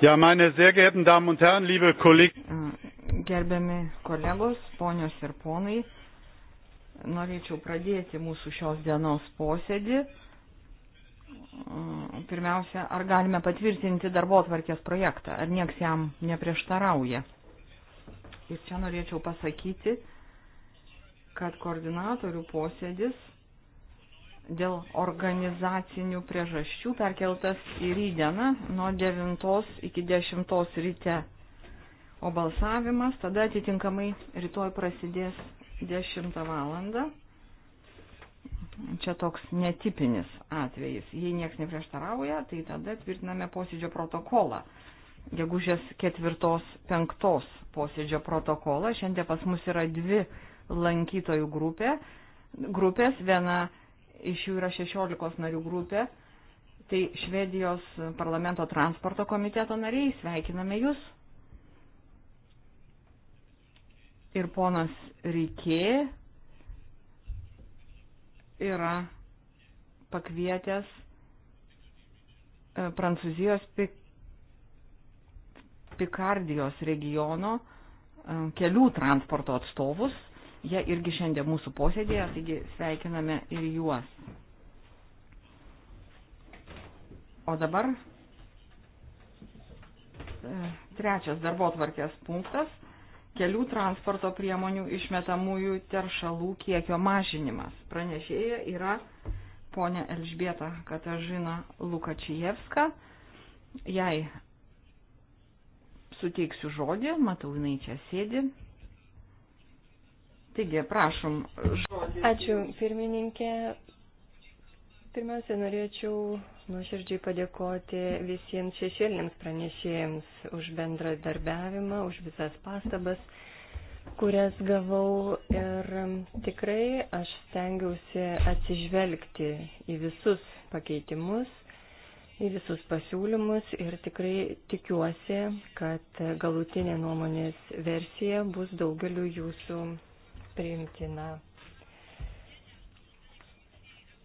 Ja, meine sehr geehrten Damen und Herren, liebe Kollegen. Gerbiami kolegos, ponios ir ponai, norėčiau pradėti mūsų šios dienos posėdį. Pirmiausia, ar galime patvirtinti darbo atvarkės projektą, ar nieks jam neprieštarauja. Ir čia norėčiau pasakyti, kad koordinatorių posėdis dėl organizacinių priežasčių perkeltas į rydieną nuo 9 iki 10 ryte. O balsavimas tada atitinkamai rytoj prasidės 10 valandą. Čia toks netipinis atvejis. Jei nieks neprieštarauja, tai tada tvirtiname posėdžio protokolą. Gegužės ketvirtos, penktos posėdžio protokolą. Šiandien pas mus yra dvi lankytojų grupė, grupės. Viena iš jų yra 16 narių grupė, tai Švedijos parlamento transporto komiteto nariai, sveikiname Jūs. Ir ponas Rikė yra pakvietęs e, Prancūzijos Pikardijos regiono e, kelių transporto atstovus Jie irgi šiandien mūsų posėdėje, taigi sveikiname ir juos. O dabar e, trečias darbo tvarkės punktas - kelių transporto priemonių išmetamųjų teršalų kiekio mažinimas. Pranešėja yra ponė Elžbieta Katažina Lukačijevska. Jai suteiksiu žodį, matau, jinai čia sėdi. Taigi, prašom. Žodis. Ačiū, pirmininkė. Pirmiausia, norėčiau nuoširdžiai padėkoti visiems šešėlėms pranešėjams už bendradarbiavimą, už visas pastabas, kurias gavau. Ir tikrai aš stengiausi atsižvelgti į visus pakeitimus, į visus pasiūlymus ir tikrai tikiuosi, kad galutinė nuomonės versija bus daugeliu jūsų priimtina.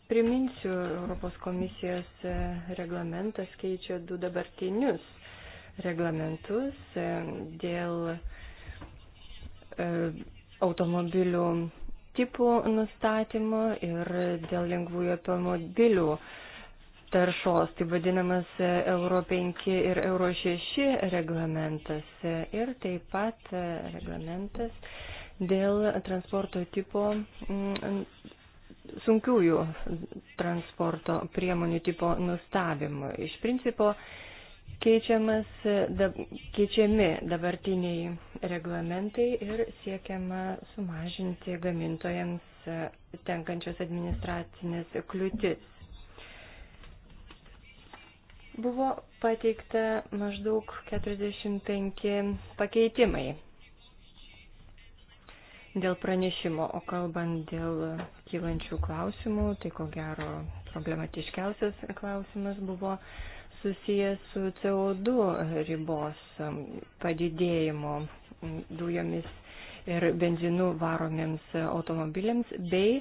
Priminsiu, Europos komisijos e, reglamentas keičia du dabartinius reglamentus e, dėl e, automobilių tipų nustatymo ir dėl lengvųjų automobilių taršos, tai vadinamas Euro 5 ir Euro 6 reglamentas ir taip pat reglamentas dėl transporto tipo mm, sunkiųjų transporto priemonių tipo nustavimo. Iš principo keičiamas, dab, keičiami dabartiniai reglamentai ir siekiama sumažinti gamintojams tenkančias administracinės kliūtis. Buvo pateikta maždaug 45 pakeitimai dėl pranešimo, o kalbant dėl kylančių klausimų, tai ko gero problematiškiausias klausimas buvo susijęs su CO2 ribos um, padidėjimo um, dujomis ir benzinų varomiems automobiliams bei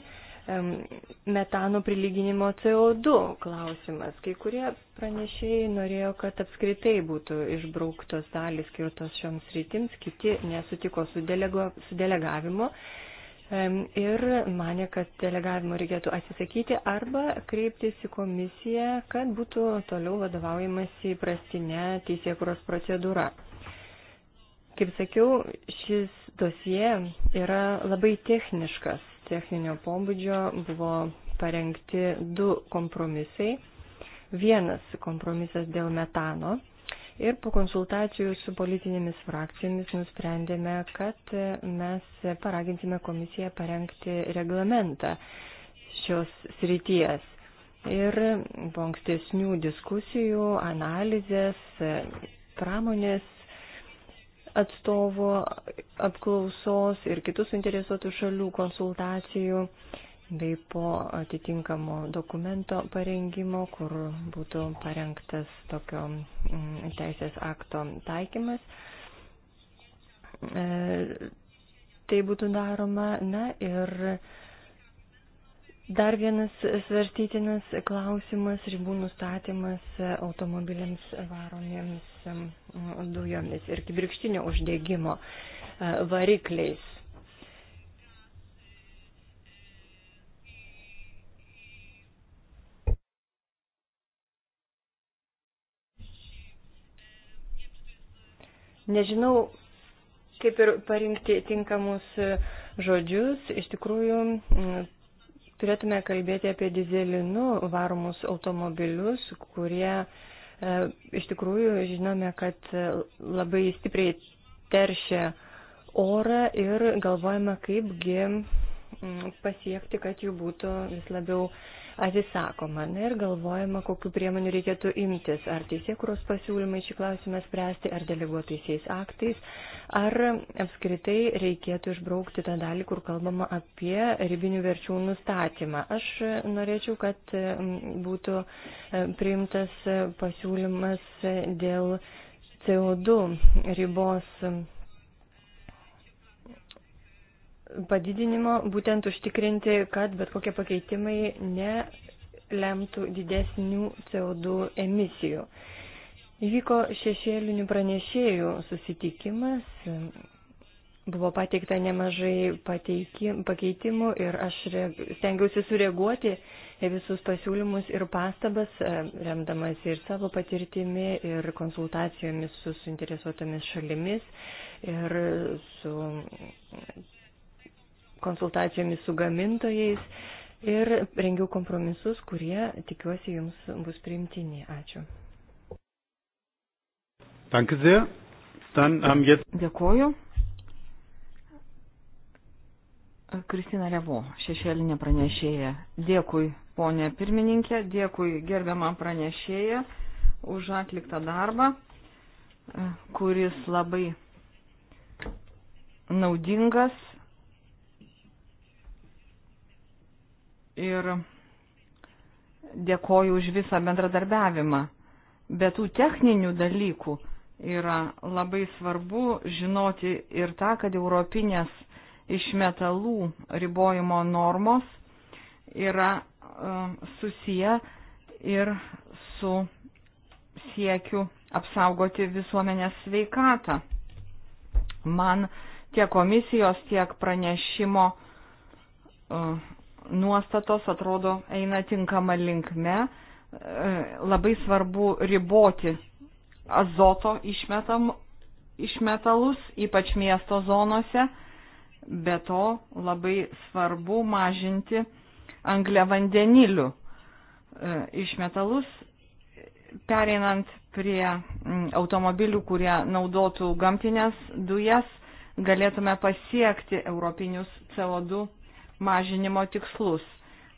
metano prilyginimo CO2 klausimas. Kai kurie pranešėjai norėjo, kad apskritai būtų išbrauktos dalys skirtos šioms rytims, kiti nesutiko su, delego, su delegavimu ir mane, kad delegavimo reikėtų atsisakyti arba kreiptis į komisiją, kad būtų toliau vadovaujamas įprastinė teisėkuros procedūra. Kaip sakiau, šis dosie yra labai techniškas techninio pombūdžio buvo parengti du kompromisai. Vienas kompromisas dėl metano ir po konsultacijų su politinėmis frakcijomis nusprendėme, kad mes paragintime komisiją parengti reglamentą šios srities. Ir po ankstesnių diskusijų, analizės, pramonės atstovo apklausos ir kitų suinteresuotų šalių konsultacijų bei po atitinkamo dokumento parengimo, kur būtų parengtas tokio mm, teisės akto taikymas. E, tai būtų daroma, na ir Dar vienas svarstytinas klausimas - ribų nustatymas automobiliams varomiems um, dujomis ir kibirkštinio uždegimo uh, varikliais. Nežinau, kaip ir parinkti tinkamus žodžius. Iš tikrųjų, turėtume kalbėti apie dizelinu varomus automobilius, kurie e, iš tikrųjų žinome, kad e, labai stipriai teršia orą ir galvojame, kaipgi mm, pasiekti, kad jų būtų vis labiau atsisakoma. Na ir galvojama, kokiu priemonių reikėtų imtis. Ar teisėkuros pasiūlymai šį klausimą spręsti, ar deleguotaisiais aktais, ar apskritai reikėtų išbraukti tą dalį, kur kalbama apie ribinių verčių nustatymą. Aš norėčiau, kad būtų e, priimtas e, pasiūlymas e, dėl CO2 ribos padidinimo, būtent užtikrinti, kad bet kokie pakeitimai nelemtų didesnių CO2 emisijų. Įvyko šešėlinių pranešėjų susitikimas, buvo pateikta nemažai pateikim, pakeitimų ir aš stengiausi sureaguoti į visus pasiūlymus ir pastabas, e, remdamas ir savo patirtimi, ir konsultacijomis su suinteresuotomis šalimis, ir su konsultacijomis su gamintojais ir rengiau kompromisus, kurie, tikiuosi, jums bus priimtini. Ačiū. Ähm, Dėkuoju. Kristina Revo, šešėlinė pranešėja. Dėkui, ponė pirmininkė, dėkui gerbiamą pranešėją už atliktą darbą, kuris labai naudingas ir dėkoju už visą bendradarbiavimą. Bet tų techninių dalykų yra labai svarbu žinoti ir tą, kad europinės išmetalų ribojimo normos yra uh, susiję ir su siekiu apsaugoti visuomenės sveikatą. Man tiek komisijos, tiek pranešimo uh, nuostatos atrodo eina tinkama linkme. E, labai svarbu riboti azoto išmetam, išmetalus, ypač miesto zonose. Be to labai svarbu mažinti anglę vandenilių e, išmetalus, pereinant prie automobilių, kurie naudotų gamtinės dujas, galėtume pasiekti europinius CO2 mažinimo tikslus.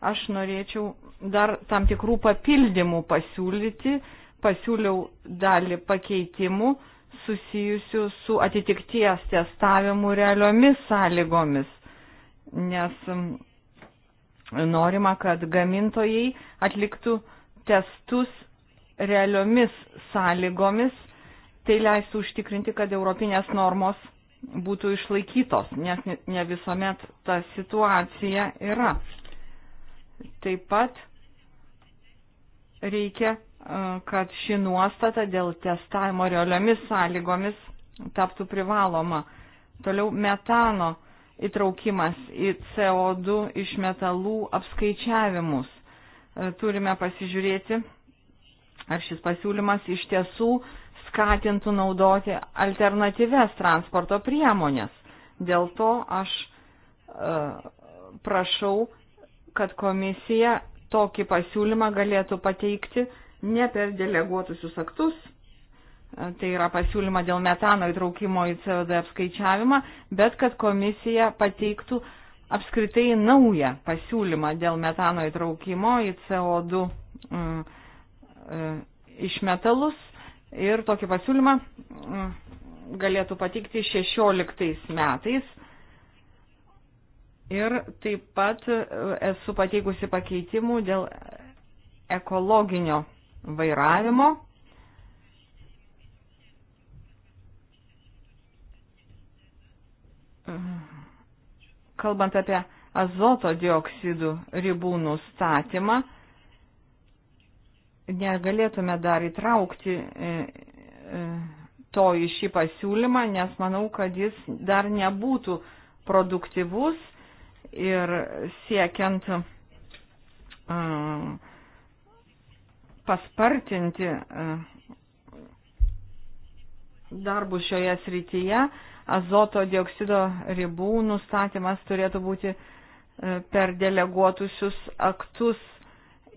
Aš norėčiau dar tam tikrų papildymų pasiūlyti, pasiūliau dalį pakeitimų susijusių su atitikties testavimu realiomis sąlygomis, nes norima, kad gamintojai atliktų testus realiomis sąlygomis, tai leistų užtikrinti, kad europinės normos būtų išlaikytos, nes ne visuomet ta situacija yra. Taip pat reikia, e, kad ši nuostata dėl testavimo realiomis sąlygomis taptų privaloma. Toliau metano įtraukimas į CO2 iš metalų apskaičiavimus. E, turime pasižiūrėti, ar šis pasiūlymas iš tiesų uh, skatintų naudoti alternatyves transporto priemonės. Dėl to aš e, prašau, kad komisija tokį pasiūlymą galėtų pateikti ne per deleguotusius aktus, e, tai yra pasiūlymą dėl metano įtraukimo į CO2 apskaičiavimą, bet kad komisija pateiktų apskritai naują pasiūlymą dėl metano įtraukimo į CO2 mm, e, išmetalus ir tokį pasiūlymą mm, galėtų patikti 16 metais. Ir taip pat e, esu pateikusi pakeitimų dėl ekologinio vairavimo. Kalbant apie azoto dioksidų ribų nustatymą, negalėtume dar įtraukti e, e, to į šį pasiūlymą, nes manau, kad jis dar nebūtų produktyvus ir siekiant e, paspartinti darbus šioje srityje, azoto dioksido ribų nustatymas turėtų būti per deleguotusius aktus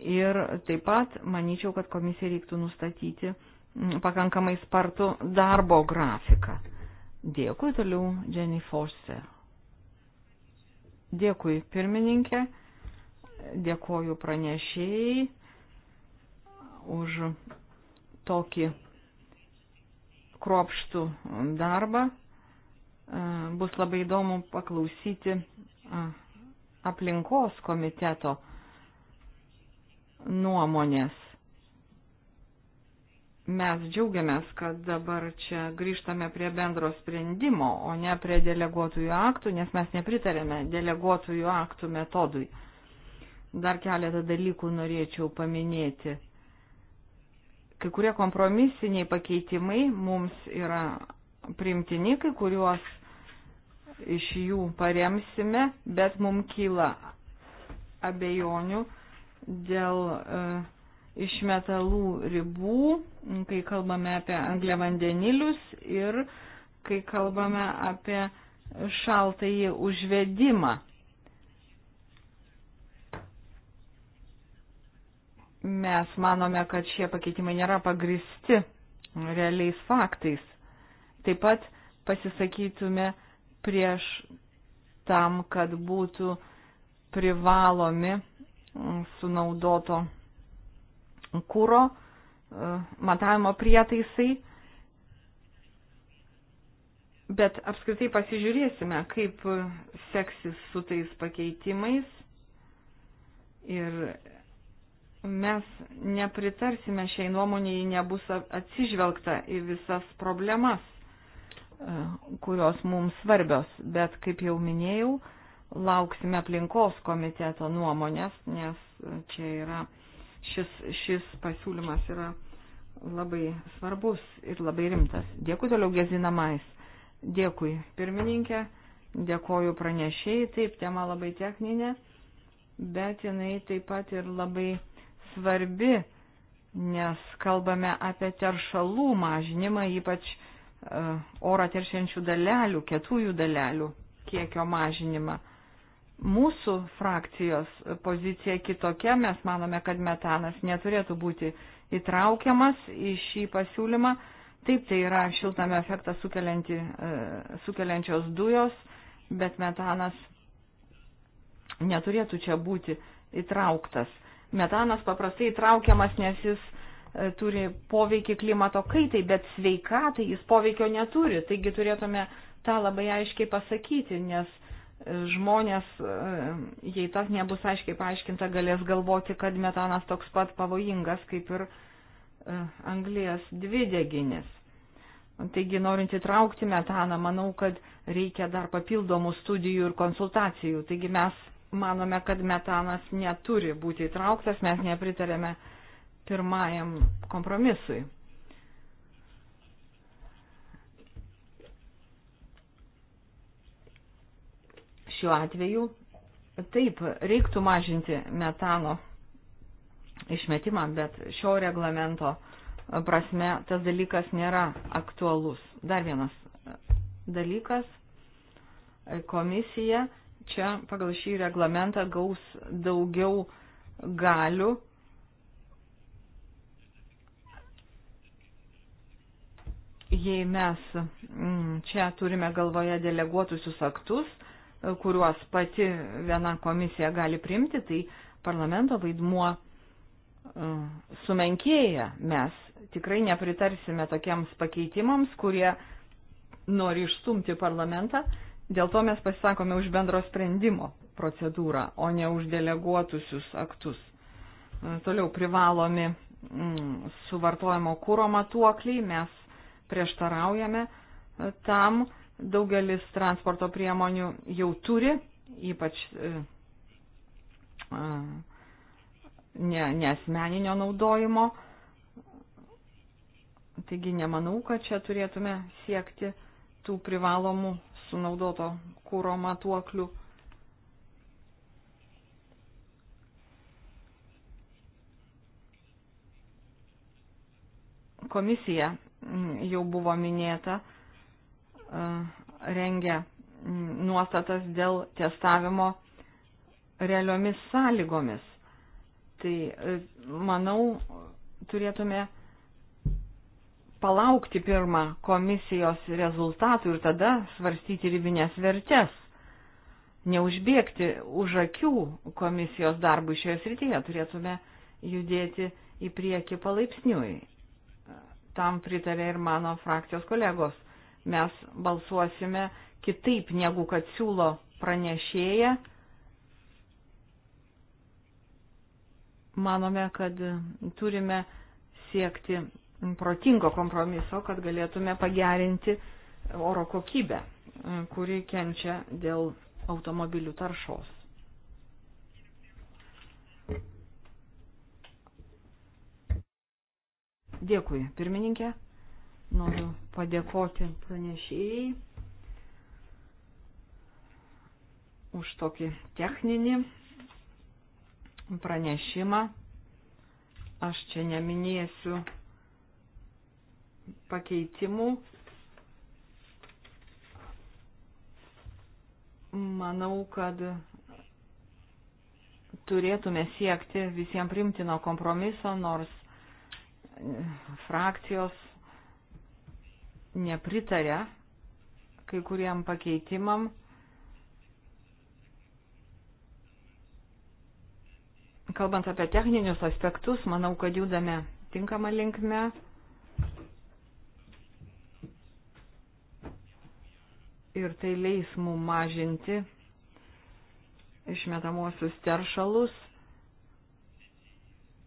Ir taip pat manyčiau, kad komisija reiktų nustatyti mm, pakankamai spartų darbo grafiką. Dėkui toliau, Jenny Forster. Dėkui pirmininkė, dėkoju pranešėjai už tokį kruopštų darbą. E, bus labai įdomu paklausyti aplinkos komiteto nuomonės. Mes džiaugiamės, kad dabar čia grįžtame prie bendro sprendimo, o ne prie deleguotųjų aktų, nes mes nepritarėme deleguotųjų aktų metodui. Dar keletą dalykų norėčiau paminėti. Kai kurie kompromisiniai pakeitimai mums yra primtini, kai kuriuos iš jų paremsime, bet mums kyla abejonių dėl e, išmetalų ribų, kai kalbame apie angliavandenilius ir kai kalbame apie šaltąjį užvedimą. Mes manome, kad šie pakeitimai nėra pagristi realiais faktais. Taip pat pasisakytume prieš tam, kad būtų privalomi sunaudoto kūro e, matavimo prietaisai. Bet apskritai pasižiūrėsime, kaip seksis su tais pakeitimais. Ir mes nepritarsime šiai nuomonėjai, nebus atsižvelgta į visas problemas, e, kurios mums svarbios. Bet, kaip jau minėjau, lauksime aplinkos komiteto nuomonės, nes čia yra šis, šis pasiūlymas yra labai svarbus ir labai rimtas. Dėkui toliau gezinamais. Dėkui pirmininkė, dėkoju pranešėjai, taip tema labai techninė, bet jinai taip pat ir labai svarbi, nes kalbame apie teršalų mažinimą, ypač uh, orą teršiančių dalelių, kietųjų dalelių kiekio mažinimą. Uh, Mūsų frakcijos pozicija kitokia, mes manome, kad metanas neturėtų būti įtraukiamas į šį pasiūlymą. Taip, tai yra šiltame efektą e, sukeliančios dujos, bet metanas neturėtų čia būti įtrauktas. Metanas paprastai įtraukiamas, nes jis e, turi poveikį klimato kaitai, bet sveikatai jis poveikio neturi. Taigi turėtume tą labai aiškiai pasakyti, nes žmonės, e, jei tas nebus aiškiai paaiškinta, galės galvoti, kad metanas toks pat pavojingas kaip ir e, anglijas dvideginis. Taigi, norint įtraukti metaną, manau, kad reikia dar papildomų studijų ir konsultacijų. Taigi mes manome, kad metanas neturi būti įtrauktas, mes nepritarėme pirmajam kompromisui. šiuo atveju taip reiktų mažinti metano išmetimą, bet šio reglamento prasme tas dalykas nėra aktualus. Dar vienas dalykas. Komisija čia pagal šį reglamentą gaus daugiau galių jei mes mm, čia turime galvoje deleguotusius aktus, kuriuos pati viena komisija gali primti, tai parlamento vaidmuo e, sumenkėja. Mes tikrai nepritarsime tokiems pakeitimams, kurie nori išstumti parlamentą. Dėl to mes pasisakome už bendro sprendimo procedūrą, o ne už deleguotusius aktus. E, toliau privalomi mm, suvartojimo kūro matuokliai, mes prieštaraujame e, tam, Daugelis transporto priemonių jau turi, ypač nesmeninio ne naudojimo. Taigi nemanau, kad čia turėtume siekti tų privalomų sunaudoto kūro matuoklių. Komisija jau buvo minėta, rengia nuostatas dėl testavimo realiomis sąlygomis. Tai e, manau, turėtume palaukti pirmą komisijos rezultatų ir tada svarstyti ribinės vertės. Neužbėgti už akių komisijos darbų šioje srityje turėtume judėti į priekį palaipsniui. Tam pritarė ir mano frakcijos kolegos mes balsuosime kitaip negu kad siūlo pranešėja. Manome, kad turime siekti protingo kompromiso, kad galėtume pagerinti oro kokybę, kuri kenčia dėl automobilių taršos. Dėkui, pirmininkė. Noriu padėkoti pranešėjai už tokį techninį pranešimą. Aš čia neminėsiu pakeitimų. Manau, kad turėtume siekti visiems primtino kompromiso, nors frakcijos nepritarė kai kuriem pakeitimam. Kalbant apie techninius aspektus, manau, kad judame tinkamą linkmę. Ir tai leis mum mažinti išmetamosius teršalus,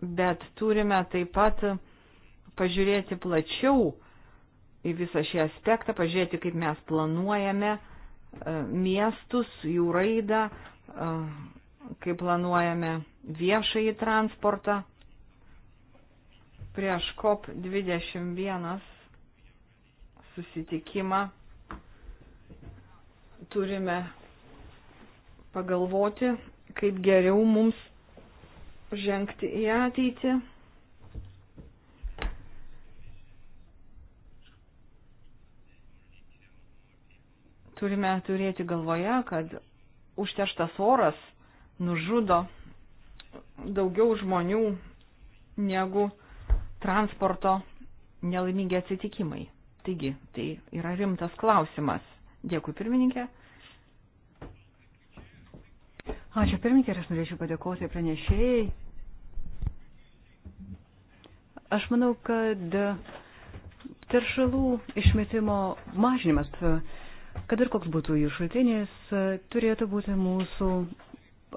bet turime taip pat pažiūrėti plačiau į visą šį aspektą, pažiūrėti, kaip mes planuojame e, miestus, jų raidą, e, kaip planuojame viešąjį transportą. Prieš COP21 susitikimą turime pagalvoti, kaip geriau mums žengti į ateitį. Turime turėti galvoje, kad užterštas oras nužudo daugiau žmonių negu transporto nelaimingi atsitikimai. Taigi, tai yra rimtas klausimas. Dėkui, pirmininkė. Ačiū, pirmininkė, ir aš norėčiau padėkoti pranešėjai. Aš manau, kad teršalų išmetimo mažinimas Kad ir koks būtų jų šaltinis, turėtų būti mūsų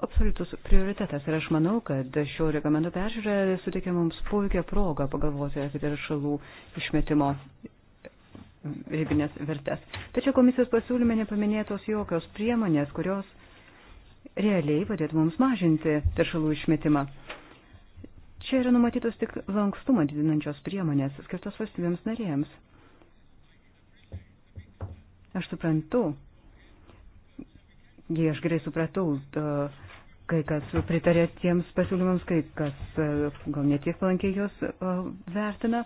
absoliutus prioritetas. Ir aš manau, kad šio rekomendo peržiūrė suteikia mums puikią progą pagalvoti apie teršalų tai išmetimo ribinės vertes. Tačiau komisijos pasiūlyme nepaminėtos jokios priemonės, kurios realiai padėtų mums mažinti teršalų išmetimą. Čia yra numatytos tik lankstumą didinančios priemonės skirtos valstybėms narėms. Aš suprantu, jei aš gerai supratau, kai kas pritarė tiems pasiūlymams, kai kas e, gal netiek palankiai jos e, vertina,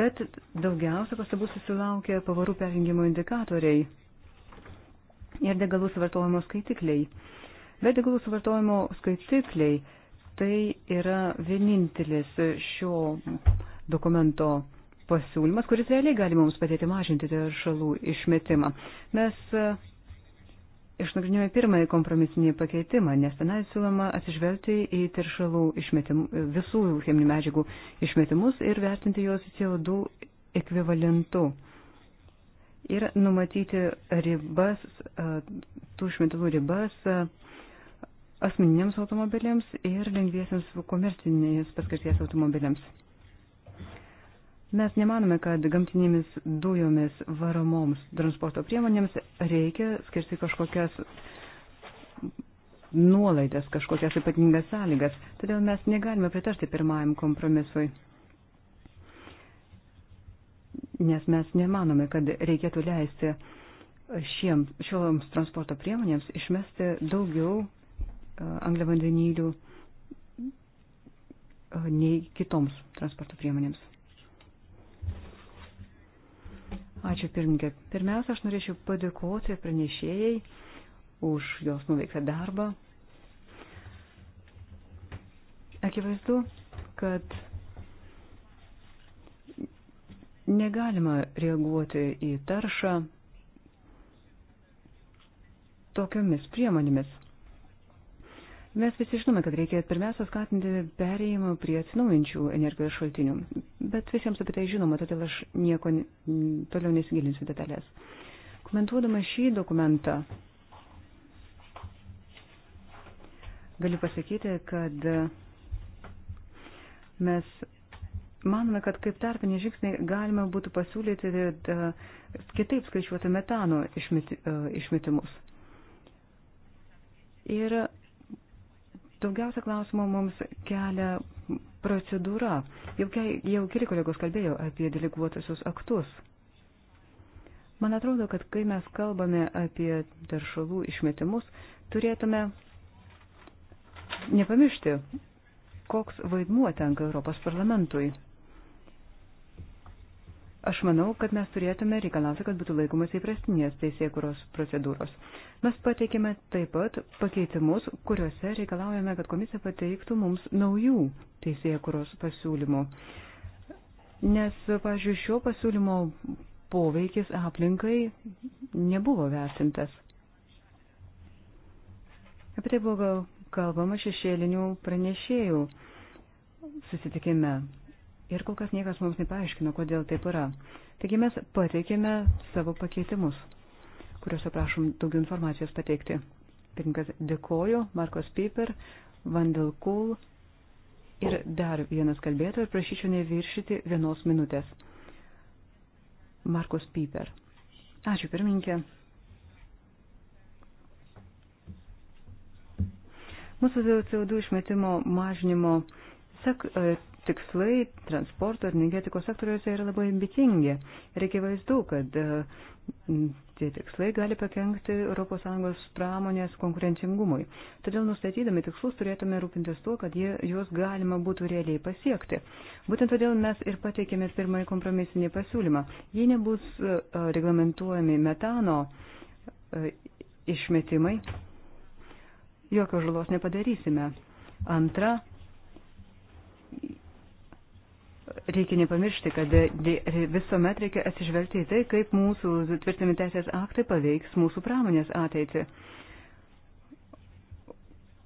bet daugiausia pastabų susilaukė pavarų perjungimo indikatoriai ir degalų suvartojimo skaitikliai. Bet degalų suvartojimo skaitikliai tai yra vienintelis šio dokumento pasiūlymas, kuris realiai gali mums padėti mažinti teršalų išmetimą. Mes e, išnagrinėjome pirmąjį kompromisinį pakeitimą, nes tenai siūloma atsižvelgti į teršalų išmetimų, visų cheminių medžiagų išmetimus ir vertinti juos CO2 ekvivalentu. Ir numatyti ribas, e, tų išmetimų ribas e, asmeniniams automobiliams ir lengviesiams komercinės paskirties automobiliams. Mes nemanome, kad gamtinėmis dujomis varomoms transporto priemonėms reikia skirti kažkokias nuolaidas, kažkokias ypatingas sąlygas. Todėl mes negalime pritarti pirmajam kompromisui. Nes mes nemanome, kad reikėtų leisti šiems, šioms transporto priemonėms išmesti daugiau e, angliavandenylių e, nei kitoms transporto priemonėms. Ačiū pirmininkė. Pirmiausia, aš norėčiau padėkoti pranešėjai už jos nuveiktą darbą. Akivaizdu, kad negalima reaguoti į taršą tokiomis priemonėmis. Mes visi žinome, kad reikia pirmiausia skatinti perėjimą prie atsinaujančių energijos šaltinių, bet visiems apie tai žinoma, todėl aš nieko toliau nesigilinsiu detalės. Komentuodama šį dokumentą, galiu pasakyti, kad mes manome, kad kaip tarpinį žingsnį galima būtų pasiūlyti e, kitaip skaičiuoti metano e, išmetimus. Ir Daugiausia klausimų mums kelia procedūra. Jau, jau keli kolegos kalbėjo apie deleguotusius aktus. Man atrodo, kad kai mes kalbame apie taršalų išmetimus, turėtume nepamiršti, koks vaidmuo tenka Europos parlamentui. Aš manau, kad mes turėtume reikalauti, kad būtų laikomas įprastinės teisėkuros procedūros. Mes pateikėme taip pat pakeitimus, kuriuose reikalaujame, kad komisija pateiktų mums naujų teisėkuros pasiūlymų. Nes, pažiūrėjau, šio pasiūlymo poveikis aplinkai nebuvo vertintas. Apie tai buvo kalbama šešėlinių pranešėjų susitikime Ir kol kas niekas mums nepaaiškino, kodėl taip yra. Taigi mes pateikėme savo pakeitimus, kuriuose prašom daugiau informacijos pateikti. Pirinkas dėkoju, Markos Piper, Vandelkul ir dar vienas kalbėtojas, prašyčiau neviršyti vienos minutės. Markus Piper. Ačiū pirminkė. Mūsų CO2 išmetimo mažinimo sek, tikslai transporto ir energetikos sektoriuose yra labai ambicingi. Reikia vaizdu, kad e, tie tikslai gali pakengti ES pramonės konkurencingumui. Todėl nustatydami tikslus turėtume rūpintis tuo, kad jie, juos galima būtų realiai pasiekti. Būtent todėl mes ir pateikėme pirmąjį kompromisinį pasiūlymą. Jei nebus e, reglamentuojami metano e, išmetimai, jokios žalos nepadarysime. Antra, Reikia nepamiršti, kad visuomet reikia atsižvelgti į tai, kaip mūsų tvirtinami teisės aktai paveiks mūsų pramonės ateitį.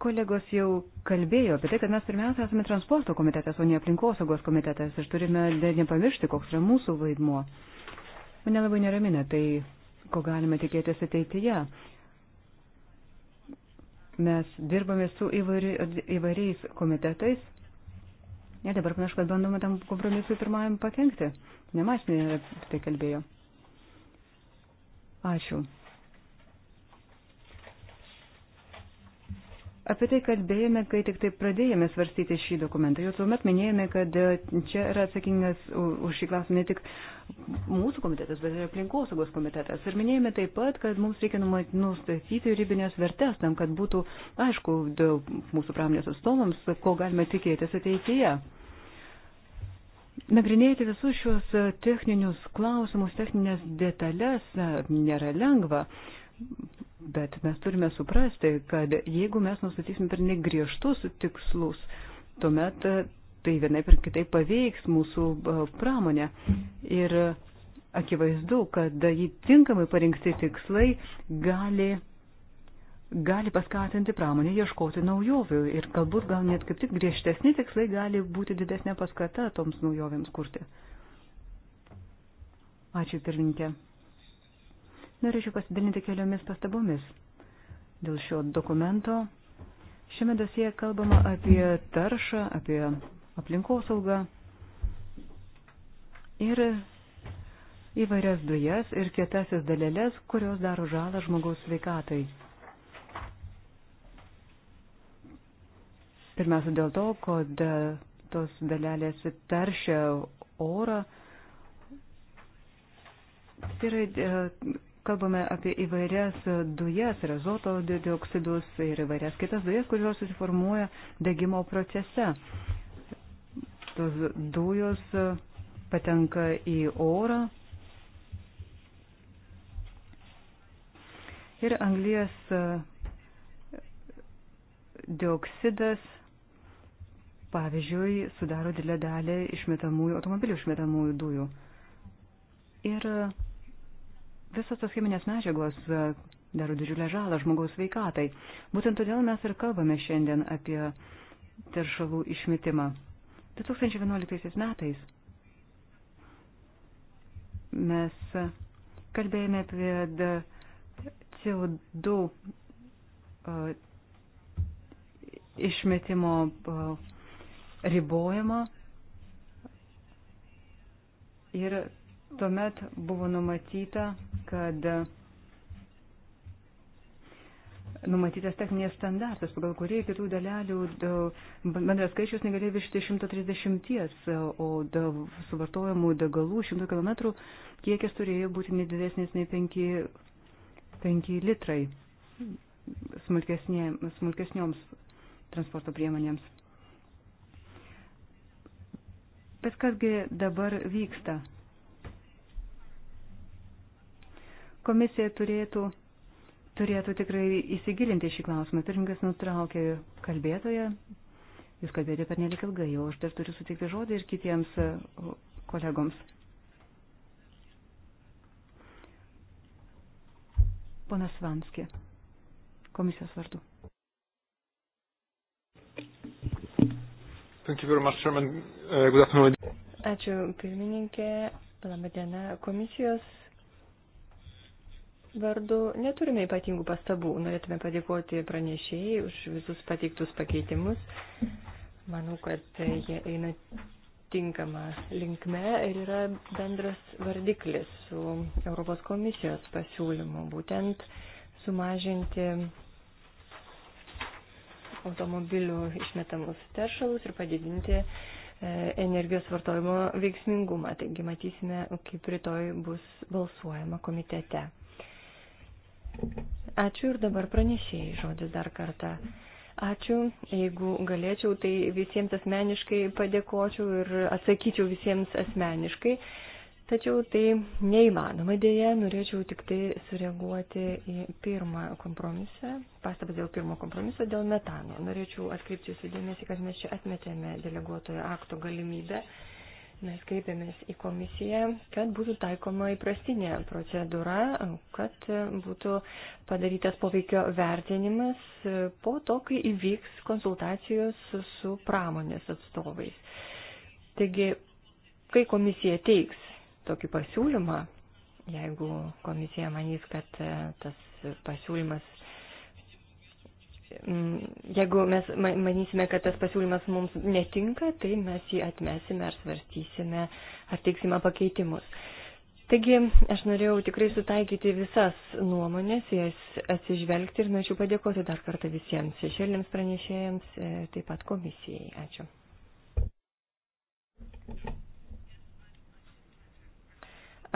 Kolegos jau kalbėjo apie tai, kad mes pirmiausia esame transporto komitetas, o ne aplinkosaugos komitetas ir turime nepamiršti, koks yra mūsų vaidmuo. Mane labai neramina tai, ko galime tikėtis ateityje. Mes dirbame su įvairi, įvairiais komitetais Ir dabar panašu, kad bandoma tam kompromisui pirmajam pakengti. Nemasinė apie tai kalbėjo. Ačiū. Apie tai kalbėjome, kai tik tai pradėjome svarstyti šį dokumentą. Jau tuomet minėjome, kad čia yra atsakingas už šį klausimą ne tik mūsų komitetas, bet ir aplinkosaugos komitetas. Ir minėjome taip pat, kad mums reikia nustatyti ribinės vertės tam, kad būtų aišku mūsų pramonės atstovams, ko galime tikėtis ateityje. Nagrinėti visus šios e, techninius klausimus, techninės detalės e, nėra lengva, bet mes turime suprasti, kad jeigu mes nustatysime per negriežtus tikslus, tuomet e, tai vienaip ir kitaip paveiks mūsų pramonę. Ir akivaizdu, kad jį tinkamai parinkti tikslai gali gali paskatinti pramonę ieškoti naujovių ir galbūt gal net kaip tik griežtesni tikslai gali būti didesnė paskata toms naujovėms kurti. Ačiū pirminkė. Norėčiau pasidalinti keliomis pastabomis. Dėl šio dokumento šiame dosie kalbama apie taršą, apie aplinkosaugą ir įvairias dujas ir kietasis dalelės, kurios daro žalą žmogaus sveikatai. Pirmiausia dėl to, kad e, tos dalelės taršia orą. Tai yra, e, kalbame apie įvairias dujas ir azoto dioksidus ir įvairias kitas dujas, kurios susiformuoja degimo procese. Tos dujos patenka į orą ir anglijas e, dioksidas pavyzdžiui, sudaro didelę dalį išmetamųjų, automobilių išmetamųjų dujų. Ir visas tos cheminės medžiagos e, daro didžiulę žalą žmogaus veikatai. Būtent todėl mes ir kalbame šiandien apie teršalų išmetimą. 2011 metais mes kalbėjome apie CO2 e, išmetimo e, ribojama ir tuomet buvo numatyta, kad numatytas techninės standartas, pagal kurį kitų dalelių bendras skaičius negalėjo viršyti 130, o suvartojamų degalų 100 km kiekis turėjo būti nedidesnis nei 5, 5 litrai smulkesnioms transporto priemonėms. Bet kasgi dabar vyksta? Komisija turėtų, turėtų tikrai įsigilinti šį klausimą. Pirmingas nutraukė kalbėtoje. Jūs kalbėjote per nelik ilgai, o aš dar turiu sutikti žodį ir kitiems e, kolegoms. Ponas Vanski, komisijos vardu. Thank you very much, Chairman. Uh, good afternoon. Ačiū pirmininkė, laba diena. Komisijos vardu neturime ypatingų pastabų. Norėtume padėkoti pranešėjai už visus pateiktus pakeitimus. Manau, kad jie eina tinkama linkme ir yra bendras vardiklis su Europos komisijos pasiūlymu būtent sumažinti automobilių išmetamus teršalus ir padidinti e, energijos vartojimo veiksmingumą. Taigi matysime, kaip rytoj bus balsuojama komitete. Ačiū ir dabar pranešėjai žodis dar kartą. Ačiū. Jeigu galėčiau, tai visiems asmeniškai padėkočiau ir atsakyčiau visiems asmeniškai. Tačiau tai neįmanoma dėja, norėčiau tik tai sureaguoti į pirmą kompromisą, pastabą dėl pirmo kompromiso, dėl metano. Norėčiau atkreipti jūsų dėmesį, kad mes čia atmetėme deleguotojo akto galimybę. Mes kreipėmės į komisiją, kad būtų taikoma įprastinė procedūra, kad būtų padarytas poveikio vertinimas po to, kai įvyks konsultacijos su pramonės atstovais. Taigi, kai komisija teiks tokį pasiūlymą, jeigu komisija manys, kad e, tas pasiūlymas, jeigu mes manysime, kad tas pasiūlymas mums netinka, tai mes jį atmesime ar svarstysime, ar teiksime pakeitimus. Taigi, aš norėjau tikrai sutaikyti visas nuomonės, jas atsižvelgti ir norėčiau padėkoti dar kartą visiems šešėlėms pranešėjams, e, taip pat komisijai. Ačiū.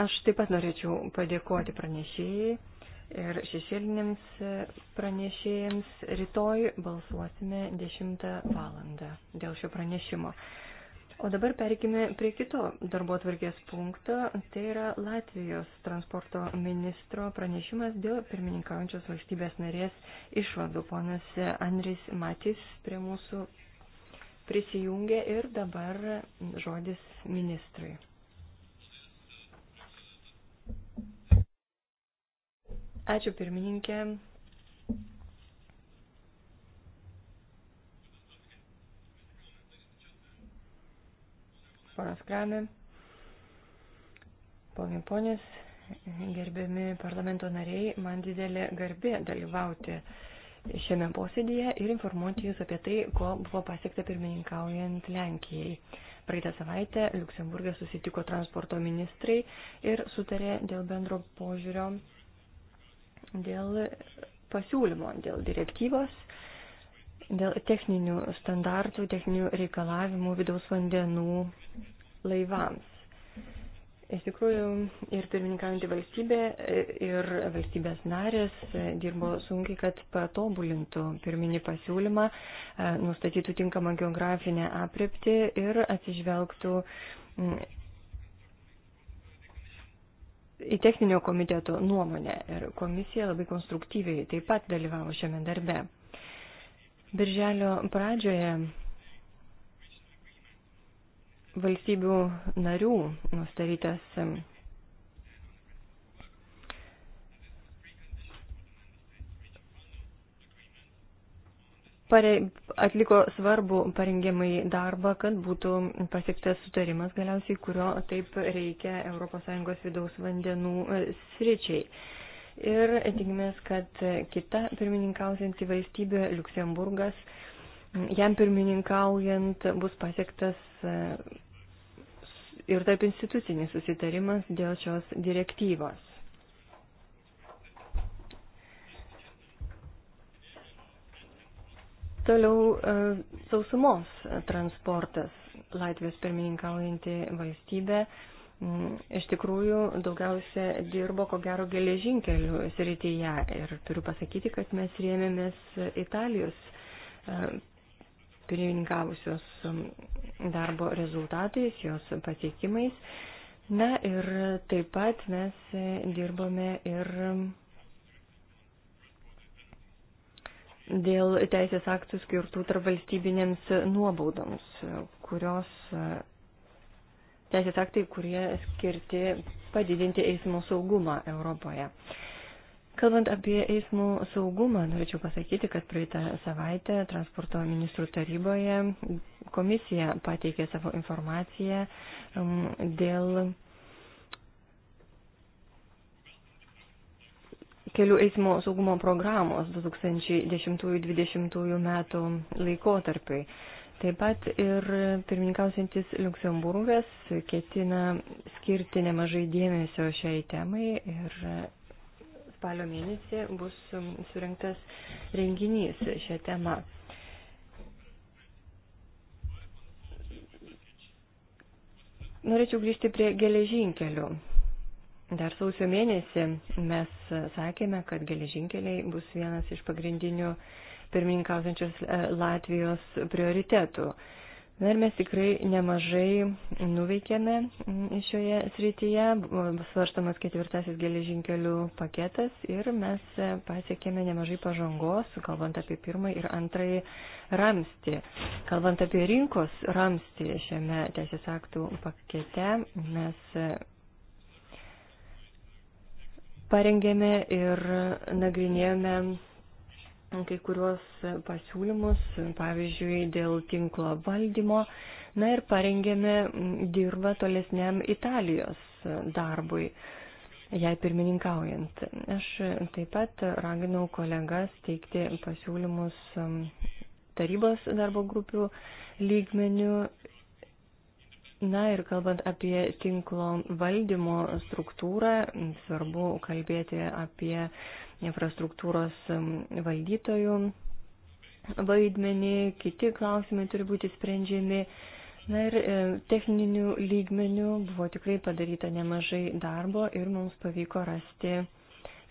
Aš taip pat norėčiau padėkoti pranešėjai ir šešėlinėms e, pranešėjams. Rytoj balsuosime 10 valandą dėl šio pranešimo. O dabar perikime prie kito darbo atvarkės punkto. Tai yra Latvijos transporto ministro pranešimas dėl pirmininkaujančios valstybės narės išvadų. Ponas Andris Matys prie mūsų prisijungė ir dabar žodis ministrui. Ačiū pirmininkė. Ponas Kramė, ponai ponės, gerbiami parlamento nariai, man didelė garbė dalyvauti šiame posėdėje ir informuoti Jūs apie tai, ko buvo pasiekta pirmininkaujant Lenkijai. Praeitą savaitę Luksemburgė susitiko transporto ministrai ir sutarė dėl bendro požiūrio dėl pasiūlymo, dėl direktyvos, dėl techninių standartų, techninių reikalavimų vidaus vandenų laivams. Iš tikrųjų, ir pirmininkaujantį valstybę, ir valstybės narės e, dirbo sunkiai, kad patobulintų pirminį pasiūlymą, e, nustatytų tinkamą geografinę aprepti ir atsižvelgtų į techninio komiteto nuomonę ir komisija labai konstruktyviai taip pat dalyvavo šiame darbe. Birželio pradžioje valstybių narių nustatytas pare, atliko svarbu parengiamai darbą, kad būtų pasiektas sutarimas galiausiai, kurio taip reikia ES vidaus vandenų e, sričiai. Ir tikimės, kad kita pirmininkausianti valstybė, Luksemburgas, jam pirmininkaujant bus pasiektas e, ir tarp institucinis susitarimas dėl šios direktyvos. Toliau e, sausumos transportas Latvijos pirmininkaujantį valstybę. Iš tikrųjų, daugiausia dirbo, ko gero, geležinkelių srityje. Ir turiu pasakyti, kad mes rėmėmės Italijos e, pirmininkavusios darbo rezultatais, jos pasiekimais. Na ir taip pat mes dirbome ir dėl teisės aktų skirtų tarvalstybinėms nuobaudoms, kurios teisės aktai, kurie skirti padidinti eismo saugumą Europoje. Kalbant apie eismų saugumą, norėčiau pasakyti, kad praeitą savaitę transporto ministrų taryboje komisija pateikė savo informaciją um, dėl kelių eismo saugumo programos 2010-2020 metų laikotarpiai. Taip pat ir pirmininkausiantis Luksemburgas ketina skirti nemažai dėmesio šiai temai ir spalio mėnesį bus surinktas renginys šią temą. Norėčiau grįžti prie geležinkelių. Dar sausio mėnesį mes sakėme, kad geležinkeliai bus vienas iš pagrindinių pirmininkaujančios e, Latvijos prioritetų. Na ir mes tikrai nemažai nuveikėme šioje srityje, svarstamas ketvirtasis geležinkelių paketas ir mes e, pasiekėme nemažai pažangos, kalbant apie pirmąjį ir antrąjį ramstį. Kalbant apie rinkos ramstį šiame teisės aktų pakete, mes e, Parengėme ir nagrinėjome kai kuriuos pasiūlymus, pavyzdžiui, dėl tinklo valdymo. Na ir parengėme dirbą tolesniam Italijos darbui, jai pirmininkaujant. Aš taip pat raginau kolegas teikti pasiūlymus um, tarybos darbo grupių lygmenių Na ir kalbant apie tinklo valdymo struktūrą, svarbu kalbėti apie infrastruktūros valdytojų vaidmenį, kiti klausimai turi būti sprendžiami. Na ir e, techninių lygmenių buvo tikrai padaryta nemažai darbo ir mums pavyko rasti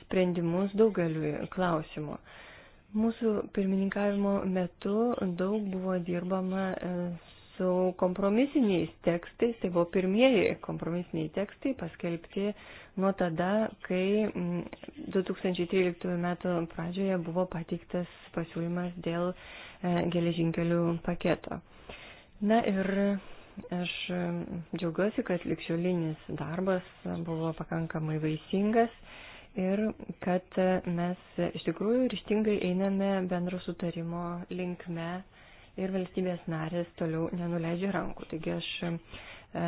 sprendimus daugeliu klausimų. Mūsų pirmininkavimo metu daug buvo dirbama e, su kompromisiniais tekstais. Tai buvo pirmieji kompromisiniai tekstai paskelbti nuo tada, kai 2013 mm, m. pradžioje buvo pateiktas pasiūlymas dėl e, geležinkelių paketo. Na ir aš džiaugiuosi, kad likščiolinis darbas buvo pakankamai vaisingas ir kad mes iš tikrųjų ryštingai einame bendro sutarimo linkme ir valstybės narės toliau nenuleidžia rankų. Taigi aš e,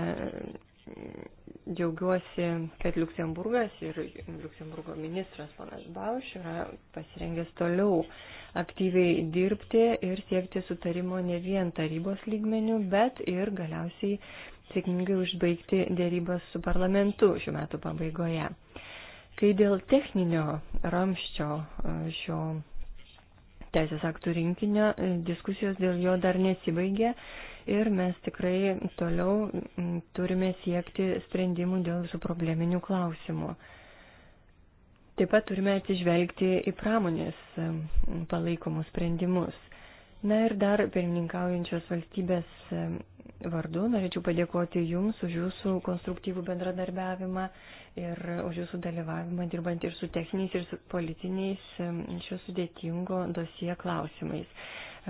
džiaugiuosi, kad Luksemburgas ir Luksemburgo ministras ponas Bauš yra pasirengęs toliau aktyviai dirbti ir siekti sutarimo ne vien tarybos lygmenių, bet ir galiausiai sėkmingai užbaigti dėrybas su parlamentu šiuo metu pabaigoje. Kai dėl techninio ramščio e, šio teisės aktų rinkinio, e, diskusijos dėl jo dar nesibaigė ir mes tikrai toliau turime siekti sprendimų dėl visų probleminių klausimų. Taip pat turime atsižvelgti į pramonės e, palaikomus sprendimus. Na ir dar pirmininkaujančios valstybės e, vardu norėčiau padėkoti Jums už Jūsų konstruktyvų bendradarbiavimą ir už jūsų dalyvavimą dirbant ir su techniniais, ir su politiniais šio sudėtingo dosie klausimais.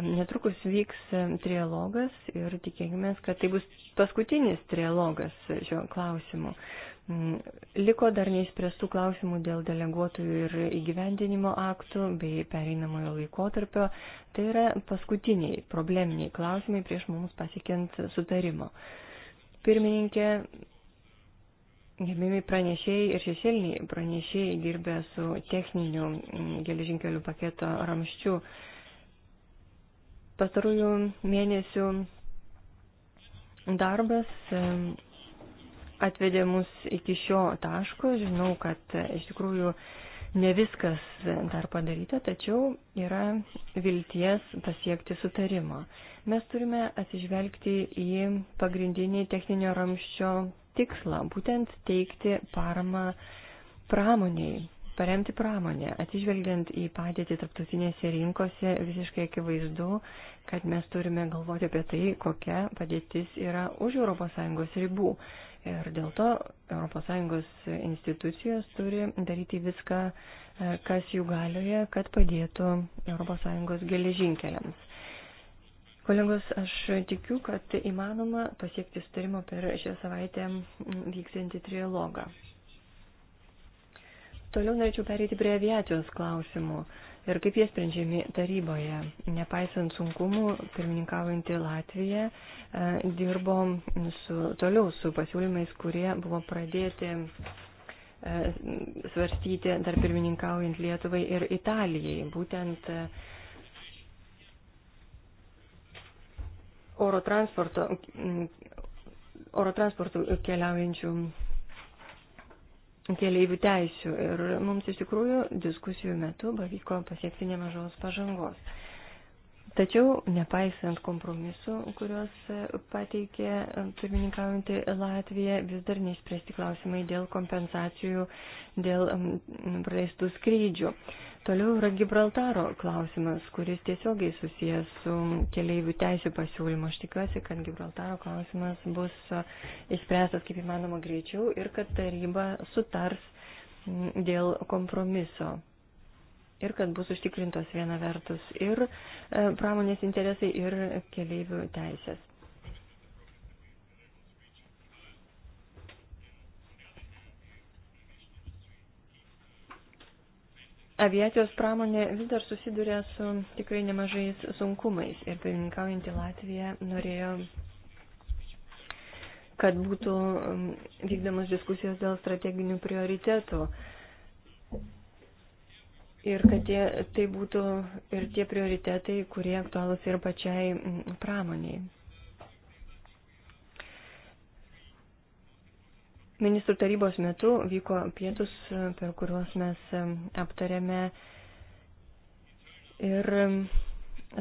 Netrukus vyks trialogas ir tikėkime, kad tai bus paskutinis trialogas šio klausimu. Mm, liko dar neįspręstų klausimų dėl deleguotojų ir įgyvendinimo aktų bei pereinamojo laikotarpio. Tai yra paskutiniai probleminiai klausimai prieš mums pasiekiant sutarimo pirmininkė, Gerbimi pranešėjai ir šešėliniai pranešėjai dirbę su techniniu mm, geležinkelių paketo ramščiu. Pastarųjų mėnesių darbas mm, atvedė mus iki šio taško. Žinau, kad iš tikrųjų ne viskas dar padaryta, tačiau yra vilties pasiekti sutarimo. Mes turime atsižvelgti į pagrindinį techninio ramščio tikslą, būtent teikti paramą pramoniai, paremti pramonę. Atsižvelgiant į padėtį tarptautinėse rinkose, visiškai akivaizdu, kad mes turime galvoti apie tai, kokia padėtis yra už ES ribų. Ir dėl to ES institucijos turi daryti viską, e, kas jų galioje, kad padėtų ES geležinkeliams. Kolegos, aš tikiu, kad įmanoma pasiekti sutarimo per šią savaitę vyksiantį trialogą. Toliau norėčiau pereiti prie aviacijos klausimų ir kaip jie sprendžiami taryboje. Nepaisant sunkumų, pirmininkaujantį Latviją e, dirbo su, toliau su pasiūlymais, kurie buvo pradėti e, svarstyti dar pirmininkaujant Lietuvai ir Italijai. Būtent e, oro, transporto, mm, oro transportu keliaujančių keliaivių teisių. Ir mums iš tikrųjų diskusijų metu pavyko pasiekti nemažos pažangos. Tačiau, nepaisant kompromisu, kuriuos pateikė pirmininkaujantį Latviją, vis dar neišspręsti klausimai dėl kompensacijų, dėl mm, praleistų skrydžių. Toliau yra Gibraltaro klausimas, kuris tiesiogiai susijęs su keleivių teisų pasiūlymu. Aš tikiuosi, kad Gibraltaro klausimas bus išspręstas kaip įmanoma greičiau ir kad taryba sutars dėl kompromiso. Ir kad bus užtikrintos viena vertus ir e, pramonės interesai, ir keleivių teisės. aviacijos pramonė vis dar susiduria su tikrai nemažais sunkumais ir pirmininkaujantį Latviją norėjo kad būtų um, vykdomos diskusijos dėl strateginių prioritetų. Ir kad tie, tai būtų ir tie prioritetai, kurie aktualūs ir pačiai pramoniai. Ministrų tarybos metu vyko pietus, per kuriuos mes e, aptarėme ir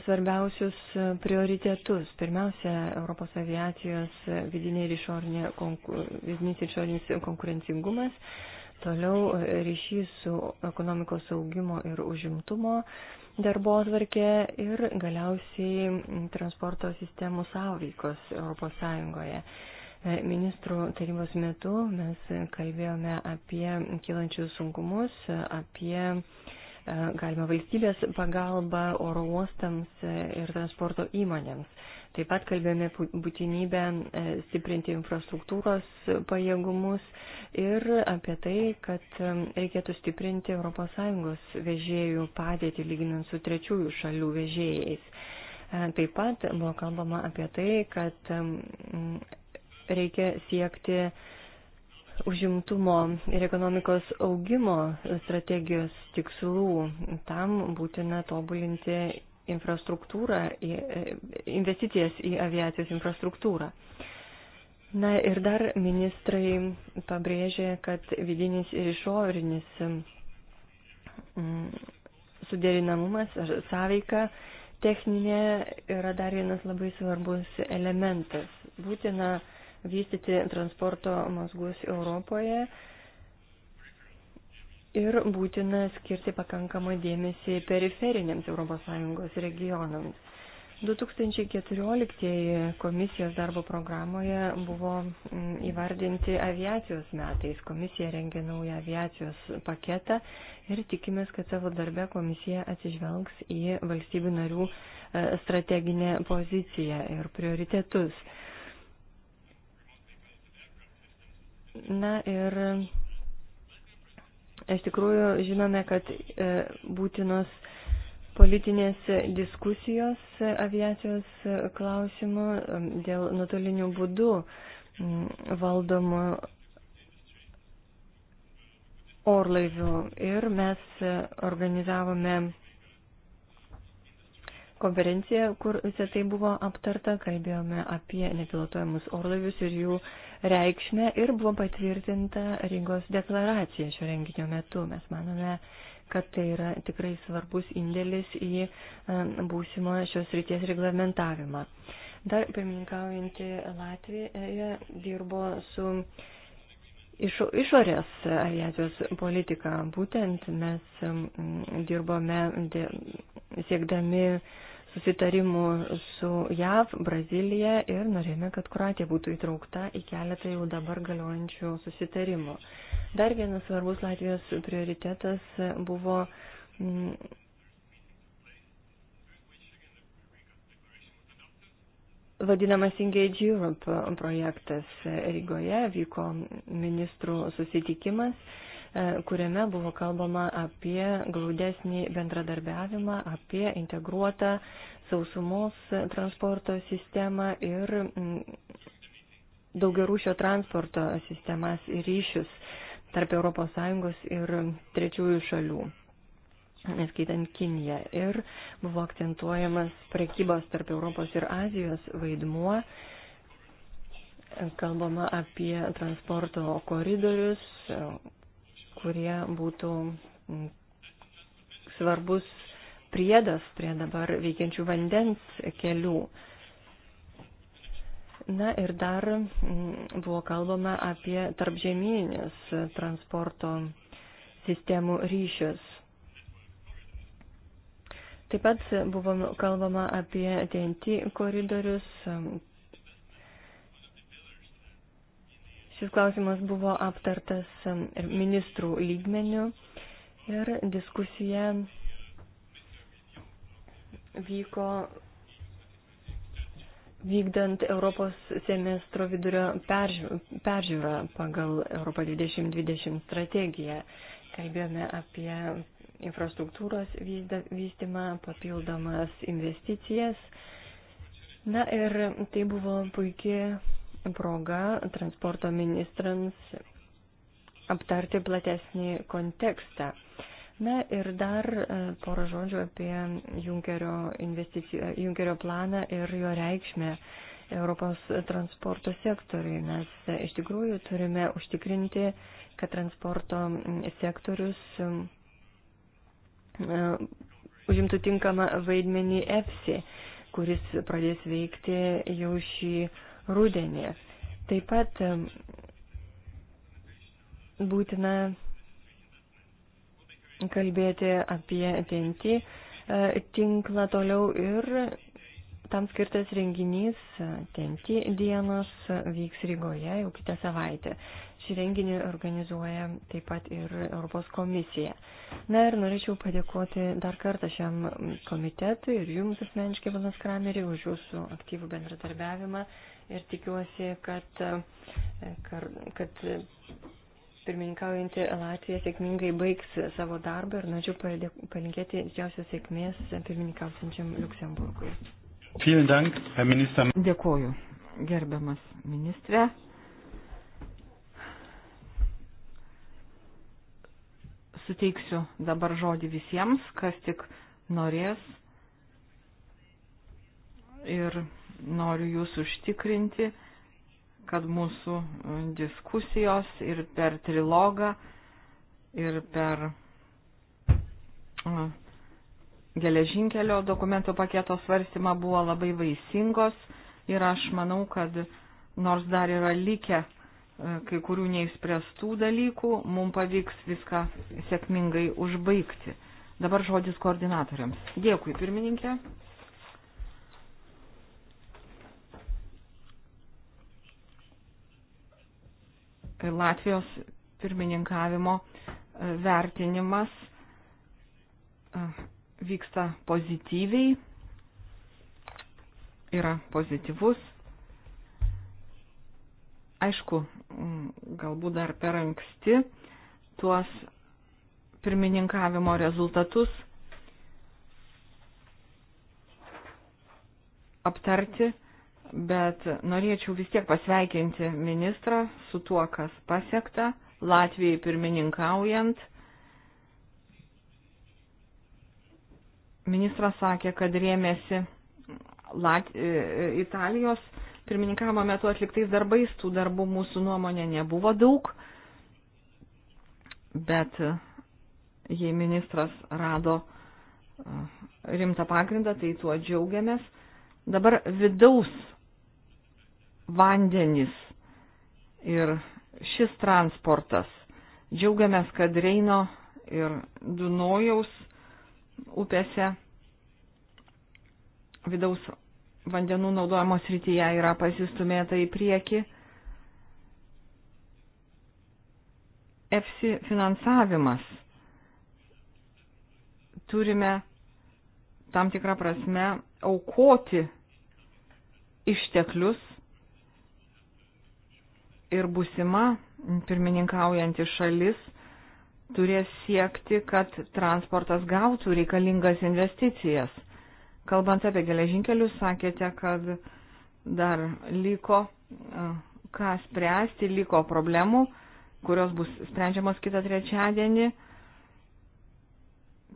svarbiausius prioritetus. Pirmiausia, Europos aviacijos vidinė ir išorinė, konkur, vidinis ir išorinis konkurencingumas. Toliau ryšys su ekonomikos augimo ir užimtumo darbo atvarkė ir galiausiai transporto sistemų sąveikos Europos Sąjungoje. E, ministrų tarybos metu mes kalbėjome apie kilančius sunkumus, apie e, galima valstybės pagalbą oro uostams e, ir transporto įmonėms. Taip pat kalbėjome būtinybę stiprinti infrastruktūros pajėgumus ir apie tai, kad reikėtų stiprinti ES vežėjų padėtį lyginant su trečiųjų šalių vežėjais. Taip pat buvo kalbama apie tai, kad reikia siekti užimtumo ir ekonomikos augimo strategijos tikslų. Tam būtina tobulinti infrastruktūrą, investicijas į aviacijos infrastruktūrą. Na ir dar ministrai pabrėžė, kad vidinis ir išorinis mm, suderinamumas ar sąveika techninė yra dar vienas labai svarbus elementas. Būtina vystyti transporto mazgus Europoje ir būtina skirti pakankamą dėmesį periferiniams ES regionams. 2014 komisijos darbo programoje buvo mm, įvardinti aviacijos metais. Komisija rengia naują aviacijos paketą ir tikimės, kad savo darbę komisija atsižvelgs į valstybių narių e, strateginę poziciją ir prioritetus. Na ir iš tikrųjų žinome, kad e, būtinos politinės diskusijos aviacijos klausimų dėl nuotolinių būdų valdomų orlaivių. Ir mes organizavome konferenciją, kur visą tai buvo aptarta, kalbėjome apie nepilotuojamus orlaivius ir jų uh, reikšmę ir buvo patvirtinta Rygos deklaracija šio renginio metu. Mes manome, kad tai yra tikrai svarbus indėlis į e, būsimo šios ryties reglamentavimą. Dar pirmininkaujantį Latviją dirbo su išorės aviacijos politika. Būtent mes dirbome siekdami susitarimų su JAV, Brazilija ir norėjome, kad Kroatija būtų įtraukta į keletą jau dabar galiojančių susitarimų. Dar vienas svarbus Latvijos prioritetas buvo mm, vadinamas Engage Europe projektas Rygoje, vyko ministrų susitikimas E, kuriame buvo kalbama apie glaudesnį bendradarbiavimą, apie integruotą sausumos transporto sistemą ir mm, daugiarūšio transporto sistemas ir ryšius tarp ES ir trečiųjų šalių skaitant Kiniją. Ir buvo akcentuojamas prekybos tarp Europos ir Azijos vaidmuo. Kalbama apie transporto koridorius, kurie būtų mm, svarbus priedas prie dabar veikiančių vandens kelių. Na ir dar mm, buvo kalbama apie tarpžemynius transporto sistemų ryšius. Taip pat buvo kalbama apie TNT koridorius, Šis klausimas buvo aptartas ir ministrų lygmenių ir diskusija vyko vykdant Europos semestro vidurio peržiūrą pagal Europą 2020 strategiją. Kalbėjome apie infrastruktūros vystimą, papildomas investicijas. Na ir tai buvo puikia proga transporto ministrams aptarti platesnį kontekstą. Na ir dar e, porą žodžių apie Junkerio, e, Junkerio planą ir jo reikšmę Europos transporto sektoriui. Mes e, iš tikrųjų turime užtikrinti, kad transporto sektorius užimtų tinkamą vaidmenį EFSI, kuris pradės veikti jau šį rūdienį. Taip pat būtina kalbėti apie TNT e, tinklą toliau ir tam skirtas renginys TNT e, dienos e, vyks Rygoje jau kitą savaitę. Šį renginį organizuoja taip pat ir Europos komisija. Na ir norėčiau padėkoti dar kartą šiam komitetui ir jums asmeniškai, Vanas Kramerį, už jūsų aktyvų bendradarbiavimą ir tikiuosi, kad, kad pirmininkaujantį Latviją sėkmingai baigs savo darbą ir norėčiau palinkėti didžiausios sėkmės pirmininkausiančiam Luksemburgui. Dank, Dėkuoju, gerbiamas ministrė. Suteiksiu dabar žodį visiems, kas tik norės. Ir noriu jūs užtikrinti, kad mūsų e, diskusijos ir per trilogą, ir per e, geležinkelio dokumento paketo svarstymą buvo labai vaisingos ir aš manau, kad nors dar yra likę e, kai kurių neįspręstų dalykų, mums pavyks viską sėkmingai užbaigti. Dabar žodis koordinatoriams. Dėkui, pirmininkė. Latvijos pirmininkavimo e, vertinimas e, vyksta pozityviai, yra pozityvus. Aišku, galbūt dar per anksti tuos pirmininkavimo rezultatus aptarti, bet norėčiau vis tiek pasveikinti ministrą su tuo, kas pasiekta Latvijai pirmininkaujant. Ministras sakė, kad rėmėsi Lat... E, Italijos pirmininkavimo metu atliktais darbais, tų darbų mūsų nuomonė nebuvo daug, bet e, jei ministras rado e, rimtą pagrindą, tai tuo džiaugiamės. Dabar vidaus vandenis ir šis transportas. Džiaugiamės, kad Reino ir Dunojaus upėse vidaus vandenų naudojimo srityje yra pasistumėta į priekį. EFSI finansavimas. Turime tam tikrą prasme aukoti išteklius ir būsima pirmininkaujanti šalis turės siekti, kad transportas gautų reikalingas investicijas. Kalbant apie geležinkelius, sakėte, kad dar liko e, ką spręsti, liko problemų, kurios bus sprendžiamos kitą trečiadienį.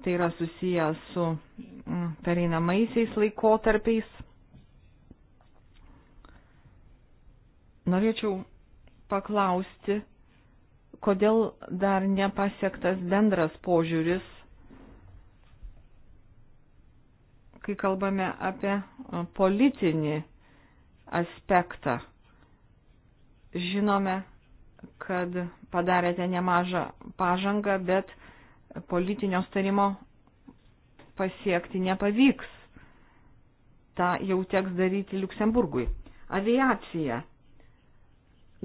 Tai yra susijęs su pereinamaisiais laikotarpiais. Norėčiau paklausti, kodėl dar nepasiektas bendras požiūris, kai kalbame apie politinį aspektą. Žinome, kad padarėte nemažą pažangą, bet politinio starimo pasiekti nepavyks. Ta jau teks daryti Luksemburgui. Aviacija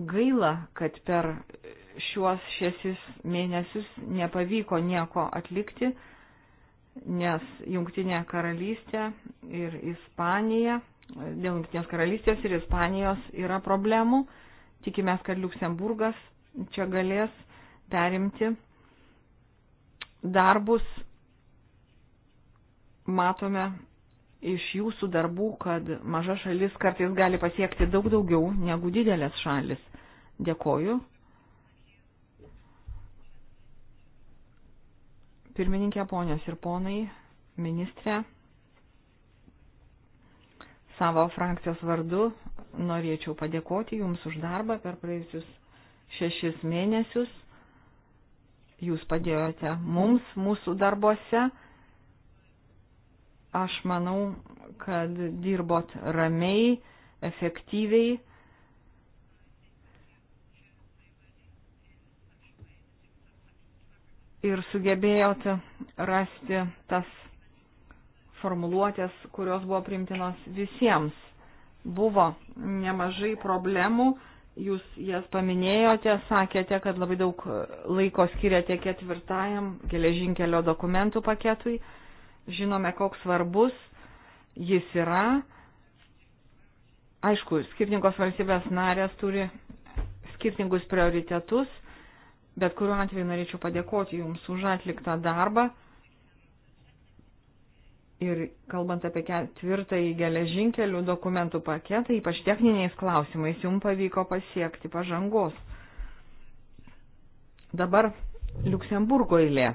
Gaila, kad per šiuos šešis mėnesius nepavyko nieko atlikti, nes Junktinė karalystė ir Ispanija, dėl Junktinės karalystės ir Ispanijos yra problemų. Tikimės, kad Luksemburgas čia galės perimti darbus. Matome iš jūsų darbų, kad maža šalis kartais gali pasiekti daug daugiau negu didelės šalis. Dėkoju. Pirmininkė, ponios ir ponai, ministrė, savo frakcijos vardu norėčiau padėkoti Jums už darbą per praėjusius šešis mėnesius. Jūs padėjote mums, mūsų darbuose. Aš manau, kad dirbot ramiai, efektyviai ir sugebėjote rasti tas formuluotės, kurios buvo primtinos visiems. Buvo nemažai problemų, jūs jas paminėjote, sakėte, kad labai daug laiko skiriate ketvirtajam geležinkelio dokumentų paketui. Žinome, koks svarbus jis yra. Aišku, skirtingos valstybės narės turi skirtingus prioritetus Bet kuriuo atveju norėčiau padėkoti Jums už atliktą darbą. Ir kalbant apie ketvirtąjį geležinkelių dokumentų paketą, ypač techniniais klausimais, Jums pavyko pasiekti pažangos. Dabar Luksemburgo eilė.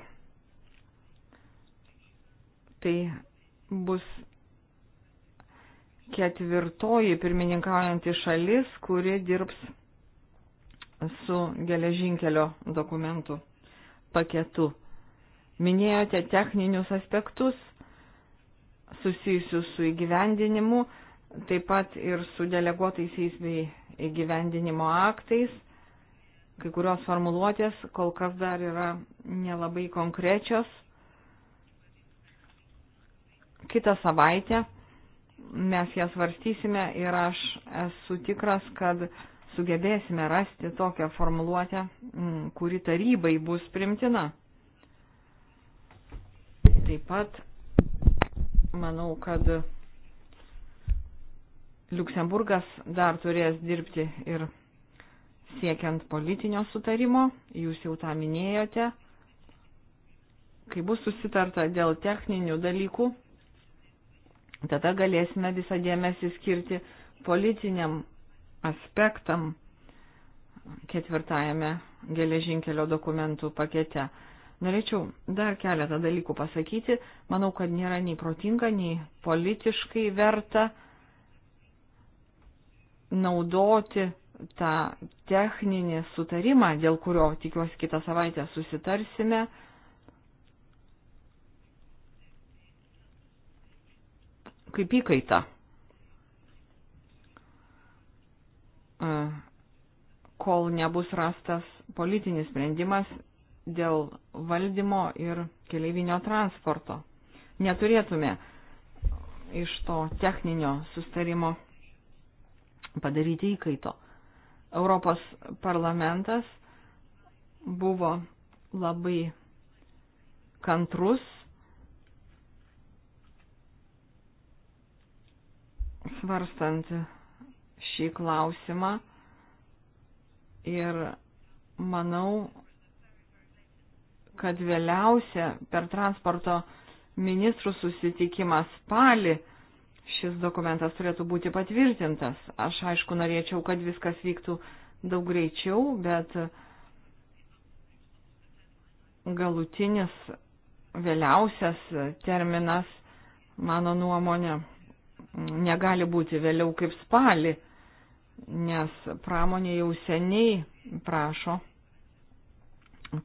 Tai bus ketvirtoji pirmininkaujanti šalis, kuri dirbs su geležinkelio dokumentų paketu. Minėjote techninius aspektus susijusius su įgyvendinimu, taip pat ir su deleguotaisiais bei įgyvendinimo aktais. Kai kurios formuluotės kol kas dar yra nelabai konkrečios. Kitą savaitę mes jas varstysime ir aš esu tikras, kad sugebėsime rasti tokią formuluotę, mm, kuri tarybai bus primtina. Taip pat manau, kad Luksemburgas dar turės dirbti ir siekiant politinio sutarimo, jūs jau tą minėjote, kai bus susitarta dėl techninių dalykų, tada galėsime visą dėmesį skirti politiniam aspektam ketvirtajame geležinkelio dokumentų pakete. Norėčiau dar keletą dalykų pasakyti. Manau, kad nėra nei protinga, nei politiškai verta naudoti tą techninį sutarimą, dėl kurio tikiuosi kitą savaitę susitarsime. kaip įkaita E, kol nebus rastas politinis sprendimas dėl valdymo ir keleivinio transporto. Neturėtume iš to techninio sustarimo padaryti įkaito. Europos parlamentas buvo labai kantrus, svarstant šį klausimą ir manau, kad vėliausia per transporto ministrų susitikimą spalį šis dokumentas turėtų būti patvirtintas. Aš aišku norėčiau, kad viskas vyktų daug greičiau, bet galutinis vėliausias terminas, mano nuomonė, negali būti vėliau kaip spalį nes pramonė jau seniai prašo,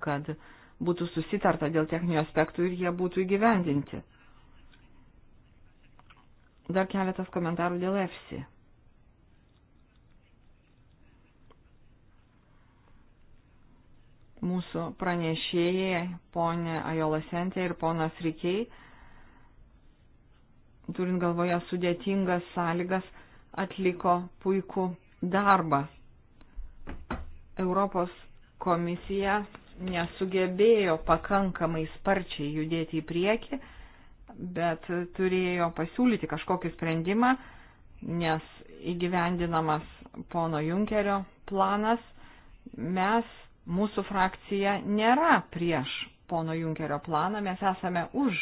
kad būtų susitarta dėl techninių aspektų ir jie būtų įgyvendinti. Dar keletas komentarų dėl EFSI. Mūsų pranešėjai, ponė Ajolasentė ir ponas Rikiai, turint galvoje sudėtingas sąlygas, atliko puikų darbą. Europos komisija nesugebėjo pakankamai sparčiai judėti į priekį, bet turėjo pasiūlyti kažkokį sprendimą, nes įgyvendinamas pono Junkerio planas, mes, mūsų frakcija nėra prieš pono Junkerio planą, mes esame už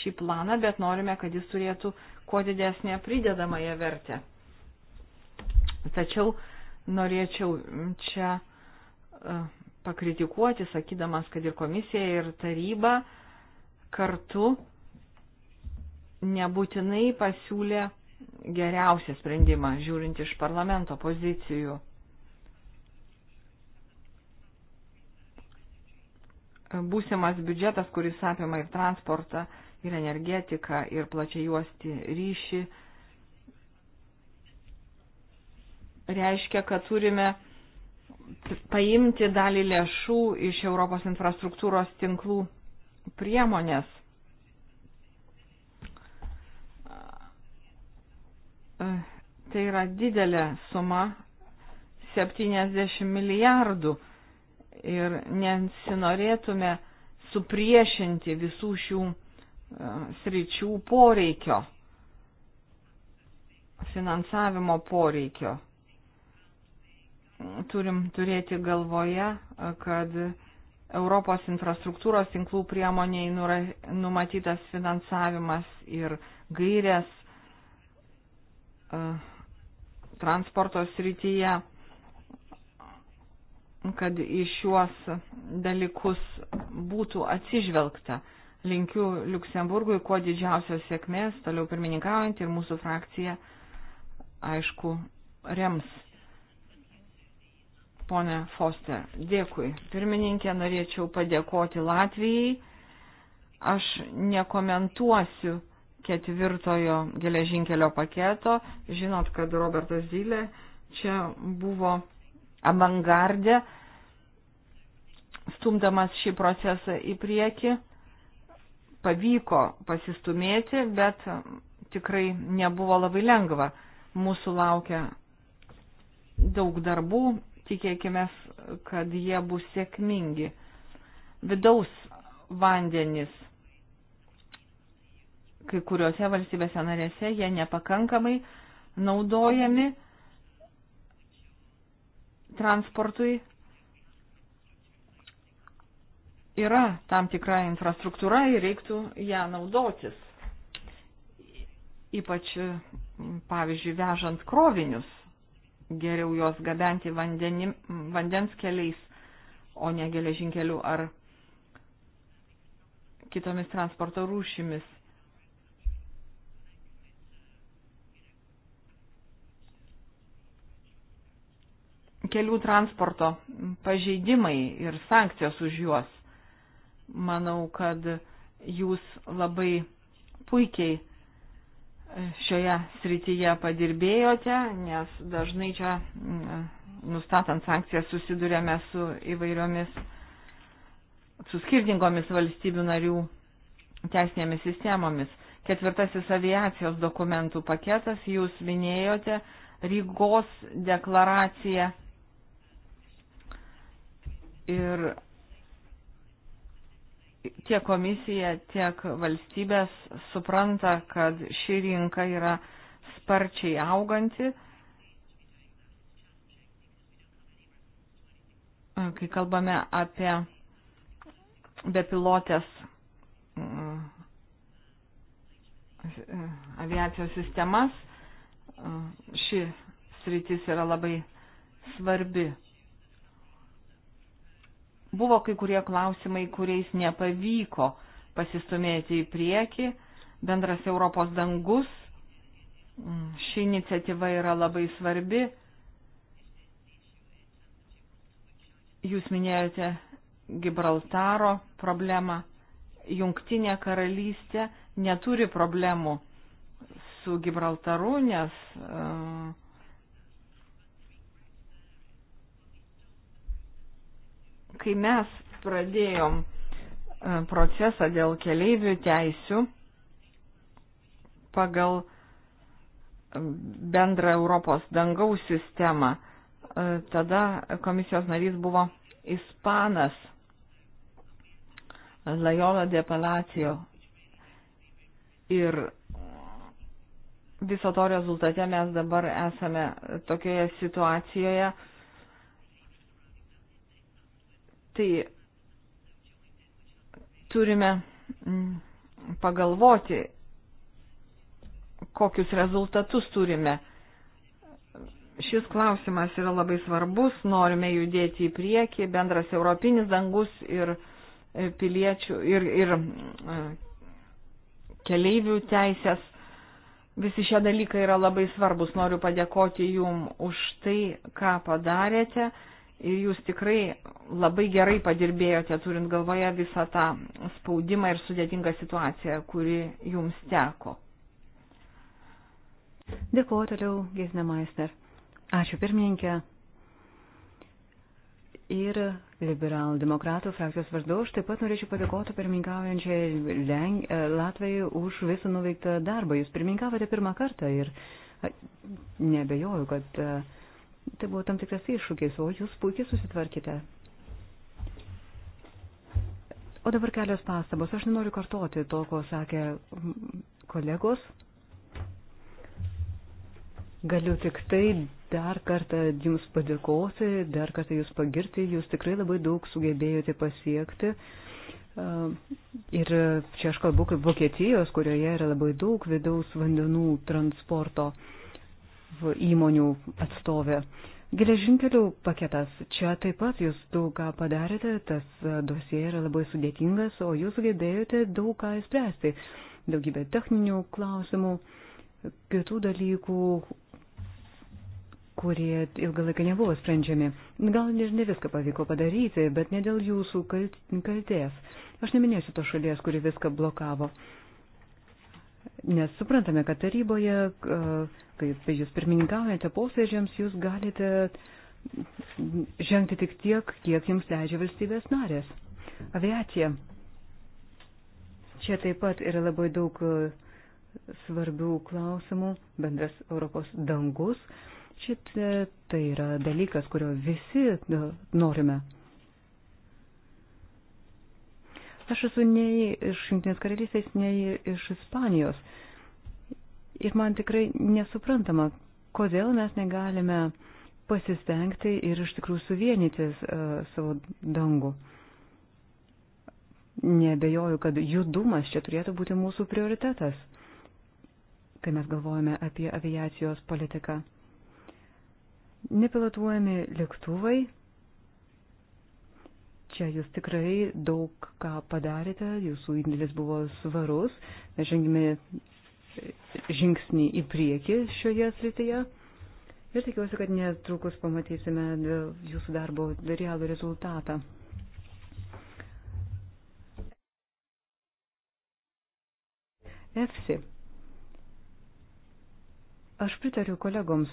šį planą, bet norime, kad jis turėtų kuo didesnę pridedamąją vertę. Tačiau norėčiau čia e, pakritikuoti, sakydamas, kad ir komisija, ir taryba kartu nebūtinai pasiūlė geriausią sprendimą, žiūrint iš parlamento pozicijų. Būsimas biudžetas, kuris apima ir transportą, ir energetiką, ir plačiai juosti ryšį, reiškia, kad turime paimti dalį lėšų iš Europos infrastruktūros tinklų priemonės. Tai yra didelė suma 70 milijardų ir nesinorėtume supriešinti visų šių e, sričių poreikio, finansavimo poreikio turim turėti galvoje, kad Europos infrastruktūros tinklų priemoniai numatytas finansavimas ir gairės e, transporto srityje, kad į šiuos dalykus būtų atsižvelgta. Linkiu Luksemburgui kuo didžiausios sėkmės, toliau pirmininkaujant ir mūsų frakcija, aišku, rems ponė Foster. Dėkui. Pirmininkė, norėčiau padėkoti Latvijai. Aš nekomentuosiu ketvirtojo geležinkelio paketo. Žinot, kad Robertas Zylė čia buvo avangardė, stumdamas šį procesą į priekį. Pavyko pasistumėti, bet tikrai nebuvo labai lengva. Mūsų laukia daug darbų tikėkime, kad jie bus sėkmingi. Vidaus vandenis. Kai kuriuose valstybėse narėse jie nepakankamai naudojami transportui. Yra tam tikra infrastruktūra ir reiktų ją naudotis. Ypač, pavyzdžiui, vežant krovinius geriau jos gabenti vandeni, vandens keliais, o ne geležinkeliu ar kitomis transporto rūšimis. Kelių transporto pažeidimai ir sankcijos už juos. Manau, kad jūs labai puikiai šioje srityje padirbėjote, nes dažnai čia nustatant sankcijas susidurėme su įvairiomis, su skirtingomis valstybių narių teisinėmis sistemomis. Ketvirtasis aviacijos dokumentų paketas, jūs minėjote Rygos deklaraciją ir tiek komisija, tiek valstybės supranta, kad ši rinka yra sparčiai auganti. Kai kalbame apie bepilotės mm, aviacijos sistemas, mm, ši sritis yra labai svarbi. Buvo kai kurie klausimai, kuriais nepavyko pasistumėti į priekį. Bendras Europos dangus. Mm, ši iniciatyva yra labai svarbi. Jūs minėjote Gibraltaro problemą. Jungtinė karalystė neturi problemų su Gibraltaru, nes uh, Kai mes pradėjom e, procesą dėl keleivių teisių pagal e, bendrą Europos dangaus sistemą, e, tada komisijos narys buvo ispanas Lajola de Palacio. Ir viso to rezultate mes dabar esame tokioje situacijoje, Tai turime mm, pagalvoti, kokius rezultatus turime. Šis klausimas yra labai svarbus, norime judėti į priekį, bendras europinis dangus ir piliečių ir, ir mm, keleivių teisės. Visi šie dalykai yra labai svarbus. Noriu padėkoti Jum už tai, ką padarėte ir jūs tikrai labai gerai padirbėjote, turint galvoje visą tą spaudimą ir sudėtingą situaciją, kuri jums teko. Dėkuoju toliau, Gizne Maister. Ačiū pirmininkė. Ir liberaldemokratų frakcijos vardu aš taip pat norėčiau padėkoti pirmininkaujančiai Leng... Latvijai už visą nuveiktą darbą. Jūs pirmininkavote pirmą kartą ir nebejoju, kad uh, tai buvo tam tikras iššūkis, o jūs puikiai susitvarkite. O dabar kelios pastabos. Aš nenoriu kartoti to, ko sakė kolegos. Galiu tik tai dar kartą jums padėkoti, dar kartą jūs pagirti, jūs tikrai labai daug sugebėjote pasiekti. Ir čia aš kalbu kaip Vokietijos, kurioje yra labai daug vidaus vandenų transporto. Uh, įmonių atstovė. Geležinkelių paketas. Čia taip pat jūs daug ką padarėte, tas e, dosie yra labai sudėtingas, o jūs gebėjote daug ką įspręsti. Daugybė techninių klausimų, kitų dalykų, kurie ilgą laiką nebuvo sprendžiami. Gal ir ne viską pavyko padaryti, bet ne dėl jūsų kaltės. Aš neminėsiu to šalies, kuri viską blokavo. Uh, Nes suprantame, kad taryboje, kai jūs pirmininkaujate posėdžiams, jūs galite žengti tik tiek, kiek jums leidžia valstybės narės. Aviacija. Čia taip pat yra labai daug e, svarbių klausimų. Bendras Europos dangus. Šit e, tai yra dalykas, kurio visi e, norime. Aš esu nei iš Junktinės karalystės, nei iš Ispanijos. Ir man tikrai nesuprantama, kodėl mes negalime pasistengti ir iš tikrųjų suvienyti uh, savo dangų. Nebejoju, kad judumas čia turėtų būti mūsų prioritetas, kai mes galvojame apie aviacijos politiką. Nepilotuojami lėktuvai Čia jūs tikrai daug ką padarėte, jūsų indėlis buvo svarus, mes žengime žingsnį į priekį šioje srityje. Ir tikiuosi, kad netrukus pamatysime jūsų darbo realų rezultatą. EFSI. Aš pritariu kolegoms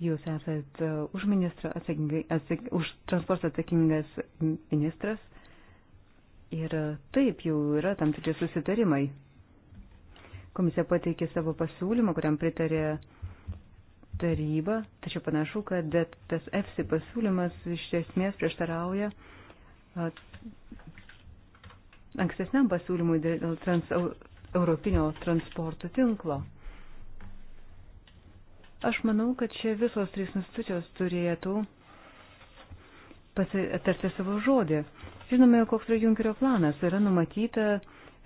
Jūs esat e, už, ministrą, atsakingai, atsak, už transportą atsakingas ministras ir taip jau yra tam tikri susitarimai. Komisija pateikė savo pasiūlymą, kuriam pritarė taryba, tačiau panašu, kad tas EFSI pasiūlymas iš esmės prieštarauja e, ankstesniam pasiūlymui dėl trans, europinio transporto tinklo. Aš manau, kad čia visos trys institucijos turėtų pasitarti savo žodį. Žinome, koks yra Junkerio planas. Yra numatyta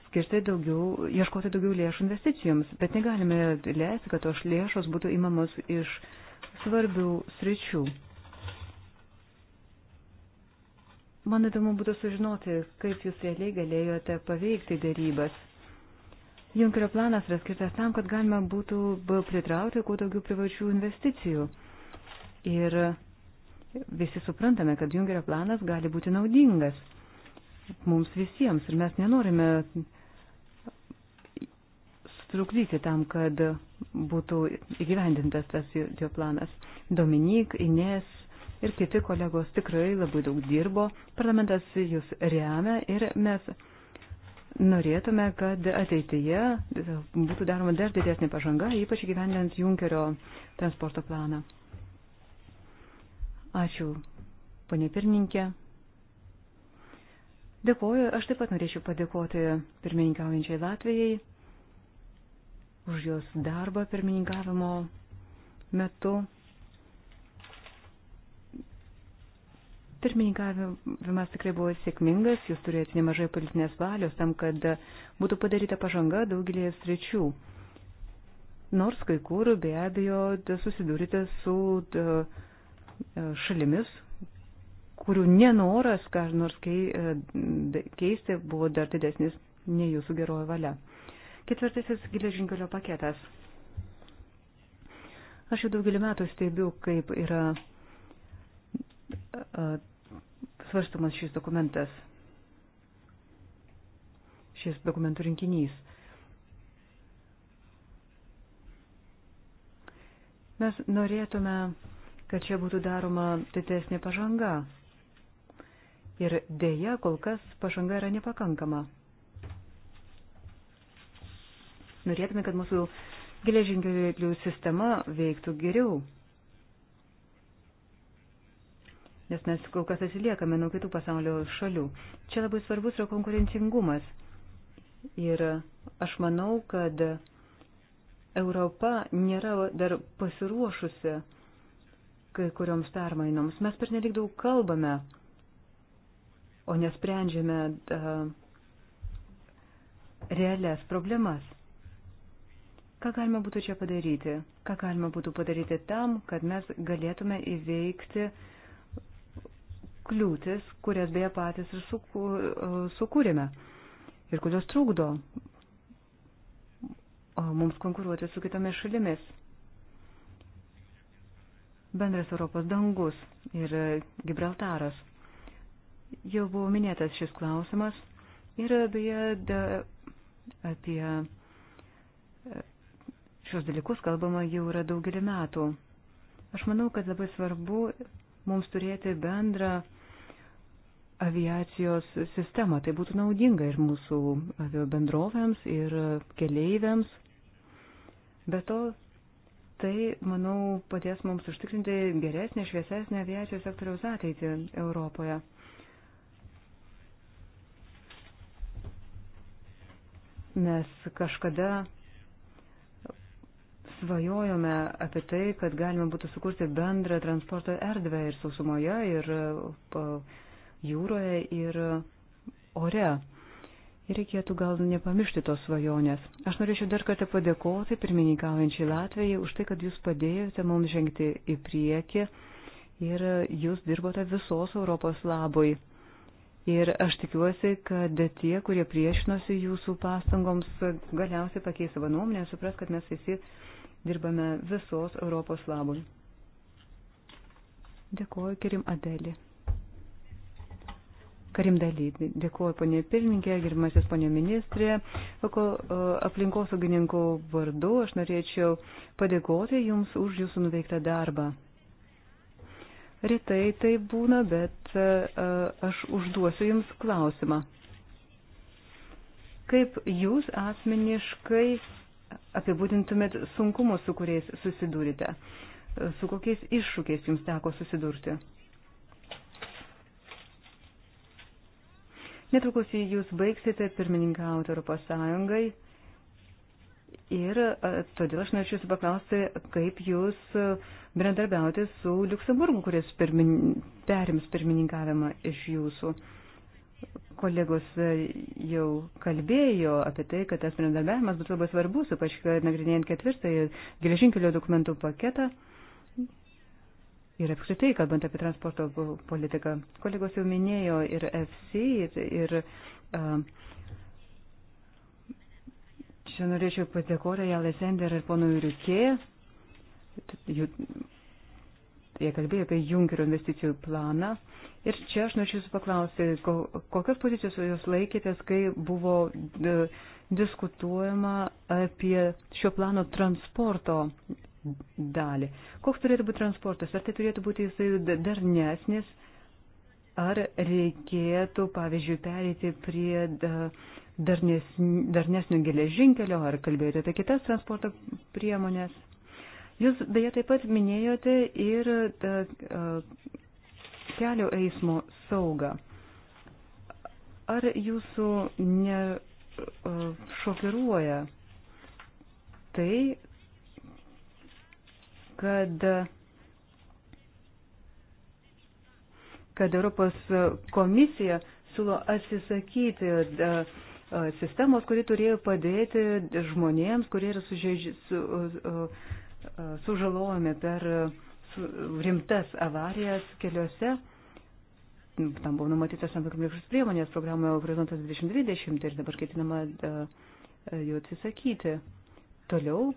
skirti daugiau, ieškoti daugiau lėšų investicijoms, bet negalime leisti, kad tos lėšos būtų imamos iš svarbių sričių. Man įdomu būtų sužinoti, kaip jūs realiai galėjote paveikti dėrybas. Junkerio planas yra skirtas tam, kad galima būtų pritraukti kuo daugiau privačių investicijų. Ir visi suprantame, kad Junkerio planas gali būti naudingas mums visiems. Ir mes nenorime trukdyti tam, kad būtų įgyvendintas tas jo planas. Dominik, Ines ir kiti kolegos tikrai labai daug dirbo. Parlamentas jūs remia ir mes norėtume, kad ateityje būtų daroma dar didesnė pažanga, ypač gyvendant Junkerio transporto planą. Ačiū, ponė pirmininkė. Dėkuoju, aš taip pat norėčiau padėkoti pirmininkaujančiai Latvijai už jos darbą pirmininkavimo metu. Pirmininkavimas tikrai buvo sėkmingas, jūs turėjote nemažai politinės valios tam, kad būtų padaryta pažanga daugelį sričių. Nors kai kur be abejo susidūrite su e, e, šalimis, kurių nenoras, ką nors e, keisti, buvo dar didesnis nei jūsų geroji valia. Ketvirtasis geležinkelio paketas. Aš jau daugelį metų stebiu, kaip yra svarstamas šis dokumentas, šis dokumentų rinkinys. Mes norėtume, kad čia būtų daroma didesnė pažanga. Ir dėja, kol kas pažanga yra nepakankama. Norėtume, kad mūsų geležinkelių sistema veiktų geriau. nes mes kol kas atsiliekame nuo kitų pasaulio šalių. Čia labai svarbus yra konkurencingumas. Ir aš manau, kad Europa nėra dar pasiruošusi kai kurioms permainoms. Mes per nelik daug kalbame, o nesprendžiame uh, realias problemas. Ką galima būtų čia padaryti? Ką galima būtų padaryti tam, kad mes galėtume įveikti uh, kliūtis, kurias beje patys ir e, sukūrėme ir kurios trukdo e, mums konkuruoti su kitomis šalimis. Bendras Europos dangus ir e, Gibraltaras. Jau buvo minėtas šis klausimas ir beje da, apie šios dalykus kalbama jau yra daugelį metų. Aš manau, kad labai svarbu mums turėti bendrą aviacijos sistemą. Tai būtų naudinga ir mūsų avio bendrovėms, ir keleiviams. Be to, tai, manau, padės mums užtikrinti geresnę, šviesesnę aviacijos sektoriaus ateitį Europoje. Mes kažkada svajojome apie tai, kad galima būtų sukurti bendrą transporto erdvę ir sausumoje, ir jūroje ir ore. Ir reikėtų gal nepamiršti tos svajonės. Aš norėčiau dar kartą padėkoti pirmininkaujančiai Latvijai už tai, kad jūs padėjote mums žengti į priekį ir jūs dirbote visos Europos labui. Ir aš tikiuosi, kad tie, kurie priešinosi jūsų pastangoms, galiausiai pakeis savo nuomonę ir supras, kad mes visi dirbame visos Europos labui. Dėkuoju, Kirim Adelį. Karim Daly. Dėkuoju, ponė pirmininkė, girmasis ponė ministrė. E, aplinkosaugininkų vardu aš norėčiau padėkoti Jums už Jūsų nuveiktą darbą. Rytai tai būna, bet e, e, aš užduosiu Jums klausimą. Kaip Jūs asmeniškai apibūdintumėt sunkumus, su kuriais susidūrite? Su kokiais iššūkiais Jums teko susidurti? Netrukus jūs baigsite pirmininkauti Europos Sąjungai ir e, todėl aš norėčiau jūsų paklausti, kaip jūs e, bendradarbiauti su Luksemburgu, kuris pirmin, perims pirmininkavimą iš jūsų. Kolegos e, jau kalbėjo apie tai, kad tas bendradarbiavimas bus labai svarbus, ypač nagrinėjant ketvirtąjį geležinkelio dokumentų paketą. Ir apskritai, kalbant apie transporto politiką, kolegos jau minėjo ir FC, ir, ir uh, čia norėčiau padėkoti Jalai Sender ir ponui Riukė. Jie kalbėjo apie Junkerio investicijų planą. Ir čia aš norėčiau jūsų paklausti, kokios pozicijos jūs laikėtės, kai buvo e, diskutuojama apie šio plano transporto dalį. Koks turėtų būti transportas? Ar tai turėtų būti jisai darnesnis, ar reikėtų, pavyzdžiui, perėti prie darnesnio geležinkelio, ar kalbėjote apie kitas transporto priemonės? Jūs beje taip pat minėjote ir da, kelio eismo saugą. Ar jūsų nešokiruoja tai, kad, kad Europos komisija siūlo atsisakyti e, e, sistemos, kuri turėjo padėti žmonėms, kurie yra sužeži, su, e, sužalojami per rimtas avarijas keliuose. Tam buvo numatytas tam tikros priemonės programoje Horizontas 2020 ir dabar ketinama jų atsisakyti. Toliau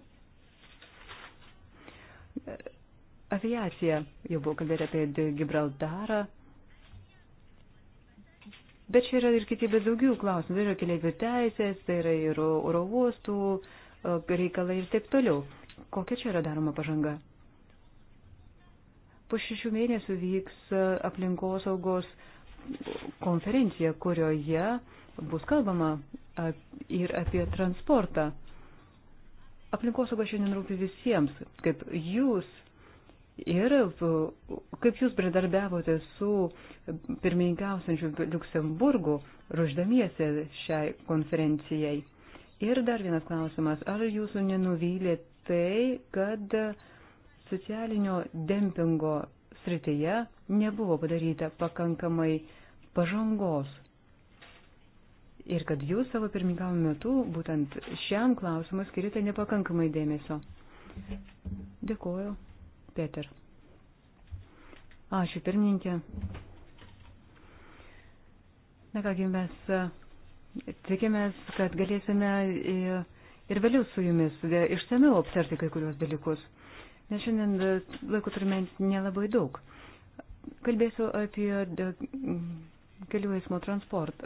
aviacija. Jau buvo kalbėta apie Gibraltarą. Bet čia yra ir kiti, bet daugiau klausimų. Tai yra keliaivių teisės, tai yra ir oro uostų reikalai ir taip toliau. Kokia čia yra daroma pažanga? Po šešių mėnesių vyks e, aplinkosaugos konferencija, kurioje bus kalbama ir apie transportą aplinkosauga šiandien rūpi visiems, kaip jūs ir kaip jūs bradarbiavote su pirmininkausiančiu Luksemburgu, ruždamiesi šiai konferencijai. Ir dar vienas klausimas, ar jūsų nenuvylė tai, kad socialinio dempingo srityje nebuvo padaryta pakankamai pažangos ir kad jūs savo pirmininkavimo metu būtent šiam klausimui skirite nepakankamai dėmesio. Dėkuoju, Peter. Ačiū, pirmininkė. Na kągi, mes e, tikimės, kad galėsime e, ir vėliau su jumis e, išsameu aptarti kai kurios dalykus, nes šiandien laiko turime nelabai daug. Kalbėsiu apie kelių eismo transport,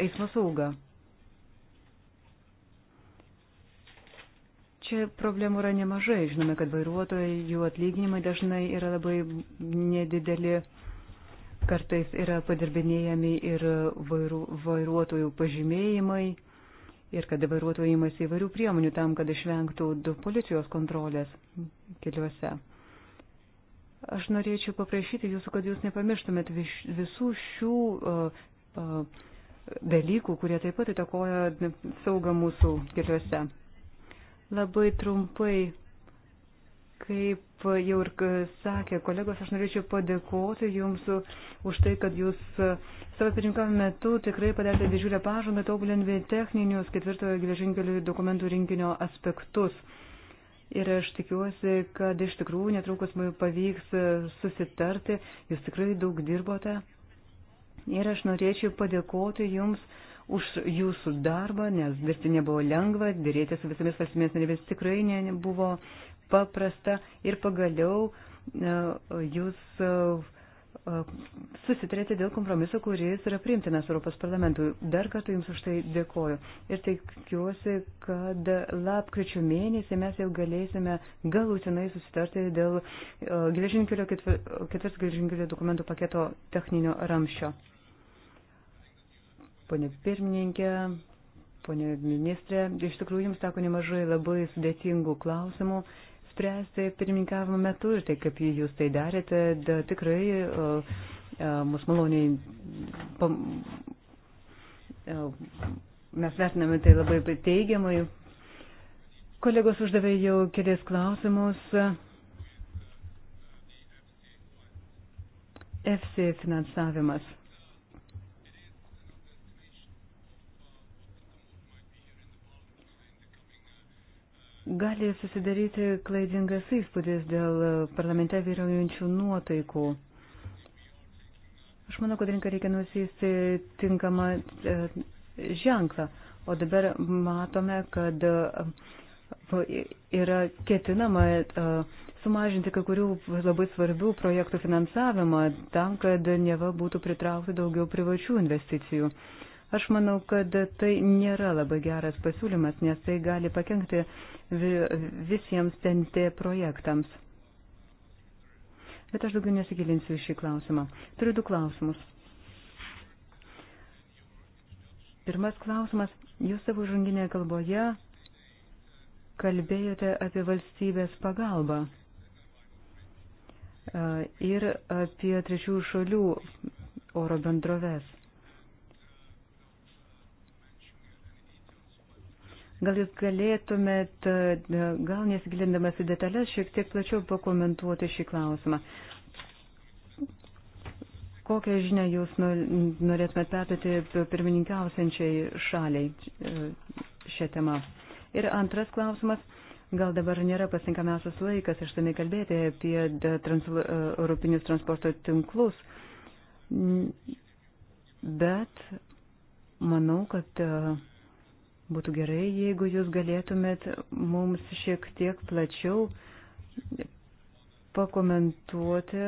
eismo saugą. Čia problemų yra nemažai. Žinome, kad vairuotojai, jų atlyginimai dažnai yra labai nedideli. Kartais yra padirbinėjami ir vairu, vairuotojų pažymėjimai ir kad vairuotojai imasi įvairių priemonių tam, kad išvengtų policijos kontrolės keliuose. Aš norėčiau paprašyti jūsų, kad jūs nepamirštumėt vis, visų šių uh, uh, dalykų, kurie taip pat įtakoja saugą mūsų keliuose. Labai trumpai, kaip jau ir sakė kolegos, aš norėčiau padėkoti Jums už tai, kad Jūs savo pirmininkavimo metu tikrai padarėte didžiulę pažangą tobulinti techninius ketvirtojo geležinkelių dokumentų rinkinio aspektus. Ir aš tikiuosi, kad iš tikrųjų netrukus pavyks susitarti. Jūs tikrai daug dirbote ir aš norėčiau padėkoti Jums už Jūsų darbą, nes dirbti nebuvo lengva, dėrėti su visomis valstybės narėmis tikrai nebuvo paprasta ir pagaliau e, Jūs e, e, susitarėte dėl kompromiso, kuris yra priimtinas Europos parlamentui. Dar kartą Jums už tai dėkoju. Ir tikiuosi, kad lapkričio mėnesį mes jau galėsime galutinai susitarti dėl geležinkelio ketvirto geležinkelio dokumentų paketo techninio ramščio. Pone pirmininkė, pone ministrė, iš tikrųjų jums teko nemažai labai sudėtingų klausimų spręsti pirmininkavimo metu ir tai, kaip jūs tai darėte, da, tikrai uh, uh, mus maloniai. Pam, uh, mes vertiname tai labai teigiamai. Kolegos uždavė jau kelias klausimus. FC finansavimas. gali susidaryti klaidingas įspūdis dėl parlamente vyraujančių nuotaikų. Aš manau, kad rinka reikia nusėsti tinkamą e, ženklą. O dabar matome, kad e, yra ketinama e, sumažinti kai kurių labai svarbių projektų finansavimą tam, kad neva būtų pritraukti daugiau privačių investicijų. Aš manau, kad tai nėra labai geras pasiūlymas, nes tai gali pakengti visiems TNT projektams. Bet aš daugiau nesigilinsiu į šį klausimą. Turiu du klausimus. Pirmas klausimas. Jūs savo žanginėje kalboje kalbėjote apie valstybės pagalbą e, ir apie trečių šalių oro bendroves. Gal jūs galėtumėt, e, gal nesigilindamas į detalės, šiek tiek plačiau pakomentuoti šį klausimą. Kokią žinią jūs norėtumėt perduoti pirmininkiausiančiai šaliai e, šią temą? Ir antras klausimas. Gal dabar nėra pasinkamiausias laikas išsamei kalbėti apie e, trans, europinius transporto tinklus, bet manau, kad Būtų gerai, jeigu jūs galėtumėt mums šiek tiek plačiau pakomentuoti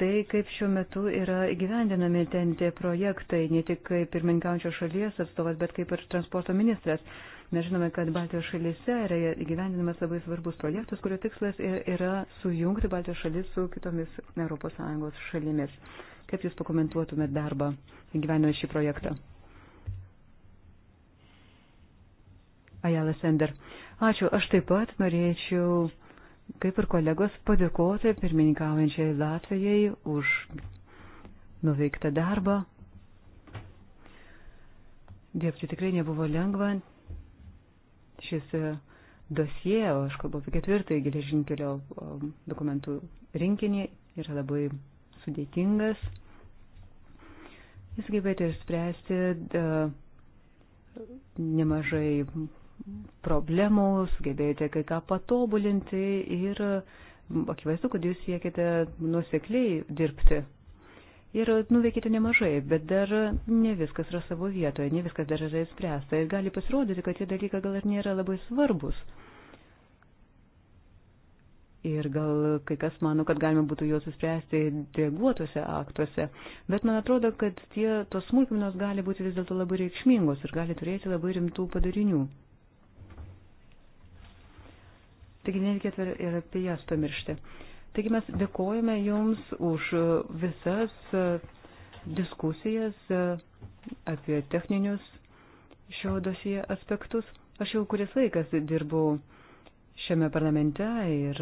tai, kaip šiuo metu yra gyvendinami ten tie projektai, ne tik kaip pirmininkaujančios šalies atstovas, bet kaip ir transporto ministras. Mes žinome, kad Baltijos šalyse yra gyvendinamas labai svarbus projektas, kurio tikslas yra sujungti Baltijos šalis su kitomis ES šalimis. Kaip Jūs pakomentuotumėt darbą gyvenant šį projektą? Ajala Sender. Ačiū. Aš taip pat norėčiau, kaip ir kolegos, padėkoti pirmininkaujančiai Latvijai už nuveiktą darbą. Dirbti tikrai nebuvo lengva. Šis e, dosie, aš kalbu apie ketvirtąjį geležinkelio dokumentų rinkinį, yra labai sudėtingas. Jis gebėtų išspręsti e, nemažai problemų, sugebėjote kai ką patobulinti ir akivaizdu, kad jūs siekite nusekliai dirbti. Ir nuveikite nemažai, bet dar ne viskas yra savo vietoje, ne viskas dar yra įspręsta ir gali pasirodyti, kad tie dalykai gal ir nėra labai svarbus. Ir gal kai kas mano, kad galima būtų juos įspręsti dėguotose aktuose, bet man atrodo, kad tie, tos smulkmenos gali būti vis dėlto labai reikšmingos ir gali turėti labai rimtų padarinių. Taigi nereikėtų ir apie jas pamiršti. Taigi mes dėkojame Jums už visas diskusijas apie techninius šio dosie aspektus. Aš jau kuris laikas dirbau šiame parlamente ir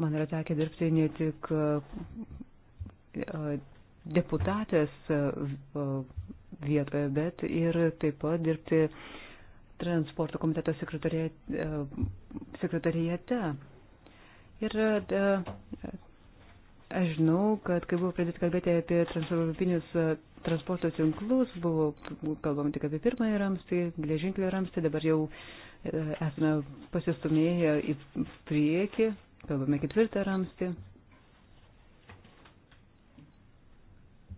man yra tekę dirbti ne tik e, deputatės e, vietoje, bet ir taip pat dirbti transporto komiteto sekretorijate. E, Ir e, aš žinau, kad kai buvo pradėti kalbėti apie transeuropinius e, transporto tinklus, buvo kalbama tik apie pirmąjį ramstį, geležinkelį ramstį, dabar jau esame pasistumėję į priekį, kalbame ketvirtą ramstį.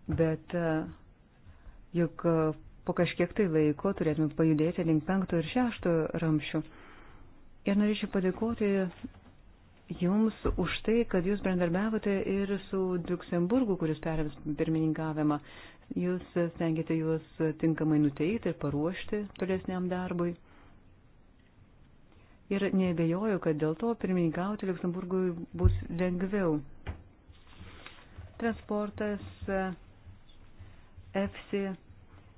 Bet juk po kažkiek tai laiko turėtume pajudėti link penkto ir šešto ramščių. Ir norėčiau padėkoti Jums už tai, kad Jūs bendarbiavote ir su Luxemburgu, kuris perėms pirmininkavimą. Jūs stengiate juos tinkamai nuteikti ir paruošti tolesniam darbui. Ir nebejoju, kad dėl to pirmininkauti Luxemburgui bus lengviau. Transportas, EFSI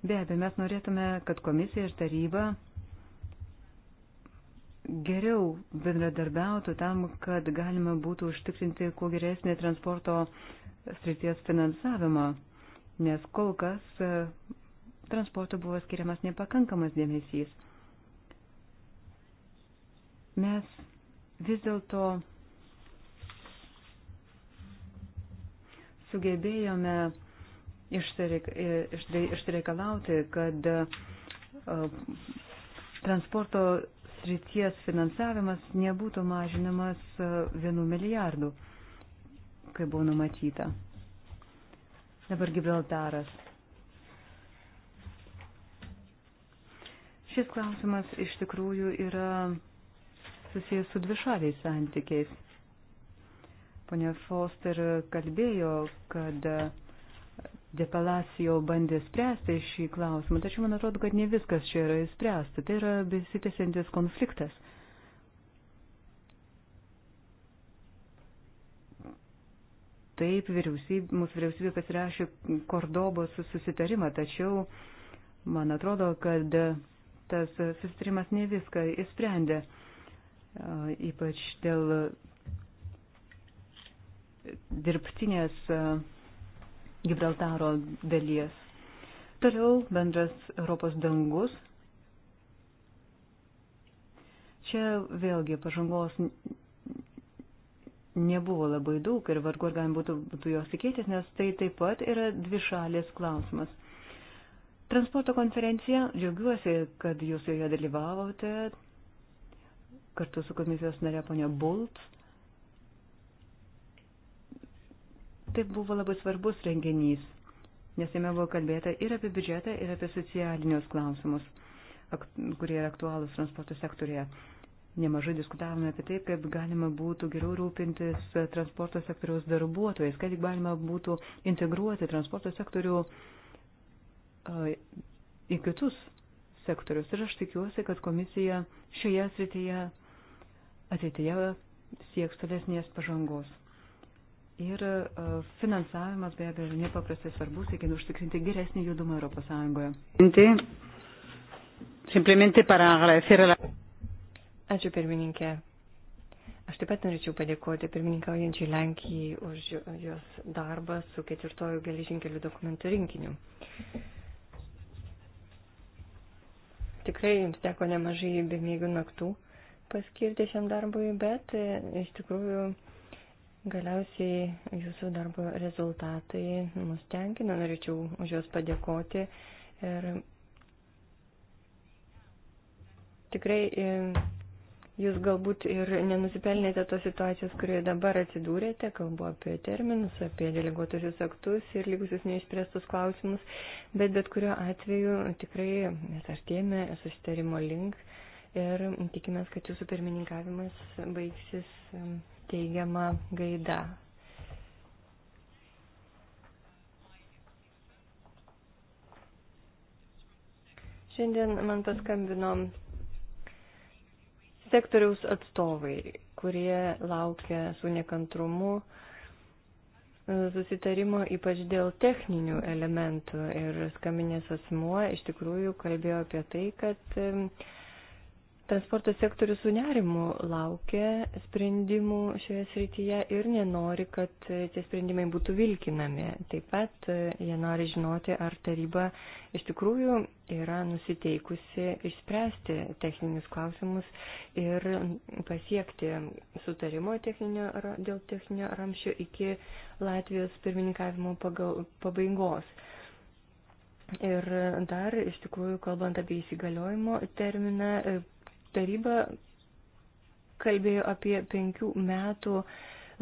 Be abejo, mes norėtume, kad komisija ir taryba geriau bendradarbiautų tam, kad galima būtų užtikrinti kuo geresnį transporto srities finansavimą, nes kol kas e, transporto buvo skiriamas nepakankamas dėmesys. Mes vis dėlto sugebėjome išsireikalauti, kad transporto srities finansavimas nebūtų mažinamas vienu milijardu, kaip buvo numatyta. Dabar Gibraltaras. Šis klausimas iš tikrųjų yra susijęs su dvišaliais santykiais. Pone Foster kalbėjo, kad uh, Depalacijo bandė spręsti šį klausimą, tačiau man atrodo, kad ne viskas čia yra įspręsta. Tai yra besitėsiantis konfliktas. Taip, vyriausybė, mūsų vyriausybė pasirašė Kordobos susitarimą, tačiau man atrodo, kad tas susitarimas ne viską įsprendė, ypač dėl dirbtinės Gibraltaro dalies. Toliau bendras Europos dangus. Čia vėlgi pažangos nebuvo labai daug ir vargu ar galima būtų, būtų jos tikėtis, nes tai taip pat yra dvišalės klausimas. Transporto konferencija, džiaugiuosi, kad jūs joje dalyvavote kartu su komisijos nare ponia Bultz. Tai buvo labai svarbus renginys, nes jame buvo kalbėta ir apie biudžetą, ir apie socialinius klausimus, kurie yra aktualūs transporto sektorėje. Nemažai diskutavome apie tai, kaip galima būtų geriau rūpintis transporto sektoriaus darbuotojais, kad galima būtų integruoti transporto sektorių į kitus sektorius. Ir aš tikiuosi, kad komisija šioje srityje ateityje sieks tolesnės pažangos. Ir e, finansavimas be abejo nepaprastai svarbus, siekiant užtikrinti geresnį judumą Europos Sąjungoje. Ačiū pirmininkė. Aš taip pat norėčiau padėkoti pirmininkaujančiai Lenkijai už jos darbą su ketvirtoju geležinkelių dokumentų rinkiniu. Tikrai jums teko nemažai bemėgių naktų paskirti šiam darbui, bet e, iš tikrųjų Galiausiai jūsų darbo rezultatai mus tenkina, norėčiau už juos padėkoti. Ir tikrai e, jūs galbūt ir nenusipelnėte tos situacijos, kurioje dabar atsidūrėte, kalbu apie terminus, apie deleguotusius aktus ir likusius neišspręstus klausimus, bet bet kuriuo atveju tikrai mes artėjame susitarimo link ir tikimės, kad jūsų pirmininkavimas baigsis teigiama gaida. Šiandien man paskambino sektoriaus atstovai, kurie laukia su nekantrumu e, susitarimo ypač dėl techninių elementų ir skaminės asmuo iš tikrųjų kalbėjo apie tai, kad Transporto sektorius su nerimu laukia sprendimų šioje srityje ir nenori, kad tie sprendimai būtų vilkinami. Taip pat e, jie nori žinoti, ar taryba iš tikrųjų yra nusiteikusi išspręsti techninius klausimus ir pasiekti sutarimo techninio, dėl techninio ramščio iki Latvijos pirmininkavimo pagal, pabaigos. Ir dar, iš tikrųjų, kalbant apie įsigaliojimo terminą, taryba kalbėjo apie penkių metų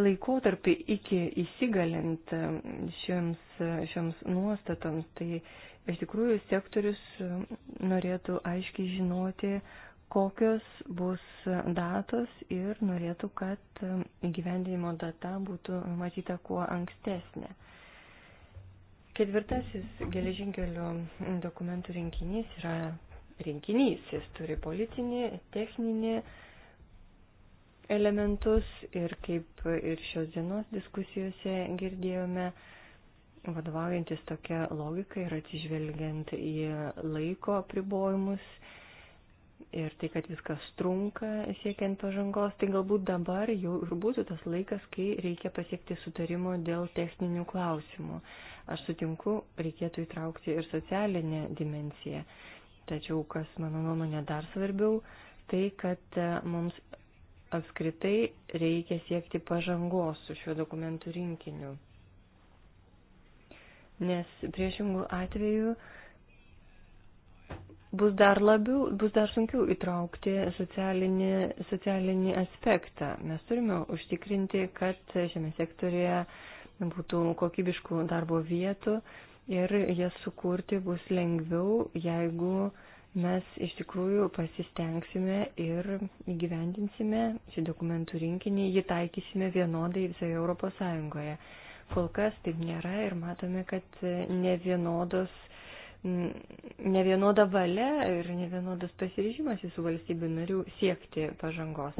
laikotarpį iki įsigalint e, šiems, e, šiems nuostatams. Tai iš tikrųjų sektorius e, norėtų aiškiai žinoti, kokios bus datos ir norėtų, kad įgyvendinimo data būtų matyta kuo ankstesnė. Ketvirtasis geležinkelio dokumentų rinkinys yra rinkinys. Jis turi politinį, techninį elementus ir kaip ir šios dienos diskusijose girdėjome, vadovaujantis tokia logika ir atsižvelgiant į laiko apribojimus ir tai, kad viskas trunka siekiant pažangos, tai galbūt dabar jau ir būtų tas laikas, kai reikia pasiekti sutarimo dėl techninių klausimų. Aš sutinku, reikėtų įtraukti ir socialinę dimenciją. Tačiau, kas mano nuomonė dar svarbiau, tai, kad e, mums apskritai reikia siekti pažangos su šiuo dokumentų rinkiniu. Nes priešingų atveju bus dar labiau, bus dar sunkiau įtraukti socialinį, socialinį aspektą. Mes turime užtikrinti, kad šiame sektorėje būtų kokybiškų darbo vietų ir jas sukurti bus lengviau, jeigu mes iš tikrųjų pasistengsime ir įgyvendinsime šį dokumentų rinkinį, jį taikysime vienodai visoje Europos Sąjungoje. Kol kas taip nėra ir matome, kad ne vienodos mm, nevienoda valia ir nevienodas pasiryžimas visų valstybių narių siekti pažangos.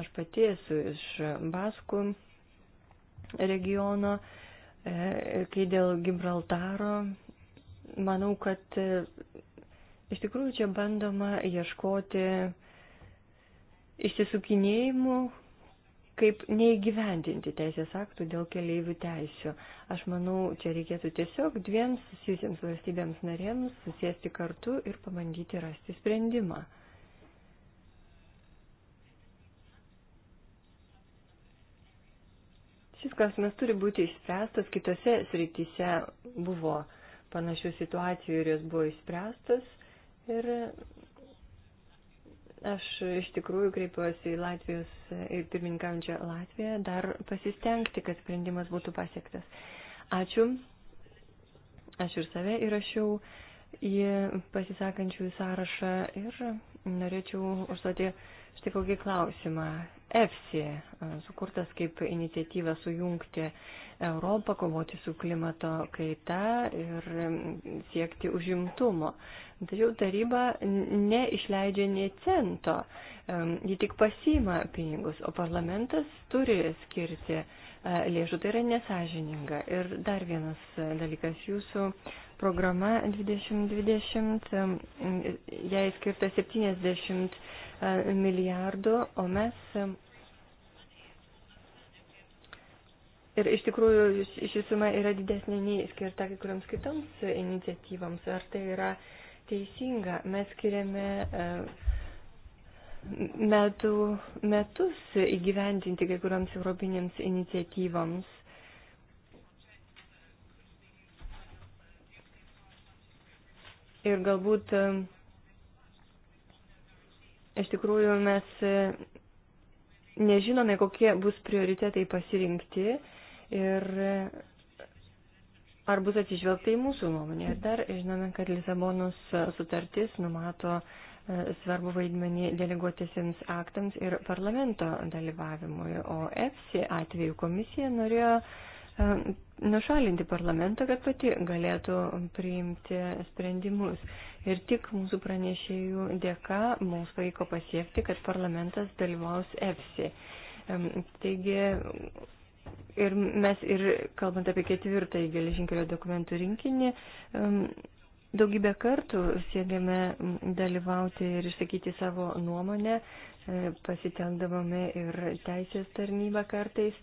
Aš pati esu iš Baskų regiono E, kai dėl Gibraltaro, manau, kad e, iš tikrųjų čia bandoma ieškoti išsisukinėjimų, kaip neįgyvendinti teisės aktų dėl keleivių teisių. Aš manau, čia reikėtų tiesiog dviems susijusiems valstybėms narėms susėsti kartu ir pabandyti rasti sprendimą. Šis klausimas turi būti išspręstas. Kitose srityse buvo panašių situacijų ir jos buvo išspręstas. Ir aš iš tikrųjų kreipiuosi į Latvijos ir pirmininkaujančią Latviją dar pasistengti, kad sprendimas būtų pasiektas. Ačiū. Aš ir save įrašiau į pasisakančiųjų sąrašą ir norėčiau užduoti štai kokį klausimą. EFSI, sukurtas kaip iniciatyva sujungti Europą, kovoti su klimato kaita ir siekti užimtumo. Tačiau taryba neišleidžia nei cento, ji tik pasima pinigus, o parlamentas turi skirti lėšų. Tai yra nesažininga. Ir dar vienas dalykas jūsų programa 2020, jai skirta 70 milijardų, o mes Ir iš tikrųjų ši suma yra didesnė nei skirta kai kuriams kitoms iniciatyvams. Ar tai yra teisinga? Mes skiriame e, metų, metus įgyvendinti kai kuriams europinėms iniciatyvams. Ir galbūt e, iš tikrųjų mes e, nežinome, kokie bus prioritetai pasirinkti ir ar bus atsižvelgta į mūsų nuomonę. Ir dar žinome, kad Lisabonos sutartis numato e, svarbu vaidmenį deleguotisiems aktams ir parlamento dalyvavimui, o EFSI atveju komisija norėjo e, nušalinti parlamentą, kad pati galėtų priimti sprendimus. Ir tik mūsų pranešėjų dėka mums pavyko pasiekti, kad parlamentas dalyvaus EFSI. Taigi Ir mes ir kalbant apie ketvirtąjį geležinkelio dokumentų rinkinį, daugybę kartų siekiame dalyvauti ir išsakyti savo nuomonę, e, pasitendavome ir teisės tarnybą kartais.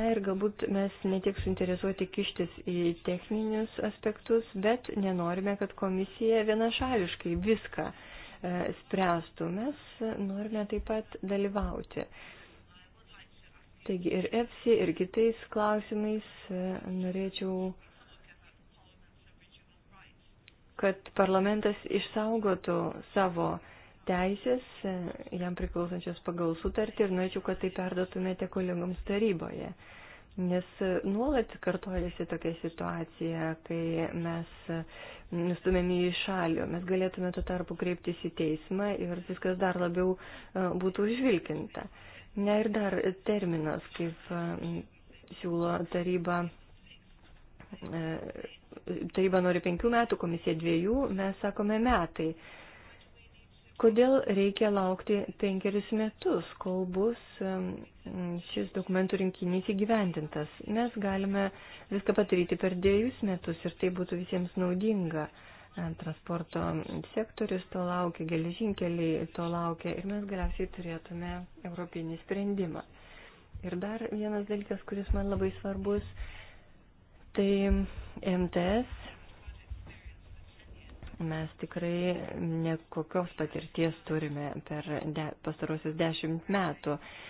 Na ir galbūt mes netiek suinteresuoti kištis į techninius aspektus, bet nenorime, kad komisija vienašališkai viską e, spręstų. Mes norime taip pat dalyvauti. Taigi ir EFSI, ir kitais klausimais e, norėčiau, kad parlamentas išsaugotų savo teisės, e, jam priklausančios pagal sutartį ir norėčiau, kad tai perdotumėte kolegoms taryboje. Nes e, nuolat kartojasi tokia situacija, kai mes nustumėme į šalį, mes galėtume tuo tarpu kreiptis į teismą ir viskas dar labiau būtų užvilkinta. Ne ir dar terminas, kaip e, siūlo taryba. E, taryba nori penkių metų, komisija dviejų, mes sakome metai. Kodėl reikia laukti penkerius metus, kol bus e, šis dokumentų rinkinys įgyvendintas? Mes galime viską padaryti per dviejus metus ir tai būtų visiems naudinga transporto sektorius to laukia, geležinkeliai to laukia ir mes galiausiai turėtume europinį sprendimą. Ir dar vienas dalykas, kuris man labai svarbus, tai MTS. Mes tikrai nekokios patirties turime per de, pastarosius dešimt metų. Uh,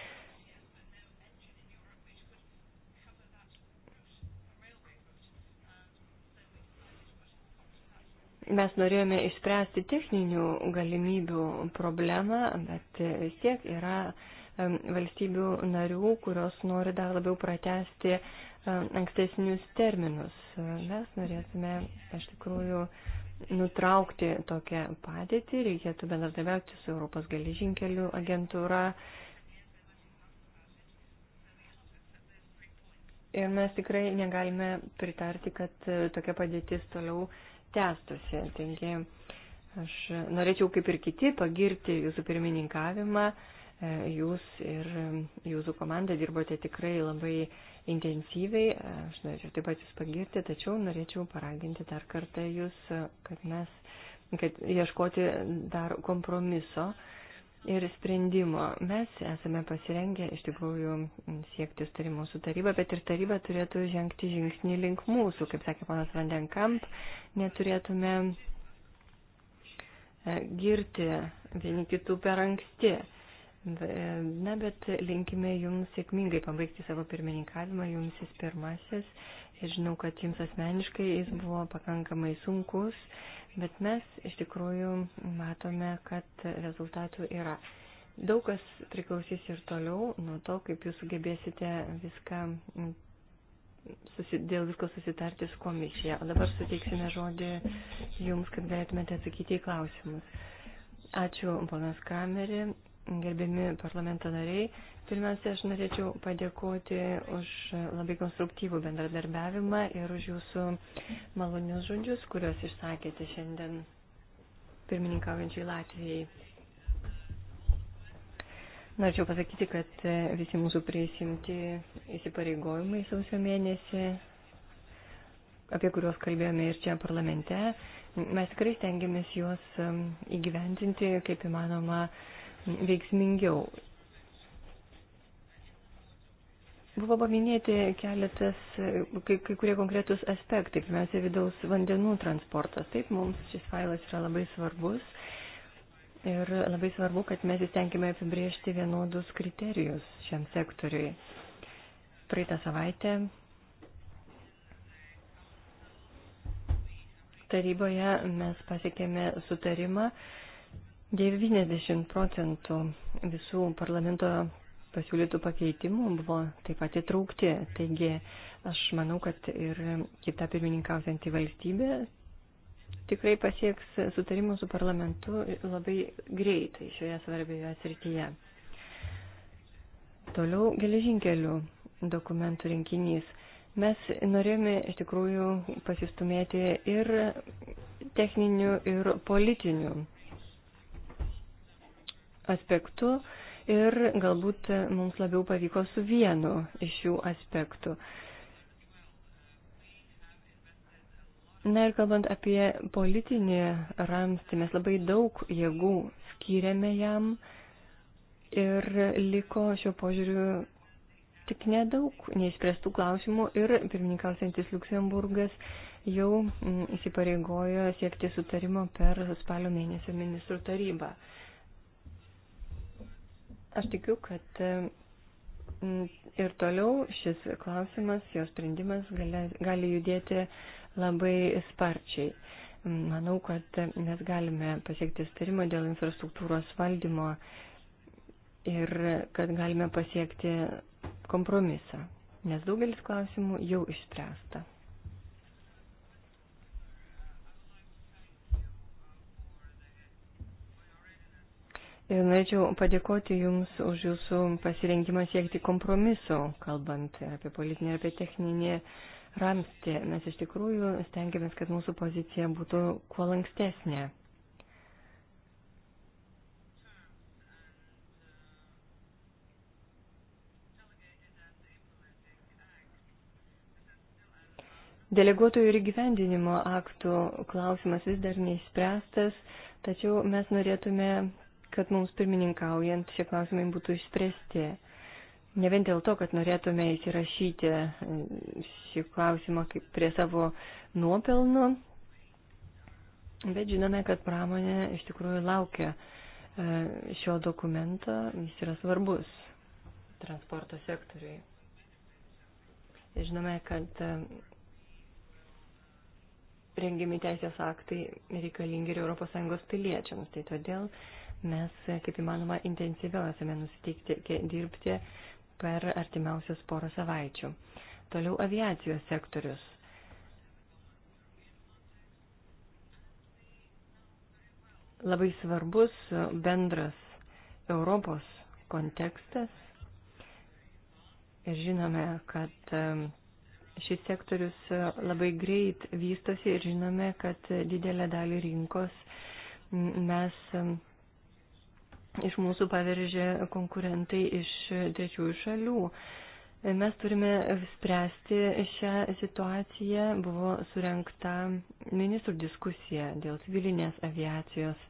Mes norėjome išspręsti techninių galimybių problemą, bet vis tiek yra valstybių narių, kurios nori dar labiau pratesti ankstesnius terminus. Mes norėtume iš tikrųjų nutraukti tokią padėtį, reikėtų bendradarbiauti su Europos geležinkelių agentūra. Ir mes tikrai negalime pritarti, kad tokia padėtis toliau uh, tęstusi. Taigi aš norėčiau, kaip ir kiti, pagirti jūsų pirmininkavimą. E, jūs ir jūsų komanda dirbote tikrai labai intensyviai. E, aš norėčiau taip pat jūs pagirti, tačiau norėčiau paraginti dar kartą jūs, kad mes, kad ieškoti dar kompromiso ir sprendimo. Mes esame pasirengę iš tikrųjų siekti sutarimo su taryba, bet ir taryba turėtų žengti žingsnį link mūsų. Kaip sakė ponas Vandenkamp, neturėtume e, girti vieni kitų per anksti. E, na, bet linkime jums sėkmingai pabaigti savo pirmininkavimą, jums jis pirmasis ir žinau, kad jums asmeniškai jis buvo pakankamai sunkus, Bet mes iš tikrųjų matome, kad rezultatų yra. Daug kas priklausys ir toliau nuo to, kaip jūs sugebėsite viską, susi, dėl visko susitarti su komisija. O dabar suteiksime žodį jums, kad galėtumėte atsakyti į klausimus. Ačiū, ponas Kameri gerbiami parlamento nariai. Pirmiausia, aš norėčiau padėkoti už labai konstruktyvų bendradarbiavimą ir už jūsų malonius žodžius, kuriuos išsakėte šiandien pirmininkaujančiai Latvijai. Norėčiau pasakyti, kad visi mūsų prisimti įsipareigojimai sausio mėnesį, apie kuriuos kalbėjome ir čia parlamente, mes tikrai stengiamės juos um, įgyventinti kaip įmanoma veiksmingiau. Buvo paminėti keletas, kai, kai kurie konkretus aspektai, pirmiausia, vidaus vandenų transportas. Taip, mums šis failas yra labai svarbus ir labai svarbu, kad mes įstengime apibriežti vienodus kriterijus šiam sektoriui. Praeitą savaitę taryboje mes pasiekėme sutarimą 90 procentų visų parlamento pasiūlytų pakeitimų buvo taip pat įtraukti. Taigi aš manau, kad ir kita pirmininkausianti valstybė tikrai pasieks sutarimų su parlamentu labai greitai šioje svarbioje srityje. Toliau geležinkelių dokumentų rinkinys. Mes norėjome iš tikrųjų pasistumėti ir techninių, ir politinių aspektu ir galbūt mums labiau pavyko su vienu iš šių aspektų. Na ir kalbant apie politinį ramstį, mes labai daug jėgų skiriame jam ir liko šio požiūriu tik nedaug neišspręstų klausimų ir pirmininkausiantis Luksemburgas jau mm, įsipareigojo siekti sutarimo per spalio mėnesio ministrų tarybą. Aš tikiu, kad mm, ir toliau šis klausimas, jo sprendimas gali, gali judėti labai sparčiai. Mm, manau, kad mes galime pasiekti starimą dėl infrastruktūros valdymo ir kad galime pasiekti kompromisą, nes daugelis klausimų jau išspręsta. Ir norėčiau padėkoti Jums už Jūsų pasirinkimą siekti kompromiso, kalbant apie politinį ir apie techninį ramstį. Mes iš tikrųjų stengiamės, kad mūsų pozicija būtų kuo lankstesnė. Deleguotojų ir gyvendinimo aktų klausimas vis dar neįspręstas, tačiau mes norėtume kad mums pirmininkaujant šie klausimai būtų išspręsti. Ne vien dėl to, kad norėtume įsirašyti e, šį klausimą kaip prie savo nuopelnų, bet žinome, kad pramonė iš tikrųjų laukia e, šio dokumento, jis yra svarbus transporto sektoriui. Žinome, kad e, rengiami teisės aktai reikalingi ir ES piliečiams, tai todėl mes, kaip įmanoma, intensyviau esame nusiteikti dirbti per artimiausius porą savaičių. Toliau aviacijos sektorius. Labai svarbus bendras Europos kontekstas. Ir žinome, kad šis sektorius labai greit vystosi ir žinome, kad didelę dalį rinkos mes iš mūsų paveržė konkurentai iš trečiųjų šalių. Mes turime spręsti šią situaciją. Buvo surenkta ministrų diskusija dėl civilinės aviacijos.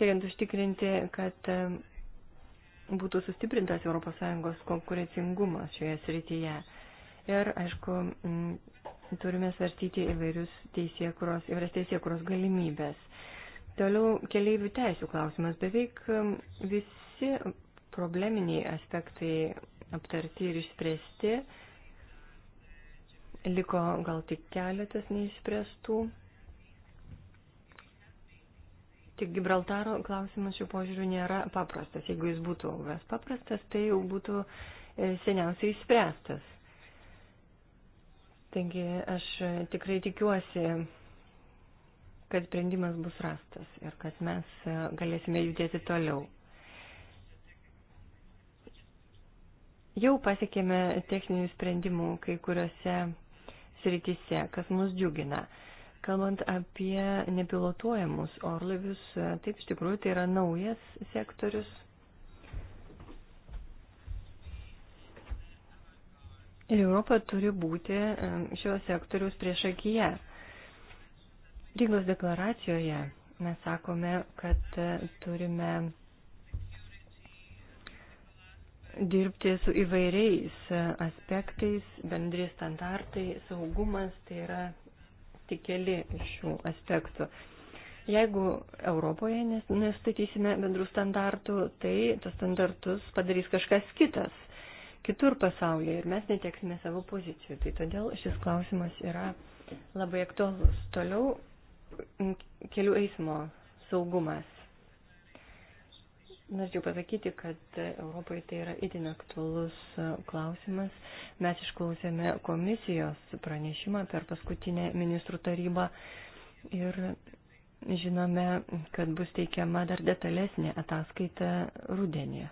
Siekiant užtikrinti, kad būtų sustiprintas ES konkurencingumas šioje srityje. Ir, aišku, turime svarstyti įvairius teisėkuros, įvairias teisėkuros galimybės. Toliau keliaivių teisų klausimas. Beveik um, visi probleminiai aspektai aptarti ir išspręsti. Liko gal tik keletas neišspręstų. Tik Gibraltaro klausimas šiuo požiūriu nėra paprastas. Jeigu jis būtų buvęs paprastas, tai jau būtų e, seniausiai išspręstas. Taigi aš e, tikrai tikiuosi, kad sprendimas bus rastas ir kad mes e, galėsime judėti toliau. Jau pasiekėme techninių sprendimų kai kuriuose srityse, kas mus džiugina. Kalbant apie nepilotuojamus orlaivius, e, taip iš tikrųjų tai yra naujas sektorius, Ir Europa turi būti šios sektorius prieš akiją. Rygos deklaracijoje mes sakome, kad e, turime dirbti su įvairiais e, aspektais, bendri standartai, saugumas, tai yra tik keli iš šių aspektų. Jeigu Europoje nestatysime bendrų standartų, tai tos standartus padarys kažkas kitas kitur pasaulyje ir mes neteksime savo pozicijų. Tai todėl šis klausimas yra labai aktuolus. Toliau kelių eismo saugumas. Norėčiau pasakyti, kad Europoje tai yra itin aktualus e, klausimas. Mes išklausėme komisijos pranešimą per paskutinę ministrų tarybą ir žinome, kad bus teikiama dar detalesnė ataskaita rudenėje.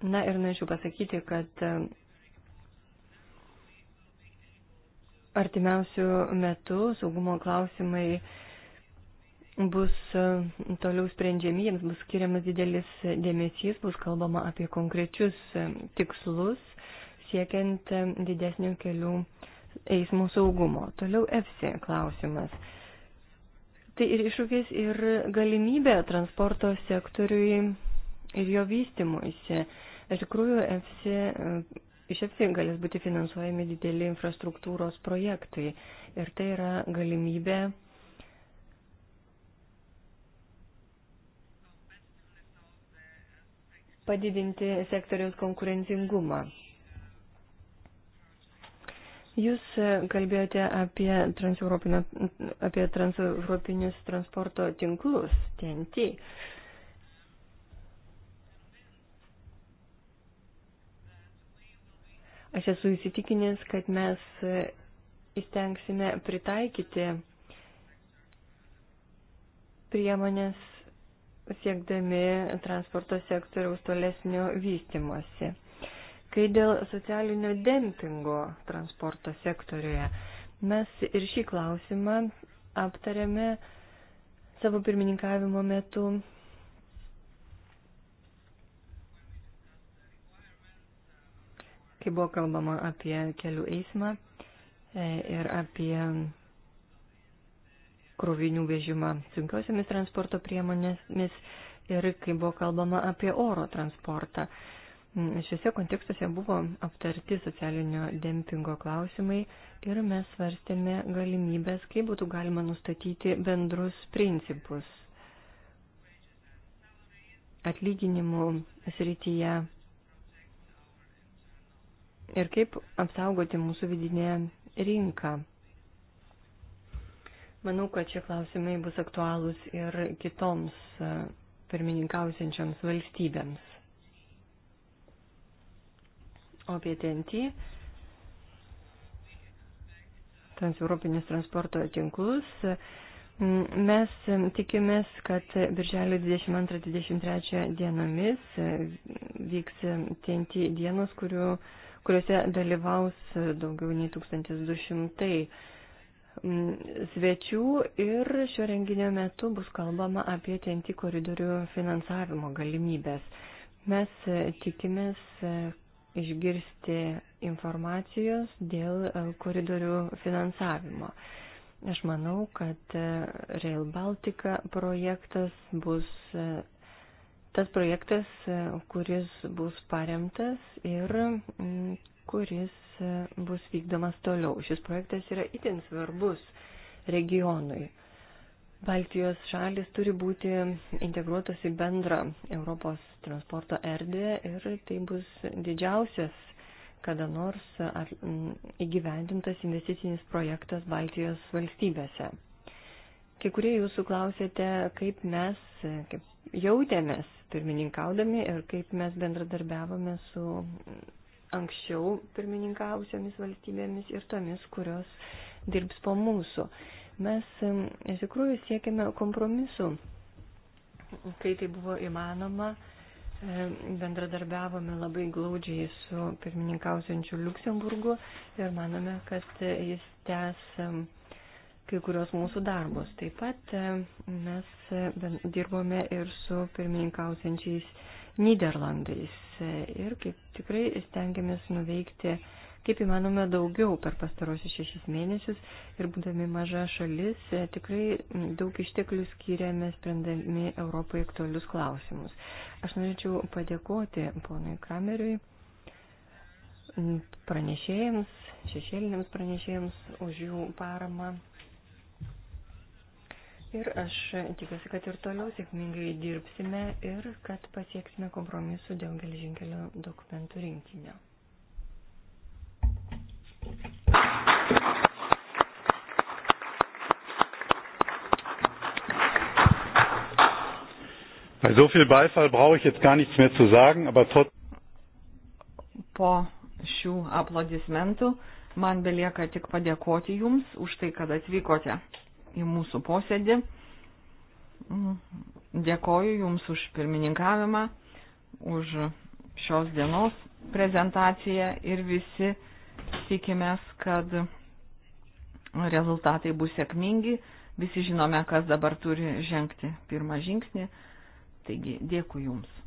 Na ir norėčiau pasakyti, kad e, artimiausių metų saugumo klausimai bus e, toliau sprendžiami, jiems bus skiriamas didelis dėmesys, bus kalbama apie konkrečius e, tikslus, siekiant didesnio kelių eismo saugumo. Toliau EFSI klausimas. Tai ir iššūkis, ir galimybė transporto sektoriui ir jo vystimuisi. Iš tikrųjų, EFSI, iš EFSI galės būti finansuojami dideli infrastruktūros projektai ir tai yra galimybė padidinti sektoriaus konkurencingumą. Jūs e, kalbėjote apie, apie transeuropinius transporto tinklus, TNT. Aš esu įsitikinęs, kad mes e, įstengsime pritaikyti priemonės siekdami transporto sektoriaus tolesnio vystimosi. Kai dėl socialinio dempingo transporto sektoriuje mes ir šį klausimą aptarėme savo pirmininkavimo metu kai buvo kalbama apie kelių eismą e, ir apie krovinių vežimą sunkiosiamis transporto priemonėmis ir kai buvo kalbama apie oro transportą. Mm, šiuose kontekstuose buvo aptarti socialinio dempingo klausimai ir mes svarstėme galimybės, kaip būtų galima nustatyti bendrus principus atlyginimų srityje ir kaip apsaugoti mūsų vidinę rinką. Manau, kad šie klausimai bus aktualūs ir kitoms e, pirmininkausiančioms valstybėms. O apie TNT, transeuropinius transporto tinklus, e, mes e, tikimės, kad birželio 22-23 dienomis vyks TNT dienos, kurių kuriuose dalyvaus daugiau nei 1200 mm, svečių ir šio renginio metu bus kalbama apie TNT koridorių finansavimo galimybės. Mes e, tikimės e, išgirsti informacijos dėl e, koridorių finansavimo. Aš manau, kad Rail Baltica projektas bus tas projektas, kuris bus paremtas ir mm, kuris e, bus vykdomas toliau. Šis projektas yra itin svarbus regionui. Baltijos šalis turi būti integruotos į bendrą Europos transporto erdvę ir tai bus didžiausias kada nors mm, įgyvendintas investicinis projektas Baltijos valstybėse. Kai kurie jūsų klausėte, kaip mes, kaip jautėmės pirmininkaudami ir kaip mes bendradarbiavome su anksčiau pirmininkausiamis valstybėmis ir tomis, kurios dirbs po mūsų. Mes iš tikrųjų siekiame kompromisu. Kai tai buvo įmanoma, bendradarbiavome labai glaudžiai su pirmininkausiančiu Luksemburgu ir manome, kad jis tęs kai kurios mūsų darbus. Taip pat e, mes e, dirbome ir su pirmininkausiančiais Niderlandais e, ir kaip tikrai stengiamės nuveikti kaip įmanome daugiau per pastarosius šešis mėnesius ir būdami maža šalis tikrai daug išteklių skiriame sprendami Europai aktualius klausimus. Aš norėčiau padėkoti ponui Krameriui pranešėjams, šešėliniams pranešėjams už jų paramą Ir aš tikiuosi, kad ir toliau sėkmingai dirbsime ir kad pasieksime kompromisų dėl geležinkelio dokumentų rinkinio. Bei so viel Beifall brauche ich jetzt gar nichts mehr zu sagen, aber trotzdem. Po šių aplodismentų man belieka tik padėkoti Jums už tai, kad atvykote į mūsų posėdį. Dėkoju Jums už pirmininkavimą, už šios dienos prezentaciją ir visi tikimės, kad rezultatai bus sėkmingi. Visi žinome, kas dabar turi žengti pirmą žingsnį. Taigi, dėkui Jums.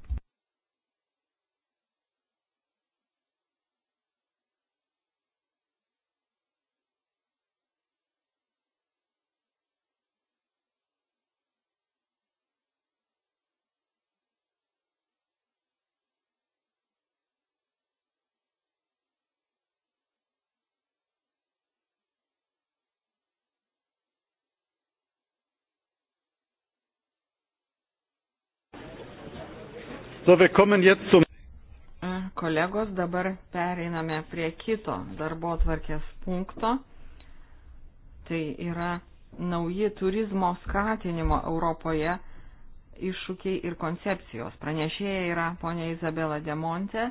So, wir kommen jetzt zum Kolegos, dabar pereiname prie kito darbo tvarkės punkto. Tai yra nauji turizmo skatinimo Europoje iššūkiai ir koncepcijos. Pranešėja yra ponia Izabela Demonte.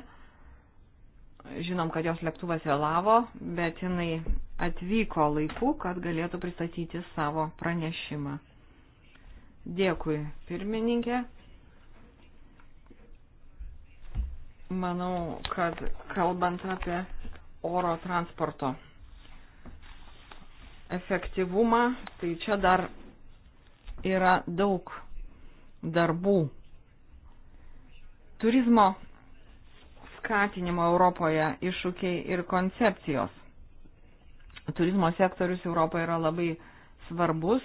Žinom, kad jos lėktuvas vėlavo, bet jinai atvyko laiku, kad galėtų pristatyti savo pranešimą. Dėkui, pirmininkė. Manau, kad kalbant apie oro transporto efektyvumą, tai čia dar yra daug darbų. Turizmo skatinimo Europoje iššūkiai ir koncepcijos. Turizmo sektorius Europoje yra labai svarbus,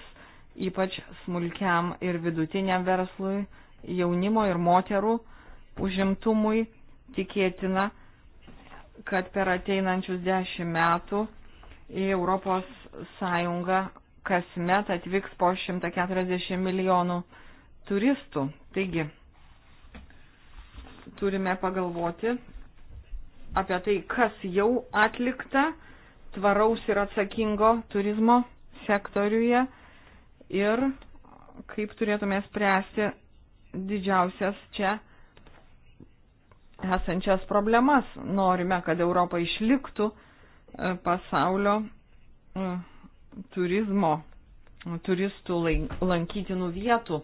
ypač smulkiam ir vidutiniam verslui, jaunimo ir moterų užimtumui tikėtina, kad per ateinančius dešimt metų į Europos Sąjungą kasmet atvyks po 140 milijonų turistų. Taigi, turime pagalvoti apie tai, kas jau atlikta tvaraus ir atsakingo turizmo sektoriuje ir kaip turėtume spręsti didžiausias čia esančias problemas. Norime, kad Europa išliktų e, pasaulio e, turizmo, turistų lankytinų vietų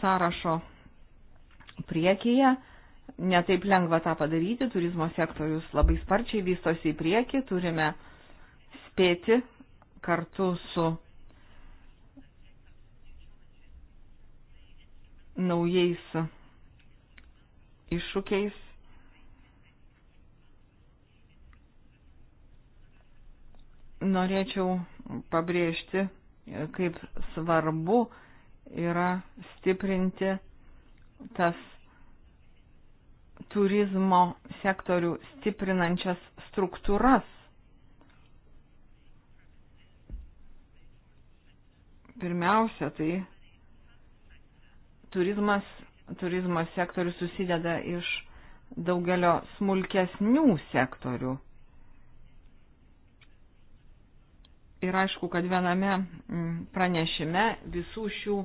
sąrašo priekyje. Netaip lengva tą padaryti, turizmo sektorius labai sparčiai vystosi į priekį, turime spėti kartu su naujais iššūkiais. Norėčiau pabrėžti, kaip svarbu yra stiprinti tas turizmo sektorių stiprinančias struktūras. Pirmiausia, tai Turizmas, turizmo sektorius susideda iš daugelio smulkesnių sektorių. Ir aišku, kad viename mm, pranešime visų šių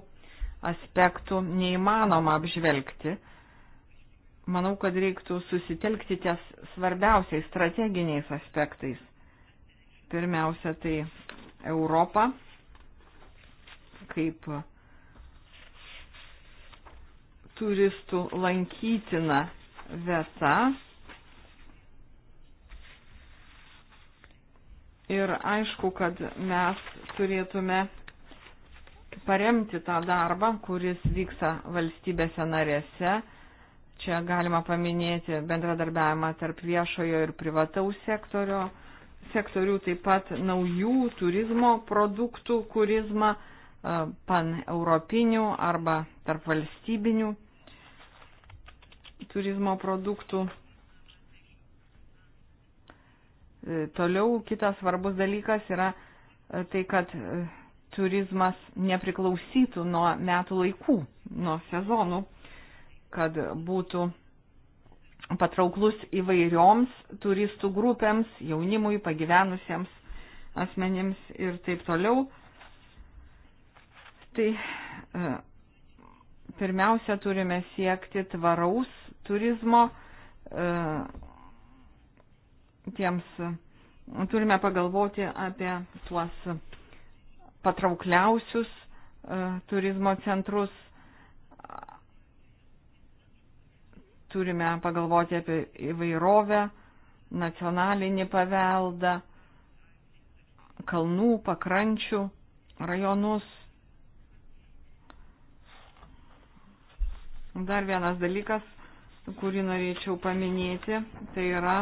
aspektų neįmanoma apžvelgti. Manau, kad reiktų susitelkti ties svarbiausiais strateginiais aspektais. Pirmiausia, tai Europa kaip turistų lankytina vieta. Ir aišku, kad mes turėtume paremti tą darbą, kuris vyksta valstybėse narėse. Čia galima paminėti bendradarbiavimą tarp viešojo ir privataus sektorio, sektorių, taip pat naujų turizmo produktų, turizmą e, paneuropinių arba tarp valstybinių turizmo produktų. E, toliau kitas svarbus dalykas yra e, tai, kad e, turizmas nepriklausytų nuo metų laikų, nuo sezonų, kad būtų patrauklus įvairioms turistų grupėms, jaunimui, pagyvenusiems asmenims ir taip toliau. Tai pirmiausia turime siekti tvaraus turizmo. E, tiems turime pagalvoti apie tuos patraukliausius e, turizmo centrus. Turime pagalvoti apie įvairovę, nacionalinį paveldą, kalnų, pakrančių, rajonus. Dar vienas dalykas, kurį norėčiau paminėti, tai yra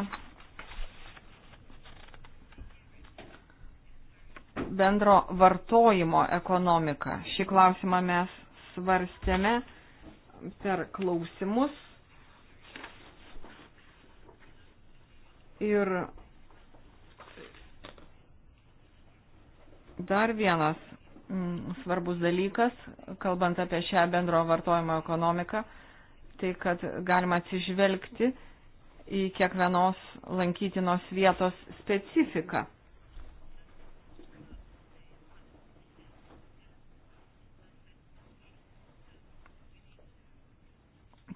bendro vartojimo ekonomika. Šį klausimą mes svarstėme per klausimus. Ir dar vienas mm, svarbus dalykas, kalbant apie šią bendro vartojimo ekonomiką, tai kad galima atsižvelgti į kiekvienos lankytinos vietos specifiką.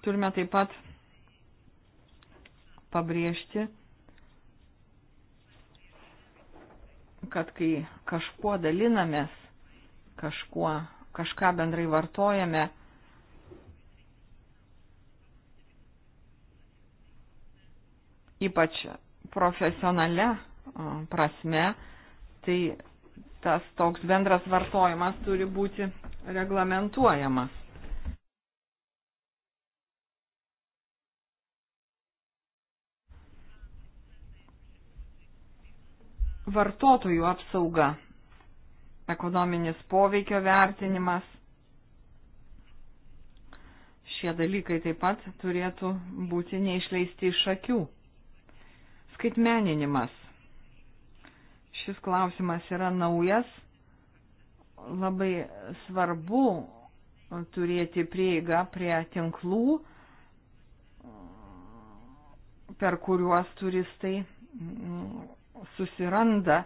Turime taip pat pabrėžti, kad kai kažkuo dalinamės, kažkuo, kažką bendrai vartojame, ypač profesionale prasme, tai tas toks bendras vartojimas turi būti reglamentuojamas. Vartotojų apsauga, ekonominis poveikio vertinimas, šie dalykai taip pat turėtų būti neišleisti iš akių. Skaitmeninimas. Šis klausimas yra naujas. Labai svarbu turėti prieigą prie tinklų, per kuriuos turistai mm, susiranda,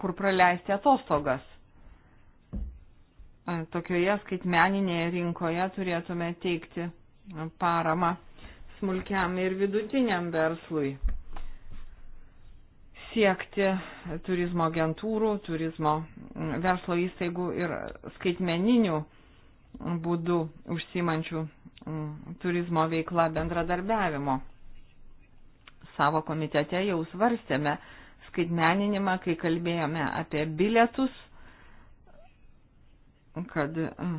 kur praleisti atostogas. Tokioje skaitmeninėje rinkoje turėtume teikti paramą smulkiam ir vidutiniam verslui siekti turizmo agentūrų, turizmo mm, verslo įstaigų ir skaitmeninių būdų užsimančių mm, turizmo veikla bendradarbiavimo. Savo komitete jau svarstėme skaitmeninimą, kai kalbėjome apie bilietus, kad mm,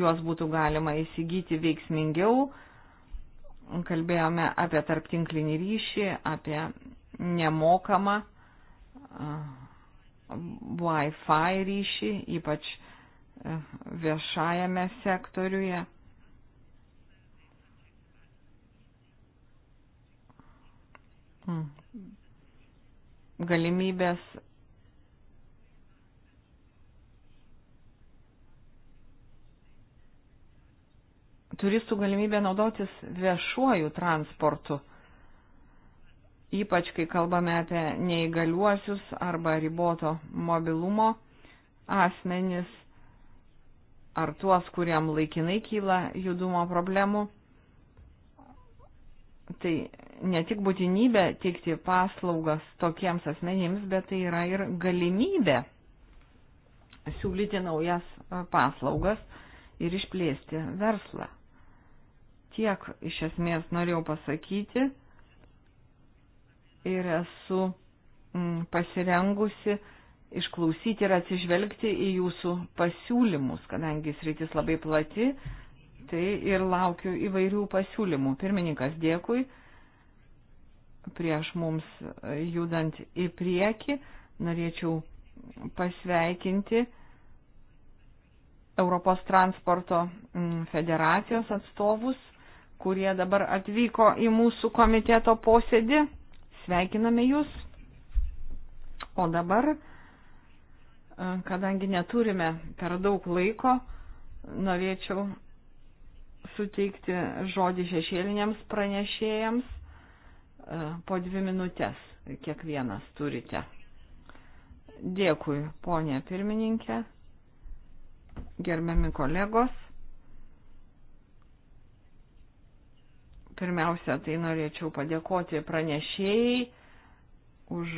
juos būtų galima įsigyti veiksmingiau, kalbėjome apie tarptinklinį ryšį, apie nemokamą Wi-Fi ryšį, ypač e, viešajame sektoriuje. Mm. Galimybės turistų galimybė naudotis viešuoju transportu ypač kai kalbame apie neįgaliuosius arba riboto mobilumo asmenis ar tuos, kuriam laikinai kyla judumo problemų. Tai ne tik būtinybė teikti paslaugas tokiems asmenims, bet tai yra ir galimybė siūlyti naujas e, paslaugas ir išplėsti verslą. Tiek iš esmės norėjau pasakyti ir esu mm, pasirengusi išklausyti ir atsižvelgti į jūsų pasiūlymus, kadangi sritis labai plati, tai ir laukiu įvairių pasiūlymų. Pirmininkas, dėkui. Prieš mums judant į priekį, norėčiau pasveikinti Europos transporto mm, federacijos atstovus, kurie dabar atvyko į mūsų komiteto posėdį. Sveikiname Jūs. O dabar, e, kadangi neturime per daug laiko, norėčiau suteikti žodį šešėliniams pranešėjams e, po dvi minutės kiekvienas turite. Dėkui, ponė pirmininkė, gerbiami kolegos. Pirmiausia, tai norėčiau padėkoti pranešėjai už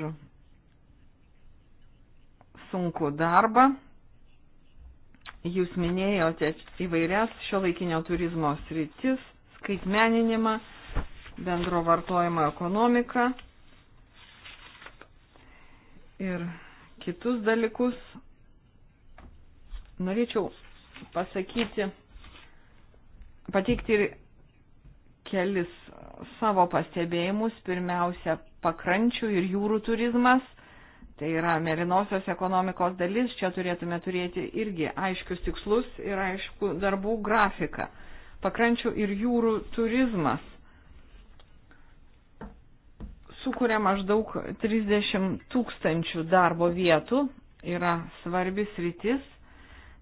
sunku darbą. Jūs minėjote įvairias šio laikinio turizmo sritis, skaitmeninimą, bendro vartojimo ekonomiką ir kitus dalykus. Norėčiau pasakyti, pateikti ir kelis savo pastebėjimus. Pirmiausia, pakrančių ir jūrų turizmas. Tai yra mėlynosios ekonomikos dalis. Čia turėtume turėti irgi aiškius tikslus ir aišku darbų grafiką. Pakrančių ir jūrų turizmas sukuria maždaug 30 tūkstančių darbo vietų, yra svarbis rytis,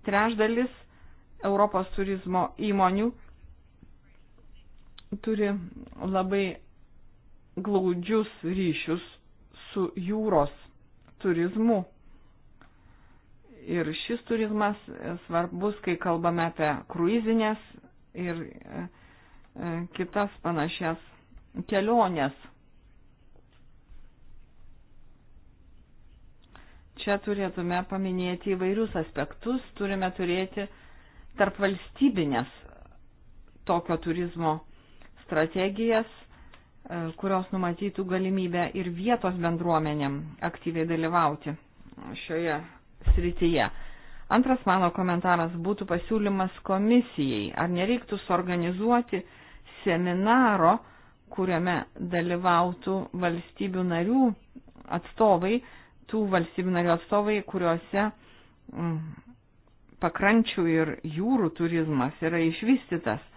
trešdalis Europos turizmo įmonių turi labai glaudžius ryšius su jūros turizmu. Ir šis turizmas svarbus, kai kalbame apie kruizinės ir e, e, kitas panašias keliones. Čia turėtume paminėti įvairius aspektus, turime turėti tarp valstybinės tokio turizmo strategijas, e, kurios numatytų galimybę ir vietos bendruomenėm aktyviai dalyvauti šioje srityje. Antras mano komentaras būtų pasiūlymas komisijai, ar nereiktų suorganizuoti seminaro, kuriame dalyvautų valstybių narių atstovai, tų valstybių narių atstovai, kuriuose mm, pakrančių ir jūrų turizmas yra išvystytas.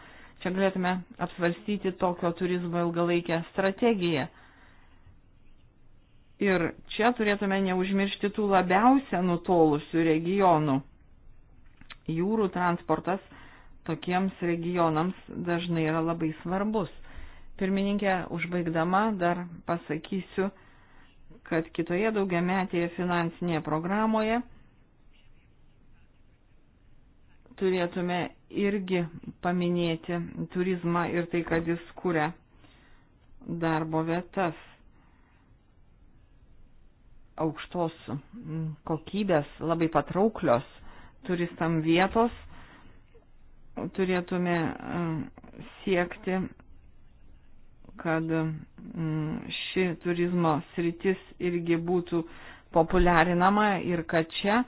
Čia galėtume apsvarstyti tokio turizmo ilgalaikę strategiją. Ir čia turėtume neužmiršti tų labiausia nutolusių regionų. Jūrų transportas tokiems regionams dažnai yra labai svarbus. Pirmininkė, užbaigdama dar pasakysiu, kad kitoje daugiametėje finansinėje programoje turėtume irgi paminėti turizmą ir tai, kad jis kuria darbo vietas aukštos kokybės, labai patrauklios turistam vietos, turėtume e, siekti, kad ši turizmo sritis irgi būtų populiarinama ir kad čia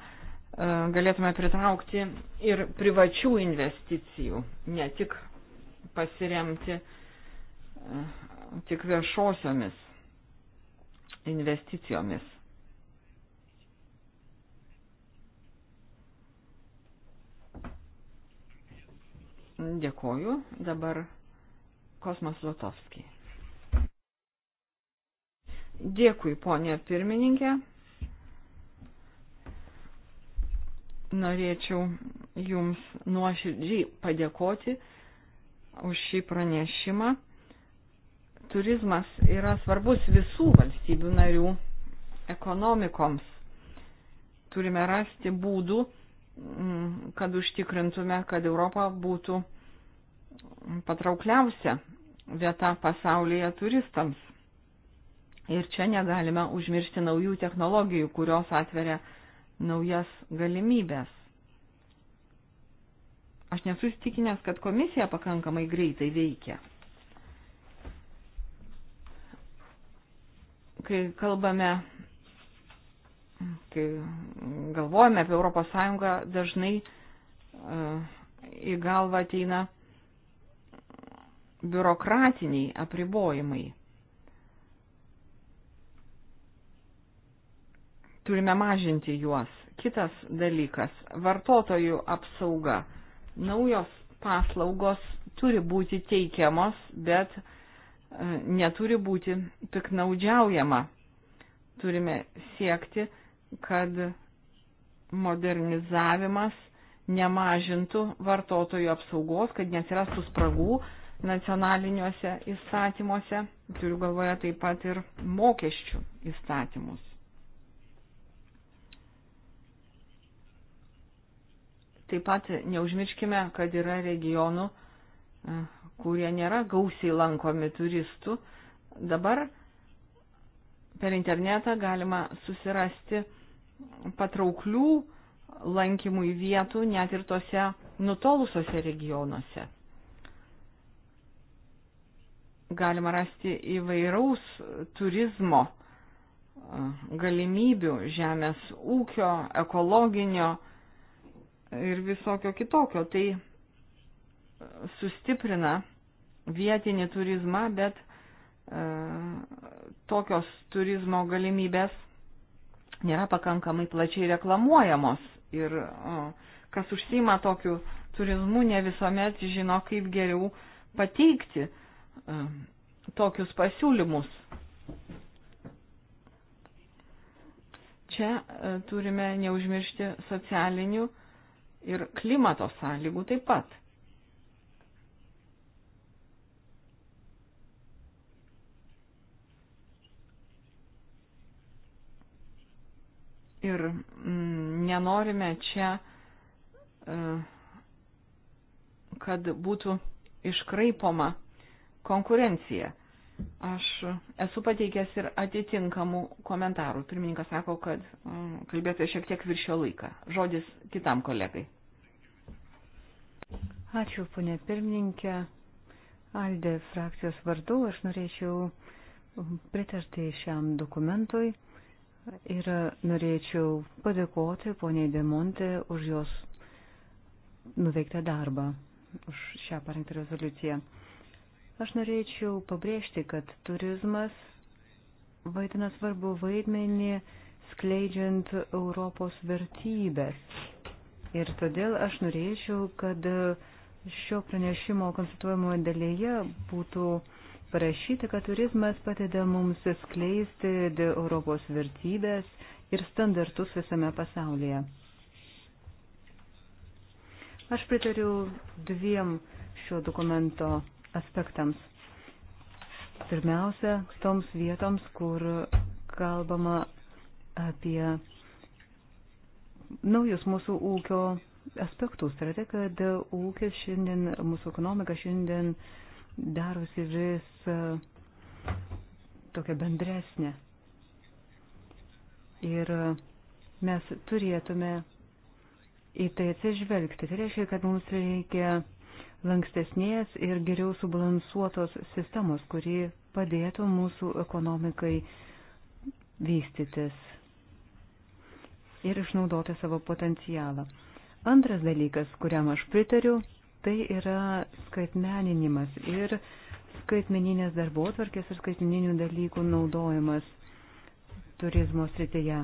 galėtume pritraukti ir privačių investicijų, ne tik pasiremti e, tik viešosiomis investicijomis. Dėkoju. Dabar Kosmas Lotovskiai. Dėkui, ponė pirmininkė. norėčiau Jums nuoširdžiai padėkoti už šį pranešimą. Turizmas yra svarbus visų valstybių narių ekonomikoms. Turime rasti būdų, mm, kad užtikrintume, kad Europa būtų patraukliausia vieta pasaulyje turistams. Ir čia negalime užmiršti naujų technologijų, kurios atveria naujas galimybės. Aš nesu įstikinęs, kad komisija pakankamai greitai veikia. Kai kalbame, kai galvojame apie Europos Sąjungą, dažnai uh, į galvą ateina biurokratiniai apribojimai. turime mažinti juos. Kitas dalykas - vartotojų apsauga. Naujos paslaugos turi būti teikiamos, bet e, neturi būti piknaudžiaujama. Turime siekti, kad modernizavimas nemažintų vartotojų apsaugos, kad nesirastų spragų nacionaliniuose įstatymuose, turiu galvoje taip pat ir mokesčių įstatymus. Taip pat neužmirškime, kad yra regionų, e, kurie nėra gausiai lankomi turistų. Dabar per internetą galima susirasti patrauklių lankymui vietų net ir tose nutolusiose regionuose. Galima rasti įvairaus turizmo e, galimybių žemės ūkio, ekologinio, ir visokio kitokio. Tai sustiprina vietinį turizmą, bet e, tokios turizmo galimybės nėra pakankamai plačiai reklamuojamos. Ir o, kas užsima tokiu turizmu, ne visuomet žino, kaip geriau pateikti e, tokius pasiūlymus. Čia e, turime neužmiršti socialinių ir klimato sąlygų taip pat. Ir mm, nenorime čia, e, kad būtų iškraipoma konkurencija. Aš esu pateikęs ir atitinkamų komentarų. Pirmininkas sako, kad mm, kalbėtoja šiek tiek viršio laiką. Žodis kitam kolegai. Ačiū, ponė pirmininkė. Aldė frakcijos vardu aš norėčiau pritarti šiam dokumentui ir norėčiau padėkoti poniai Demonte už jos nuveiktą darbą, už šią parengtą rezoliuciją. Aš norėčiau pabrėžti, kad turizmas vaidina svarbu vaidmenį skleidžiant Europos vertybės. Ir todėl aš norėčiau, kad uh, šio pranešimo konsultuojamoje dalyje būtų parašyti, kad turizmas padeda mums skleisti Europos vertybės ir standartus visame pasaulyje. Aš pritariu dviem šio dokumento aspektams. Pirmiausia, toms vietoms, kur kalbama apie naujus mūsų ūkio aspektus. Tai yra tai, kad ūkis šiandien, mūsų ekonomika šiandien darosi vis e, tokia bendresnė. Ir e, mes turėtume į tai atsižvelgti. Tai reiškia, kad mums reikia lankstesnės ir geriau subalansuotos sistemos, kuri padėtų mūsų ekonomikai vystytis ir išnaudoti savo potencialą. Antras dalykas, kuriam aš pritariu, tai yra skaitmeninimas ir skaitmeninės darbo atvarkės ir skaitmeninių dalykų naudojimas turizmo srityje.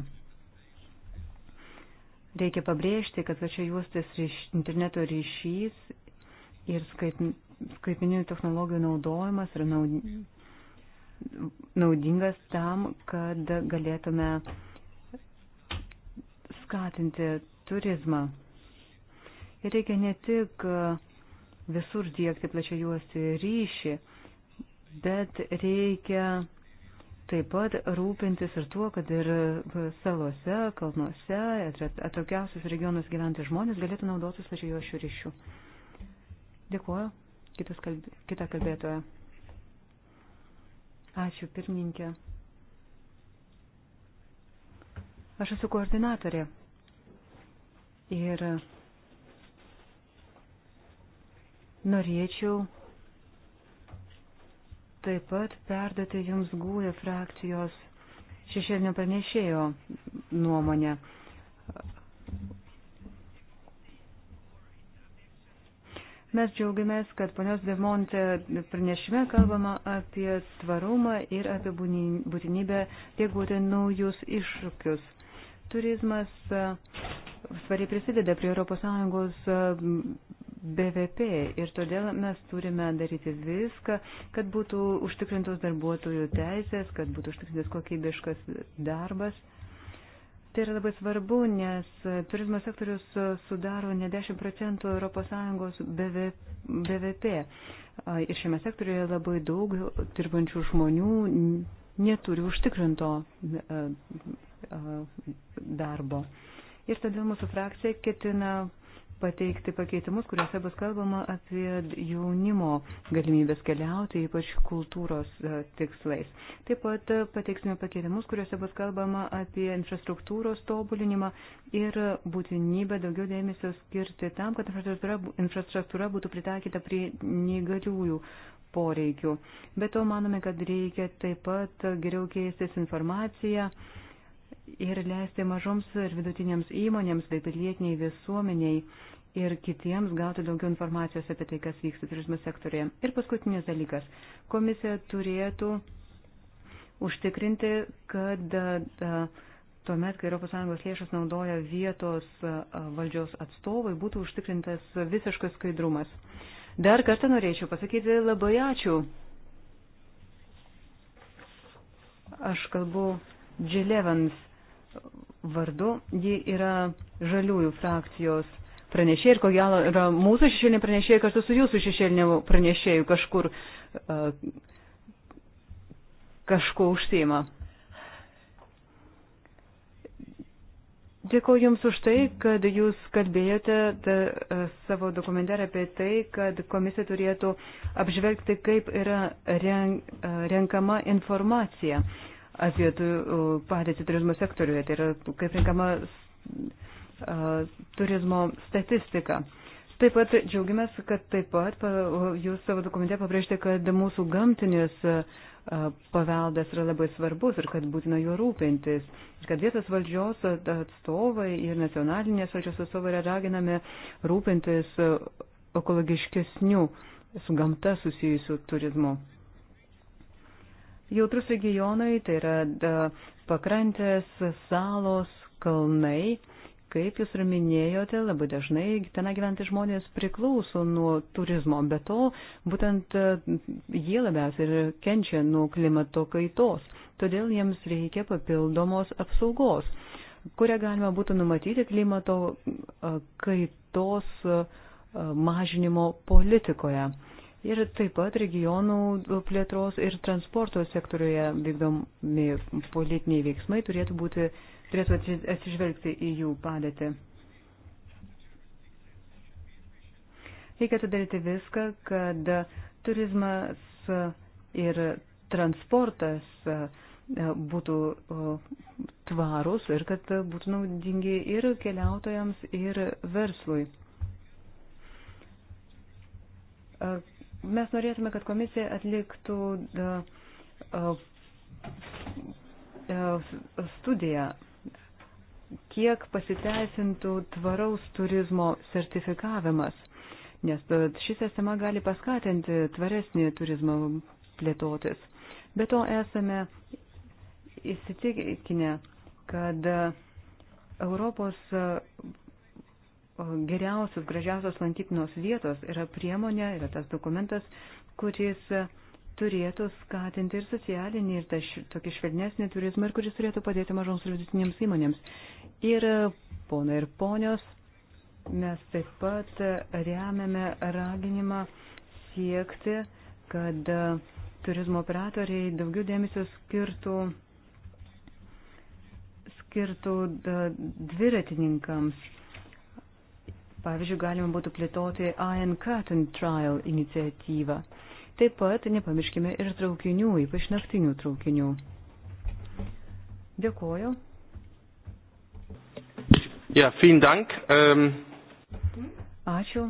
Reikia pabrėžti, kad čia juostas ryš, interneto ryšys ir skaitmeninių technologijų naudojimas yra naudingas tam, kad galėtume skatinti turizmą. Reikia ne tik e, visur dėkti plačia juosti ryšį, bet reikia taip pat rūpintis ir tuo, kad ir salose, kalnuose, atokiausius regionus gyventi žmonės galėtų naudotis plačia juošių ryšių. Dėkuoju. Kitas kalbė, kita kalbėtoja. Ačiū, pirmininkė. Aš esu koordinatorė. Ir Norėčiau taip pat perduoti Jums gūję e frakcijos šešėlinio pranešėjo nuomonę. Mes džiaugiamės, kad ponios Demonte pranešime kalbama apie tvarumą ir apie būtinybę reaguoti naujus iššūkius. Turizmas e, svariai prisideda prie ES BVP ir todėl mes turime daryti viską, kad būtų užtikrintos darbuotojų teisės, kad būtų užtikrintas kokybiškas darbas. Tai yra labai svarbu, nes turizmo sektorius sudaro ne 10 procentų ES BVP. Ir šiame sektoriuje labai daug dirbančių žmonių neturi užtikrinto darbo. Ir todėl mūsų frakcija ketina pateikti pakeitimus, kuriuose bus kalbama apie jaunimo galimybės keliauti, ypač kultūros e, tikslais. Taip pat e, pateiksime pakeitimus, kuriuose bus kalbama apie infrastruktūros tobulinimą ir būtinybę daugiau dėmesio skirti tam, kad infrastruktūra, infrastruktūra būtų pritaikyta prie negaliųjų poreikių. Be to manome, kad reikia taip pat geriau keistis informaciją ir leisti mažoms ir vidutinėms įmonėms bei pilietiniai visuomeniai ir kitiems gauti daugiau informacijos apie tai, kas vyksta turizmo sektorėje. Ir paskutinis dalykas. Komisija turėtų užtikrinti, kad tuomet, kai ES lėšas naudoja vietos valdžios atstovai, būtų užtikrintas visiškas skaidrumas. Dar kartą norėčiau pasakyti labai ačiū. Aš kalbu Jill Evans vardu. Ji yra žaliųjų frakcijos pranešėjai ir ko gero yra mūsų šešėlinė pranešėjai kartu su jūsų šešėlinė pranešėjų kažkur, e, kažko užsima. Dėkuoju Jums už tai, kad Jūs kalbėjote ta, e, savo dokumentarą apie tai, kad komisija turėtų apžvelgti, kaip yra renk, e, renkama informacija. Uh, apie padėtį turizmo sektoriuje, tai yra kaip reikama turizmo statistika. Taip pat džiaugiamės, kad taip pat jūs savo dokumente pabrėžti, kad mūsų gamtinis paveldas yra labai svarbus ir kad būtina juo rūpintis. Ir kad vietos valdžios atstovai ir nacionalinės valdžios atstovai yra raginami rūpintis ekologiškesnių su gamta susijusių turizmu jautrus regionai, tai yra da, pakrantės, salos, kalnai. Kaip jūs ir minėjote, labai dažnai ten gyventi žmonės priklauso nuo turizmo, bet to būtent jie labiausiai ir kenčia nuo klimato kaitos, todėl jiems reikia papildomos apsaugos, kurią galima būtų numatyti klimato kaitos mažinimo politikoje. Ir taip pat regionų plėtros ir transporto sektoriuje vykdomi politiniai veiksmai turėtų, būti, turėtų atsižvelgti į jų padėtį. Reikia atidaryti viską, kad turizmas ir transportas būtų tvarus ir kad būtų naudingi ir keliautojams, ir verslui Mes norėtume, kad komisija atliktų studiją, kiek pasiteisintų tvaraus turizmo sertifikavimas, nes ši sistema gali paskatinti tvaresnį turizmą plėtotis. Be to esame įsitikinę, kad Europos geriausios, gražiausios lankytinos vietos yra priemonė, yra tas dokumentas, kuris e, turėtų skatinti ir socialinį, ir tą tokį švelnesnį turizmą, ir kuris turėtų padėti mažoms ir vidutinėms įmonėms. Ir e, ponai ir ponios, mes taip pat e, remiame raginimą siekti, kad turizmo operatoriai daugiau dėmesio skirtų skirtų dviratininkams Pavyzdžiui, galima būtų plėtoti Iron Curtain Trial iniciatyvą. Taip pat nepamirškime ir traukinių, ypač naktinių traukinių. Dėkuoju. Ja, vielen Dank. Ähm. Ačiū.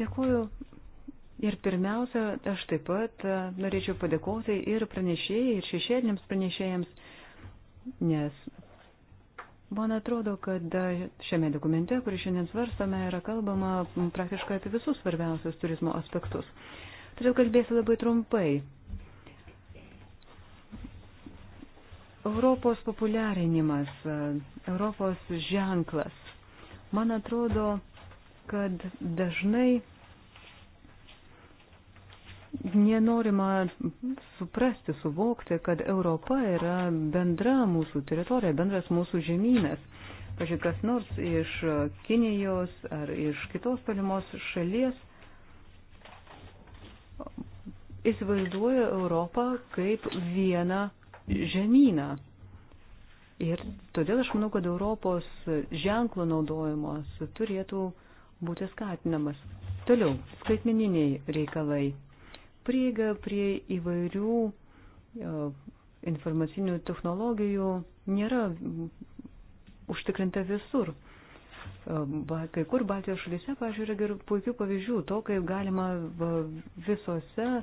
Dėkuoju. Ir pirmiausia, aš taip pat e, norėčiau padėkoti ir pranešėjai, ir šešėliniams pranešėjams, nes Man atrodo, kad šiame dokumente, kurį šiandien svarstame, yra kalbama praktiškai apie visus svarbiausius turizmo aspektus. Todėl kalbėsiu labai trumpai. Europos populiarinimas, Europos ženklas. Man atrodo, kad dažnai nenorima suprasti, suvokti, kad Europa yra bendra mūsų teritorija, bendras mūsų žemynas. Pažiūrėk, kas nors iš Kinijos ar iš kitos tolimos šalies įsivaizduoja Europą kaip vieną žemyną. Ir todėl aš manau, kad Europos ženklo naudojimas turėtų būti skatinamas. Toliau, skaitmeniniai reikalai prieiga prie įvairių e, informacinių technologijų nėra užtikrinta visur. E, kai kur Baltijos šalyse, pažiūrėjau, yra puikių pavyzdžių to, kaip galima visose e,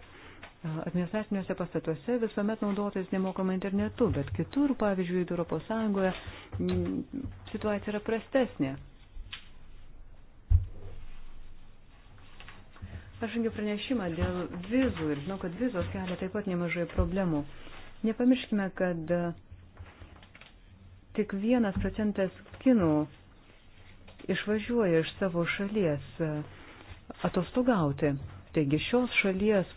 administraciniuose pastatuose visuomet naudotis nemokamą internetu, bet kitur, pavyzdžiui, Europos Sąjungoje situacija yra prastesnė. Aš rengiu pranešimą dėl vizų ir žinau, kad vizos kelia taip pat nemažai problemų. Nepamirškime, kad e, tik vienas procentas kinų išvažiuoja iš savo šalies e, atostogauti. Taigi šios šalies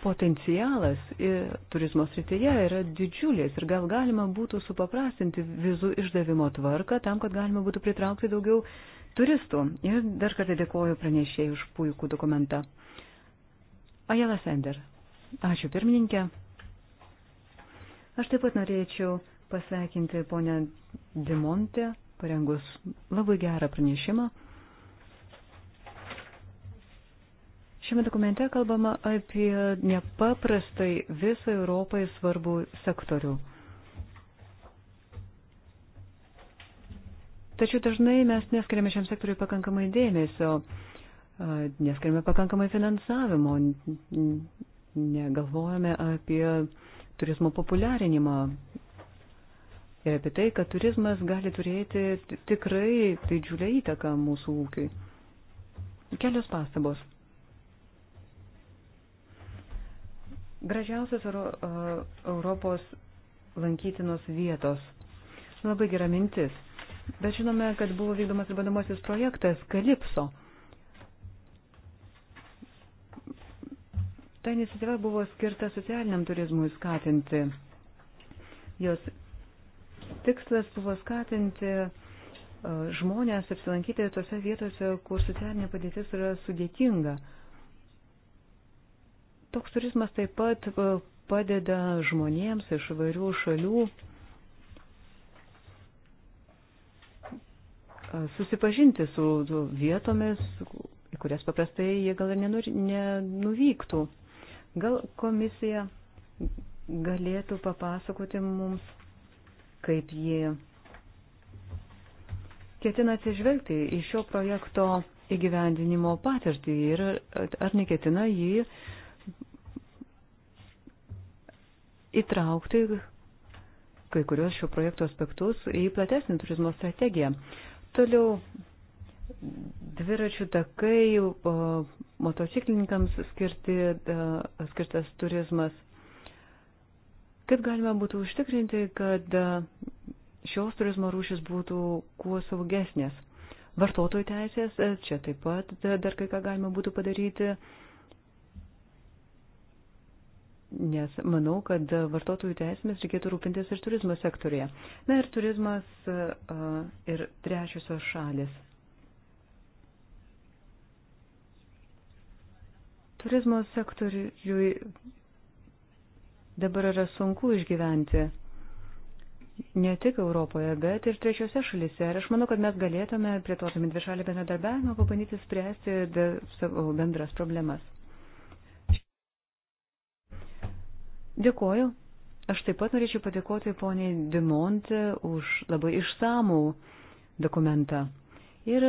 potencialas e, turizmo srityje yra didžiulis ir gal galima būtų supaprastinti vizų išdavimo tvarką tam, kad galima būtų pritraukti daugiau turistų. Ir dar kartą dėkoju pranešėjai už puikų dokumentą. Ajala Sender. Ačiū pirmininkė. Aš taip pat norėčiau pasveikinti ponę Dimontę, parengus labai gerą pranešimą. Šiame dokumente kalbama apie nepaprastai visą Europai svarbų sektorių. Tačiau dažnai mes neskiriame šiam sektoriui pakankamai dėmesio, neskiriame pakankamai finansavimo, negalvojame apie turizmo populiarinimą ir apie tai, kad turizmas gali turėti tikrai didžiulę įtaką mūsų ūkiui. Kelios pastabos. Gražiausios Euro, Europos lankytinos vietos. Labai gera mintis. Bet žinome, kad buvo vykdomas ir bandomasis projektas Kalipso. Ta iniciatyva buvo skirta socialiniam turizmui skatinti. Jos tikslas buvo skatinti e, žmonės apsilankyti tose vietose, kur socialinė padėtis yra sudėtinga. Toks turizmas taip pat e, padeda žmonėms iš vairių šalių susipažinti su vietomis, į kurias paprastai jie gal ir nenuvyktų. Gal komisija galėtų papasakoti mums, kaip jie ketina atsižvelgti į šio projekto įgyvendinimo patirtį ir ar neketina jį įtraukti kai kurios šio projekto aspektus į platesnį turizmo strategiją. Toliau dviračių takai, motociklininkams skirti, skirtas turizmas. Kaip galima būtų užtikrinti, kad šios turizmo rūšis būtų kuo saugesnės? Vartotojų teisės, čia taip pat dar kai ką galima būtų padaryti, nes manau, kad vartotojų teisėmis reikėtų rūpintis ir turizmo sektorėje. Na ir turizmas ir trečiosios šalis. Turizmo sektoriui dabar yra sunku išgyventi ne tik Europoje, bet ir trečiose šalise. Ir aš manau, kad mes galėtume, plėtodami dvišalį bendradarbiavimą, pabandyti spręsti savo bendras problemas. Dėkoju. Aš taip pat norėčiau padėkoti poniai Dimonte už labai išsamų dokumentą. Ir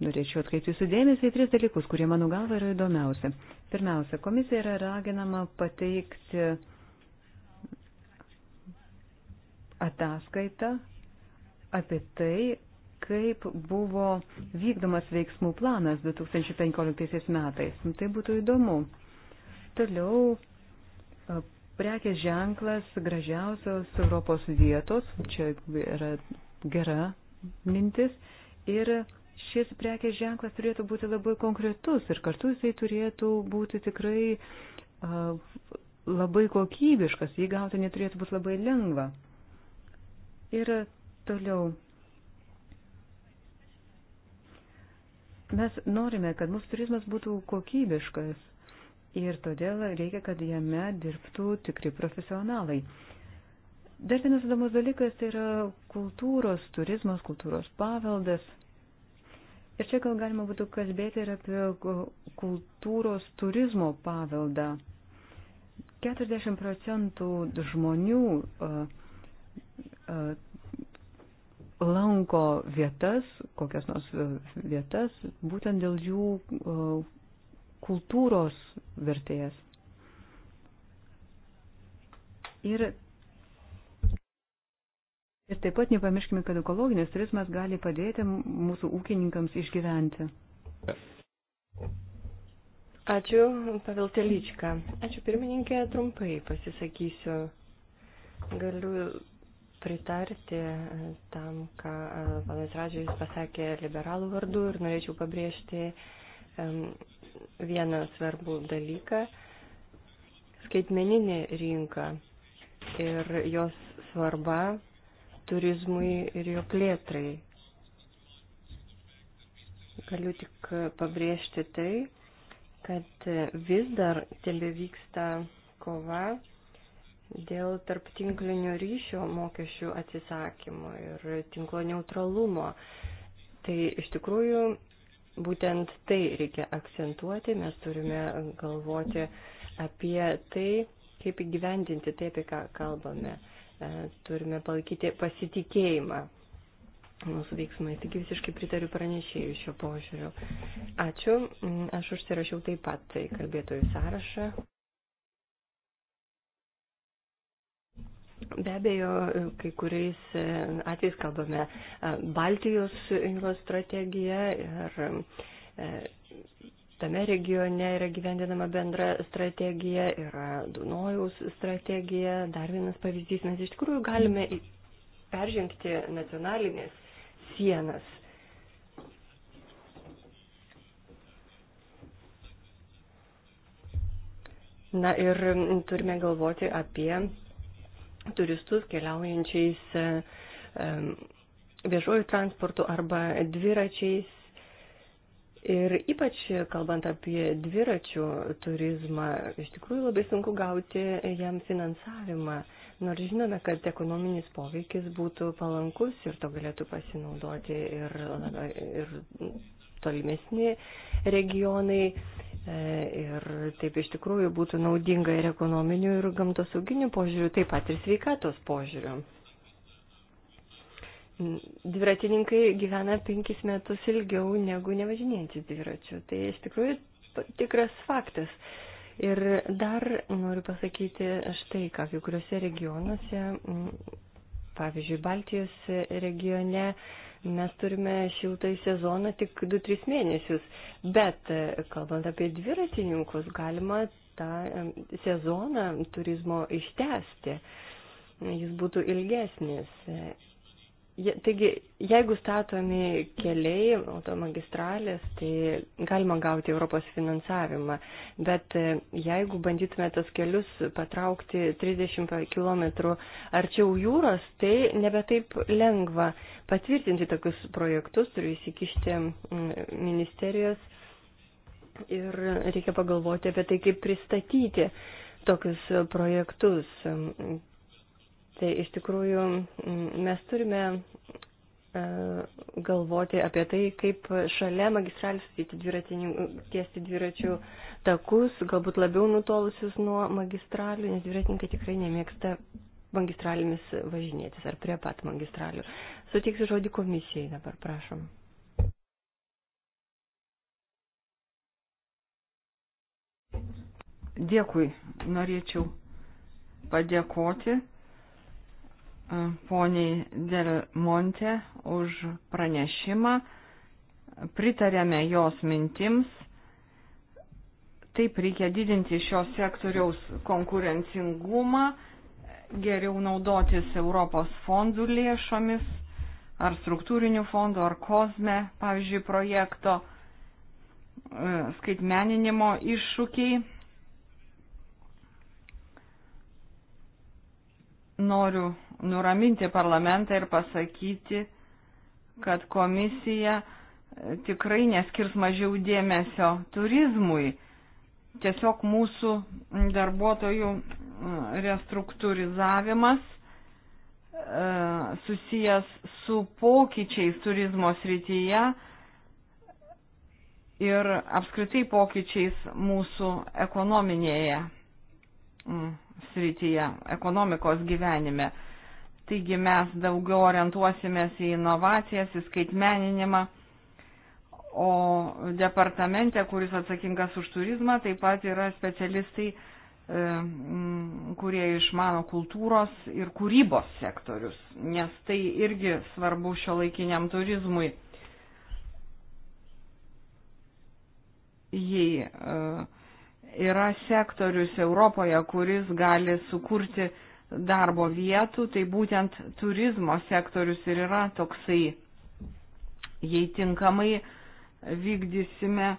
norėčiau atkreipti jūsų dėmesį į tris dalykus, kurie mano galva yra įdomiausia. Pirmiausia, komisija yra raginama pateikti ataskaitą apie tai, kaip buvo vykdomas veiksmų planas 2015 metais. Tai būtų įdomu. Toliau prekės ženklas gražiausios Europos vietos, čia yra gera mintis, ir šis prekės ženklas turėtų būti labai konkretus ir kartu jisai turėtų būti tikrai uh, labai kokybiškas, jį gauti neturėtų būti labai lengva. Ir toliau. Mes norime, kad mūsų turizmas būtų kokybiškas ir todėl reikia, kad jame dirbtų tikri profesionalai. Dar vienas įdomus dalykas tai yra kultūros, turizmas, kultūros paveldas. Ir čia gal galima būtų kalbėti ir apie kultūros turizmo paveldą. 40 procentų žmonių lanko vietas, kokias nors vietas, būtent dėl jų kultūros vertėjas. Ir, ir taip pat nepamirškime, kad ekologinis turizmas gali padėti mūsų ūkininkams išgyventi. Ačiū, Pavel Teličką. Ačiū pirmininkė, trumpai pasisakysiu. Galiu pritarti e, tam, ką Valas e, Radžiais pasakė liberalų vardu ir norėčiau pabrėžti vieną svarbų dalyką - skaitmeninė rinka ir jos svarba turizmui ir jo plėtrai. Galiu tik pabrėžti tai, kad vis dar tebe vyksta kova dėl tarptinklinio ryšio mokesčių atsisakymo ir tinklo neutralumo. Tai iš tikrųjų Būtent tai reikia akcentuoti, mes turime galvoti apie tai, kaip įgyvendinti tai, apie ką kalbame. E, turime palaikyti pasitikėjimą mūsų veiksmais. Tik visiškai pritariu pranešėjų šio požiūriu. Ačiū. Mm, aš užsirašiau taip pat tai kalbėtojų sąrašą. Be abejo, kai kuriais e, atvejais kalbame e, Baltijos jūros strategiją ir e, tame regione yra gyvendinama bendra strategija, yra Dunojaus strategija. Dar vienas pavyzdys, mes iš tikrųjų galime peržengti nacionalinės sienas. Na ir turime galvoti apie turistus keliaujančiais viešuoju transportu arba dviračiais. Ir ypač kalbant apie dviračių turizmą, iš tikrųjų labai sunku gauti jam finansavimą, nors žinome, kad ekonominis poveikis būtų palankus ir to galėtų pasinaudoti ir, ir tolimesni regionai. E, ir taip iš tikrųjų būtų naudinga ir ekonominių, ir gamtosauginių požiūrių, taip pat ir sveikatos požiūrių. Dviratininkai gyvena penkis metus ilgiau negu nevažinėjantis dviračių. Tai iš tikrųjų tikras faktas. Ir dar noriu pasakyti štai, ką kai kuriuose regionuose, pavyzdžiui, Baltijos regione, mes turime šiltąjį sezoną tik 2-3 mėnesius, bet e, kalbant apie dviratininkus, galima tą sezoną turizmo ištesti, jis būtų ilgesnis Taigi, jeigu statomi keliai, automagistralės, tai galima gauti Europos finansavimą, bet e, jeigu bandytume tos kelius patraukti 30 km arčiau jūros, tai nebetaip lengva patvirtinti tokius projektus, turi įsikišti ministerijos ir reikia pagalvoti apie tai, kaip pristatyti tokius projektus. Tai iš tikrųjų mes turime e, galvoti apie tai, kaip šalia magistralės tiesti dviračių takus, galbūt labiau nutolusius nuo magistralių, nes dviratininkai tikrai nemėgsta magistralėmis važinėtis ar prie pat magistralių. Sutiksiu žodį komisijai dabar, prašom. Dėkui, norėčiau padėkoti poniai Del Monte už pranešimą. Pritarėme jos mintims. Taip reikia didinti šio sektoriaus konkurencingumą, geriau naudotis Europos fondų lėšomis ar struktūrinių fondų, ar kozme, pavyzdžiui, projekto e, skaitmeninimo iššūkiai noriu nuraminti parlamentą ir pasakyti, kad komisija e, tikrai neskirs mažiau dėmesio turizmui. Tiesiog mūsų darbuotojų restruktūrizavimas e, susijęs su pokyčiais turizmo srityje ir apskritai pokyčiais mūsų ekonominėje srityje, ekonomikos gyvenime. Taigi mes daugiau orientuosimės į inovacijas, į skaitmeninimą, o departamente, kuris atsakingas už turizmą, taip pat yra specialistai, e, kurie išmano kultūros ir kūrybos sektorius, nes tai irgi svarbu šio laikiniam turizmui. Jei uh, yra sektorius Europoje, kuris gali sukurti darbo vietų, tai būtent turizmo sektorius ir yra toksai. Jei tinkamai vykdysime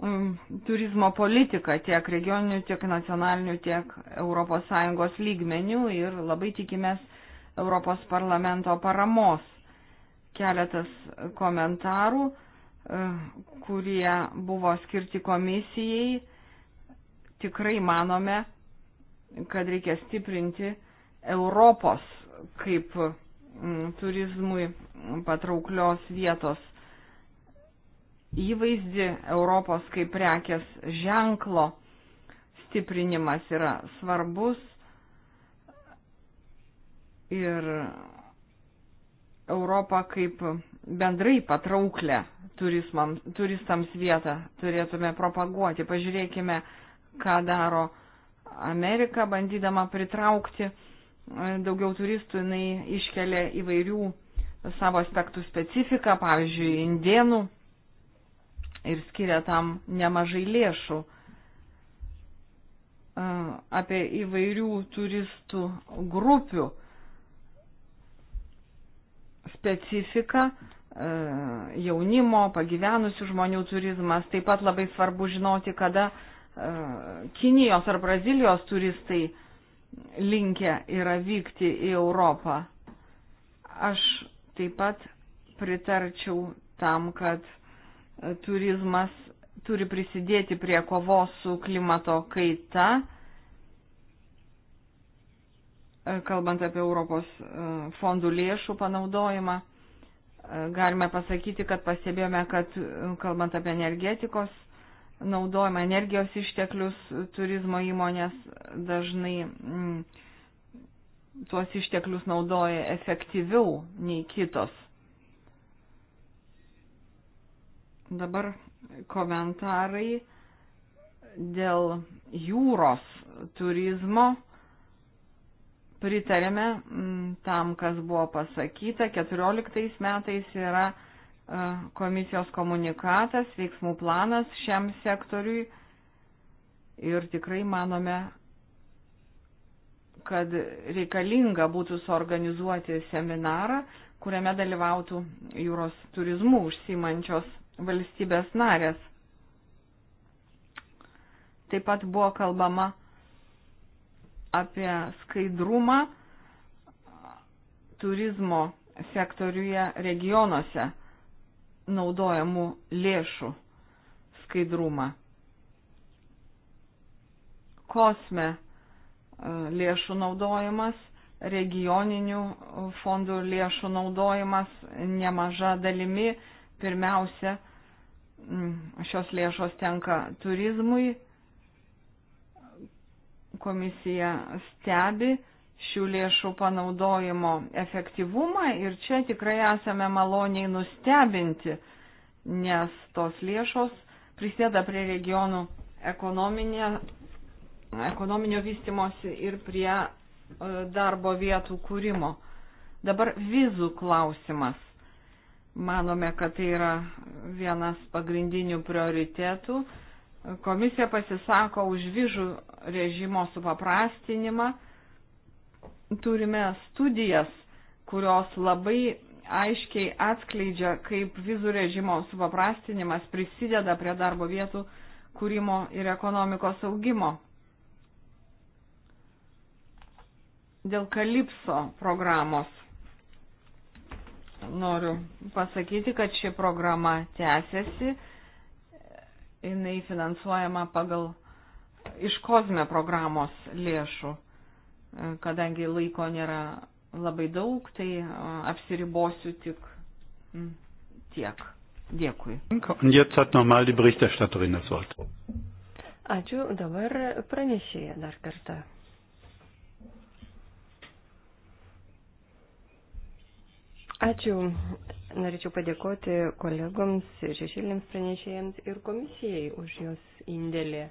um, turizmo politiką tiek regioninių, tiek nacionalinių, tiek ES lygmenių ir labai tikimės Europos parlamento paramos. Keletas komentarų, uh, kurie buvo skirti komisijai tikrai manome, kad reikia stiprinti Europos kaip mm, turizmui patrauklios vietos įvaizdį, Europos kaip prekės ženklo stiprinimas yra svarbus ir Europą kaip bendrai patrauklę turistams vietą turėtume propaguoti. Pažiūrėkime, ką daro Amerika, bandydama pritraukti e, daugiau turistų, jinai iškelia įvairių savo aspektų specifiką, pavyzdžiui, indienų ir skiria tam nemažai lėšų. E, apie įvairių turistų grupių specifiką e, jaunimo, pagyvenusių žmonių turizmas. Taip pat labai svarbu žinoti, kada Kinijos ar Brazilijos turistai linkę yra vykti į Europą. Aš taip pat pritarčiau tam, kad e, turizmas turi prisidėti prie kovos su klimato kaita, e, kalbant apie Europos e, fondų lėšų panaudojimą. Galime pasakyti, kad pastebėjome, kad kalbant apie energetikos naudojama energijos išteklius, turizmo įmonės dažnai mm, tuos išteklius naudoja efektyviau nei kitos. Dabar komentarai dėl jūros turizmo. Pritarėme mm, tam, kas buvo pasakyta. 14 metais yra E, komisijos komunikatas, veiksmų planas šiam sektoriui ir tikrai manome, kad reikalinga būtų suorganizuoti seminarą, kuriame dalyvautų jūros turizmų užsimančios valstybės narės. Taip pat buvo kalbama apie skaidrumą turizmo sektoriuje regionuose naudojamų lėšų skaidrumą. Kosme e, lėšų naudojimas, regioninių e, fondų lėšų naudojimas nemaža dalimi. Pirmiausia, šios lėšos tenka turizmui. Komisija stebi, šių lėšų panaudojimo efektyvumą ir čia tikrai esame maloniai nustebinti, nes tos lėšos prisėda prie regionų ekonominio vystimosi ir prie e, darbo vietų kūrimo. Dabar vizų klausimas. Manome, kad tai yra vienas pagrindinių prioritėtų. Komisija pasisako už vizų režimo supaprastinimą turime studijas, kurios labai aiškiai atskleidžia, kaip vizų režimo supaprastinimas prisideda prie darbo vietų kūrimo ir ekonomikos augimo. Dėl Kalipso programos noriu pasakyti, kad ši programa tęsiasi, jinai finansuojama pagal iš kozme programos lėšų kadangi laiko nėra labai daug, tai apsiribosiu tik tiek. Dėkui. Ačiū. Dabar pranešėja dar kartą. Ačiū. Norėčiau padėkoti kolegoms, šešėlėms pranešėjams ir komisijai už jos indėlį.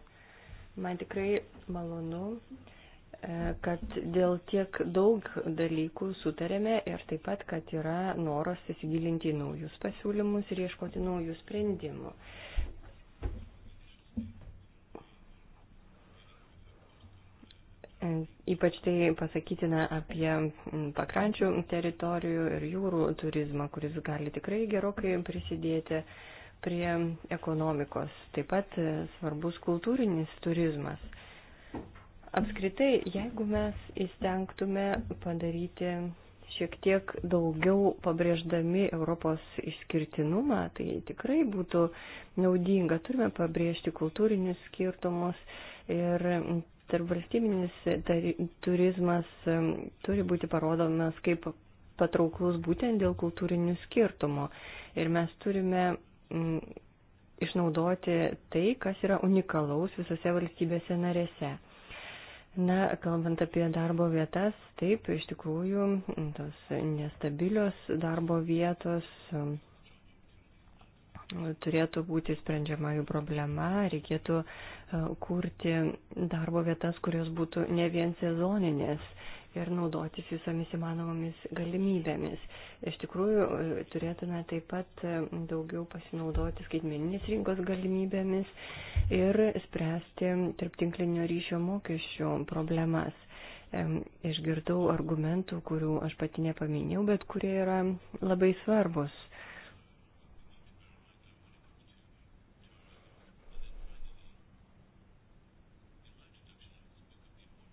Man tikrai malonu uh, kad dėl tiek daug dalykų sutarėme ir taip pat, kad yra noras įsigilinti į naujus pasiūlymus ir ieškoti naujų sprendimų. Ypač tai pasakytina apie pakrančių teritorijų ir jūrų turizmą, kuris gali tikrai gerokai prisidėti prie ekonomikos. Taip pat svarbus kultūrinis turizmas. Apskritai, jeigu mes įstengtume padaryti šiek tiek daugiau pabrėždami Europos išskirtinumą, tai tikrai būtų naudinga. Turime pabrėžti kultūrinius skirtumus ir tarpvalstybinis turizmas turi būti parodomas kaip patrauklus būtent dėl kultūrinių skirtumų. Ir mes turime išnaudoti tai, kas yra unikalaus visose valstybėse narėse. Na, kalbant apie darbo vietas, taip, iš tikrųjų, tos nestabilios darbo vietos um, turėtų būti sprendžiama jų problema, reikėtų uh, kurti darbo vietas, kurios būtų ne vien sezoninės ir naudotis visomis įmanomomis galimybėmis. Iš tikrųjų, turėtume taip pat daugiau pasinaudoti skaitmeninės rinkos galimybėmis ir spręsti tarptinklinio ryšio mokesčių problemas. Išgirdau argumentų, kurių aš pati nepaminėjau, bet kurie yra labai svarbus.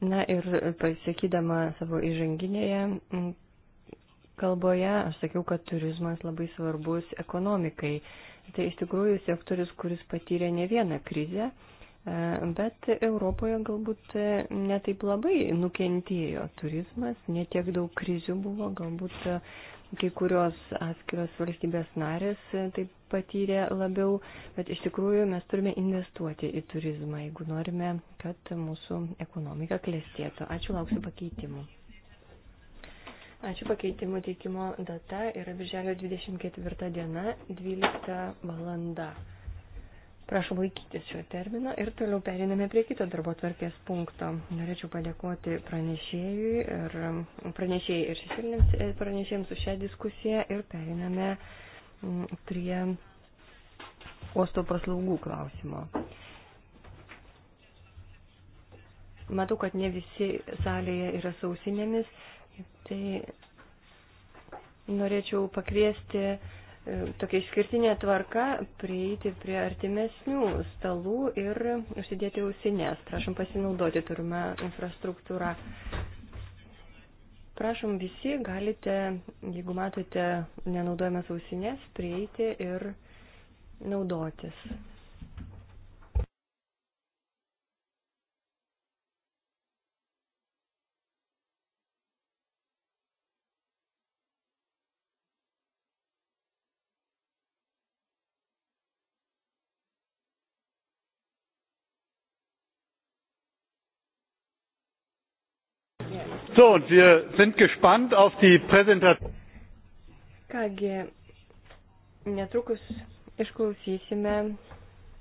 Na ir pasakydama savo įžanginėje kalboje, aš sakiau, kad turizmas labai svarbus ekonomikai. Tai iš tikrųjų sektorius, kuris patyrė ne vieną krizę, e, bet Europoje galbūt e, netaip labai nukentėjo turizmas, netiek daug krizių buvo, galbūt e, kai kurios atskiros valstybės narės tai patyrė labiau, bet iš tikrųjų mes turime investuoti į turizmą, jeigu norime, kad mūsų ekonomika klestėtų. Ačiū, lauksiu pakeitimų. Ačiū pakeitimų teikimo data yra birželio 24 diena, 12 valanda. Prašom laikytis šio termino ir toliau periname prie kito darbo tvarkės punkto. Norėčiau padėkoti pranešėjui ir pranešėjai ir šešėlinėms e, pranešėjams už šią diskusiją ir periname prie uosto paslaugų klausimo. Matau, kad ne visi salėje yra sausinėmis, tai norėčiau pakviesti E, tokia išskirtinė tvarka prieiti prie artimesnių stalų ir užsidėti ausinės. Prašom pasinaudoti turimą infrastruktūrą. Prašom visi, galite, jeigu matote nenaudojamas ausinės, prieiti ir naudotis. So, und wir sind gespannt auf die Präsentation. Kągi, netrukus išklausysime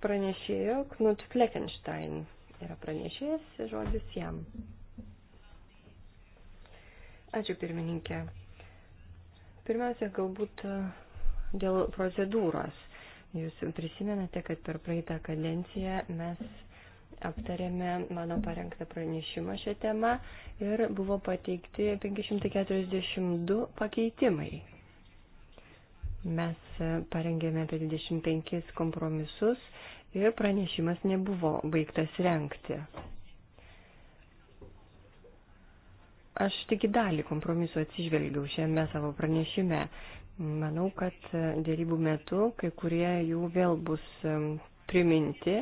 pranešėjo Knut Fleckenstein. Yra pranešėjas, žodis jam. Ačiū pirmininkė. Pirmiausia, galbūt dėl procedūros. Jūs prisimenate, kad per praeitą kadenciją mes aptarėme mano parengtą pranešimą šią temą ir buvo pateikti 542 pakeitimai. Mes parengėme apie 25 kompromisus ir pranešimas nebuvo baigtas renkti. Aš tik į dalį kompromisų atsižvelgiau šiame savo pranešime. Manau, kad dėrybų metu kai kurie jų vėl bus priminti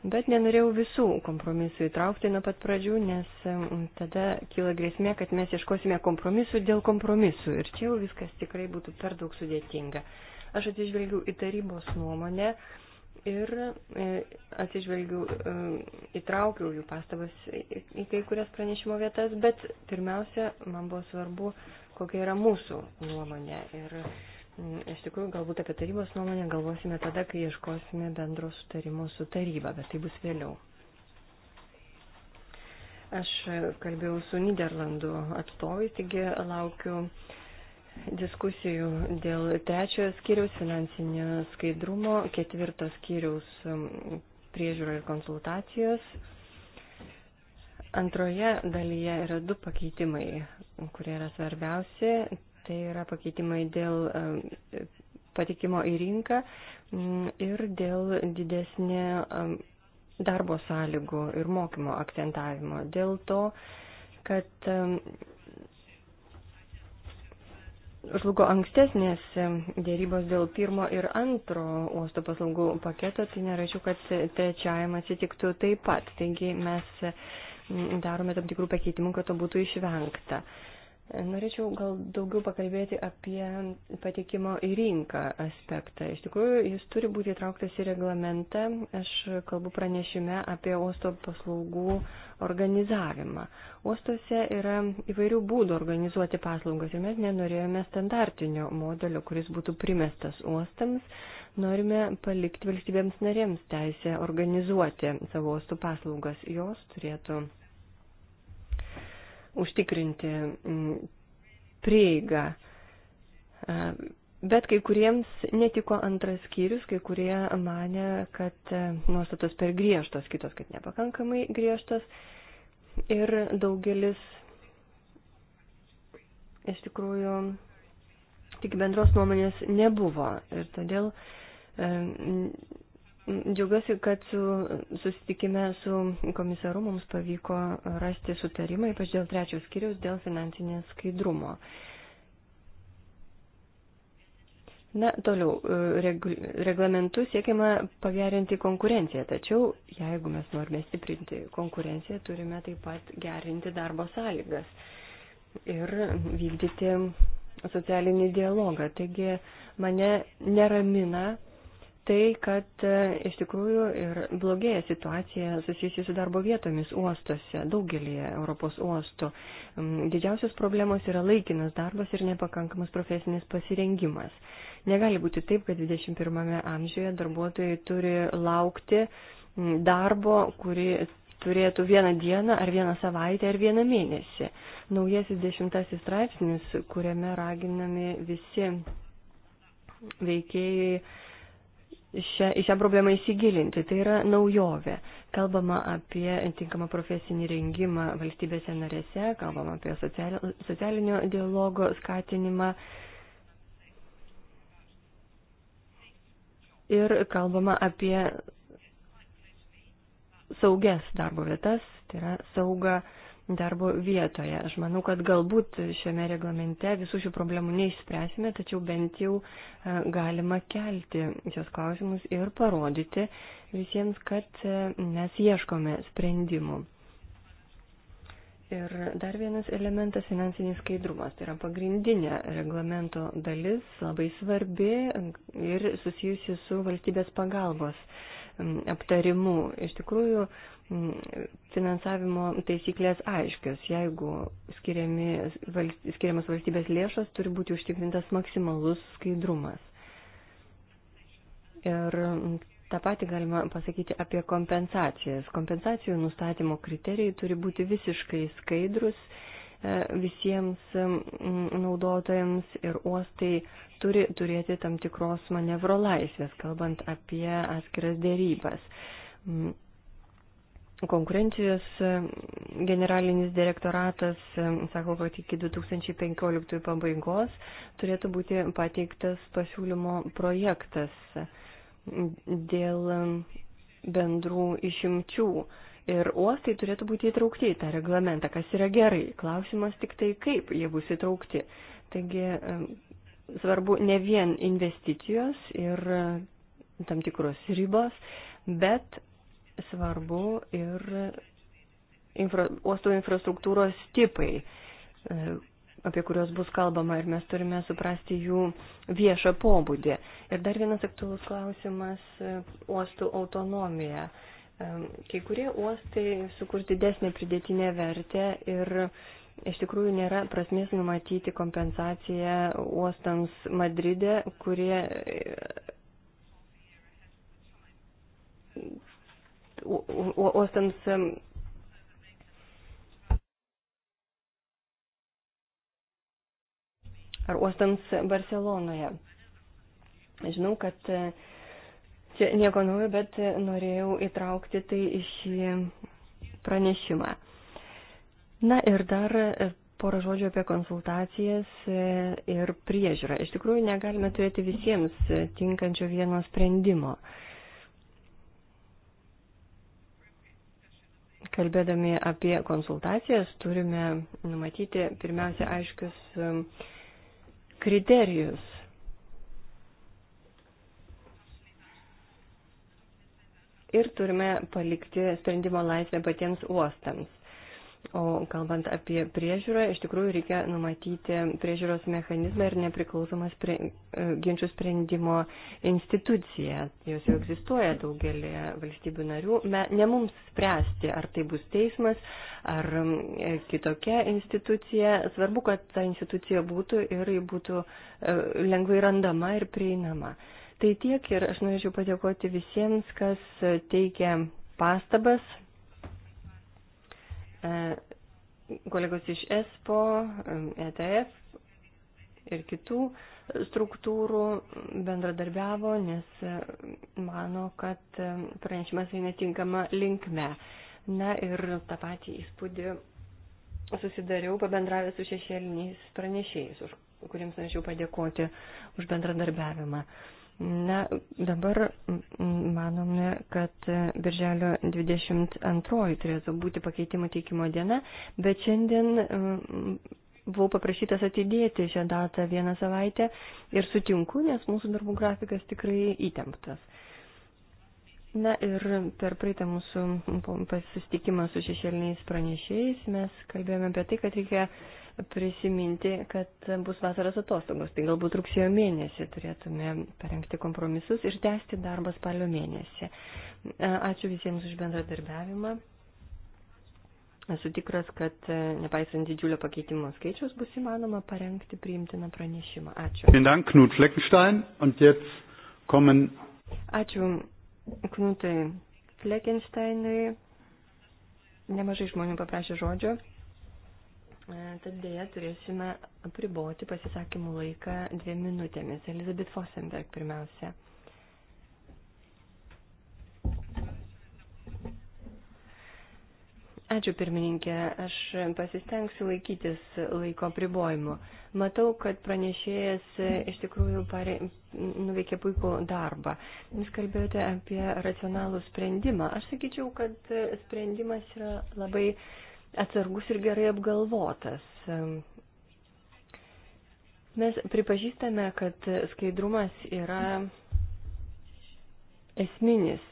Bet nenorėjau visų kompromisų įtraukti nuo pat pradžių, nes tada kyla grėsmė, kad mes ieškosime kompromisų dėl kompromisų ir čia jau viskas tikrai būtų per daug sudėtinga. Aš atsižvelgiu į tarybos nuomonę ir e, atsižvelgiu, e, įtraukiau jų pastabas į kai kurias pranešimo vietas, bet pirmiausia, man buvo svarbu, kokia yra mūsų nuomonė. Ir Mm, iš tikrųjų, galbūt apie tarybos nuomonę galvosime tada, kai ieškosime bendro sutarimo su taryba, bet tai bus vėliau. Aš kalbėjau su Niderlandų atstovais, taigi laukiu diskusijų dėl trečiojo skyriaus finansinio skaidrumo, ketvirto skyriaus mm, priežiūro ir konsultacijos. Antroje dalyje yra du pakeitimai, kurie yra svarbiausi. Tai yra pakeitimai dėl patikimo į rinką mm, ir dėl didesnė darbo sąlygų ir mokymo akcentavimo. Dėl to, kad žlugo ankstesnės dėrybos dėl pirmo ir antro uosto paslaugų paketo, tai nerašiau, kad trečiajam atsitiktų taip pat. Taigi mes darome tam tikrų pakeitimų, kad to būtų išvengta. Uh, Norėčiau gal daugiau pakalbėti apie patikimo į rinką aspektą. Iš tikrųjų, jis turi būti įtrauktas į reglamentą. Aš kalbu pranešime apie uosto paslaugų organizavimą. Uostuose yra įvairių būdų organizuoti paslaugas ir mes nenorėjome standartinio modelio, kuris būtų primestas uostams. Norime palikti valstybėms narėms teisę organizuoti savo uostų paslaugas. Jos turėtų užtikrinti mm, prieigą. Bet kai kuriems netiko antras skyrius, kai kurie mane, kad e, nuostatos per griežtos, kitos, kad nepakankamai griežtos. Ir daugelis iš tikrųjų tik bendros nuomonės nebuvo. Ir todėl e, Džiaugiuosi, kad su, susitikime su komisaru mums pavyko rasti sutarimą, ypač dėl trečios skiriaus, dėl finansinės skaidrumo. Na, toliau, regu, reglamentu siekiama pagerinti konkurenciją, tačiau jeigu mes norime stiprinti konkurenciją, turime taip pat gerinti darbo sąlygas ir vykdyti socialinį dialogą. Taigi mane neramina tai, kad e, iš tikrųjų ir blogėja situacija susijusi su darbo vietomis uostuose, daugelį Europos uostų. Mm, didžiausios problemos yra laikinas darbas ir nepakankamas profesinis pasirengimas. Negali būti taip, kad 21 amžiuje darbuotojai turi laukti mm, darbo, kurį turėtų vieną dieną ar vieną savaitę ar vieną mėnesį. Naujasis dešimtasis straipsnis, kuriame raginami visi veikėjai šią, į šią problemą įsigilinti. Tai yra naujovė. Kalbama apie tinkamą profesinį rengimą valstybėse narėse, kalbama apie socialinio dialogo skatinimą. Ir kalbama apie saugias darbo vietas, tai yra saugą darbo vietoje. Aš manau, kad galbūt šiame reglamente visų šių problemų neišspręsime, tačiau bent jau e, galima kelti šios klausimus ir parodyti visiems, kad e, mes ieškome sprendimų. Ir dar vienas elementas - finansinis skaidrumas. Tai yra pagrindinė reglamento dalis, labai svarbi ir susijusi su valstybės pagalbos aptarimu. Iš tikrųjų, finansavimo taisyklės aiškios. Jeigu skiriami, valst, skiriamas valstybės lėšas, turi būti užtikrintas maksimalus skaidrumas. Ir tą patį galima pasakyti apie kompensacijas. Kompensacijų nustatymo kriterijai turi būti visiškai skaidrus E, visiems naudotojams ir uostai turi turėti tam tikros manevro laisvės, kalbant apie atskiras dėrybas. Konkurencijos e, generalinis direktoratas e, sako, kad iki 2015 pabaigos turėtų būti pateiktas pasiūlymo projektas dėl bendrų išimčių ir uostai turėtų būti įtraukti į tą reglamentą, kas yra gerai. Klausimas tik tai, kaip jie bus įtraukti. Taigi svarbu ne vien investicijos ir e, tam tikros ribos, bet svarbu ir infra, uostų infrastruktūros tipai, e, apie kuriuos bus kalbama ir mes turime suprasti jų viešą pobūdį. Ir dar vienas aktualus klausimas e, - uostų autonomija. Kai kurie uostai sukurs didesnę pridėtinę vertę ir iš tikrųjų nėra prasmės numatyti kompensaciją uostams Madride, kurie uostams ar uostams Barcelonoje. Žinau, kad Čia nieko naujo, bet norėjau įtraukti tai į šį pranešimą. Na ir dar porą žodžių apie konsultacijas ir priežiūrą. Iš tikrųjų, negalime turėti visiems tinkančio vieno sprendimo. Kalbėdami apie konsultacijas, turime numatyti pirmiausia aiškius kriterijus ir turime palikti sprendimo laisvę patiems uostams. O kalbant apie priežiūrą, iš tikrųjų reikia numatyti priežiūros mechanizmą ir nepriklausomas prie, e, ginčių sprendimo instituciją. Jos jau egzistuoja daugelį valstybių narių. Me, ne mums spręsti, ar tai bus teismas, ar e, kitokia institucija. Svarbu, kad ta institucija būtų ir būtų e, lengvai randama ir prieinama. Tai tiek ir aš norėčiau padėkoti visiems, kas teikia pastabas. E, kolegos iš ESPO, ETF e ir kitų struktūrų bendradarbiavo, nes mano, kad pranešimas eina tinkama linkme. Na ir tą patį įspūdį susidariau pabendravęs su šešėliniais pranešėjais, už kuriems norėčiau padėkoti už bendradarbiavimą. Na, dabar manome, kad birželio 22 turėtų būti pakeitimo teikimo diena, bet šiandien mm, buvau paprašytas atidėti šią datą vieną savaitę ir sutinku, nes mūsų darbų grafikas tikrai įtemptas. Na ir per praeitą mūsų susitikimą su šešėliniais pranešėjais mes kalbėjome apie tai, kad reikia prisiminti, kad bus vasaros atostogos, tai galbūt rugsėjo mėnesį turėtume parengti kompromisus ir tęsti darbą spalio mėnesį. Ačiū visiems už bendradarbiavimą. Esu tikras, kad e, nepaisant didžiulio pakeitimo skaičiaus bus įmanoma parengti priimtiną pranešimą. Ačiū. Dank, Knut und jetzt kommen... Ačiū Knutui Fleckensteinui. Nemažai žmonių paprašė žodžio. E, tad dėja turėsime apriboti pasisakymų laiką dviem minutėmis. Elizabeth Fossenberg pirmiausia. Ačiū pirmininkė, aš pasistengsiu laikytis laiko pribojimu. Matau, kad pranešėjas iš tikrųjų parė, nuveikė puikų darbą. Jūs kalbėjote apie racionalų sprendimą. Aš sakyčiau, kad sprendimas yra labai uh, atsargus ir gerai apgalvotas. Mes pripažįstame, kad skaidrumas yra esminis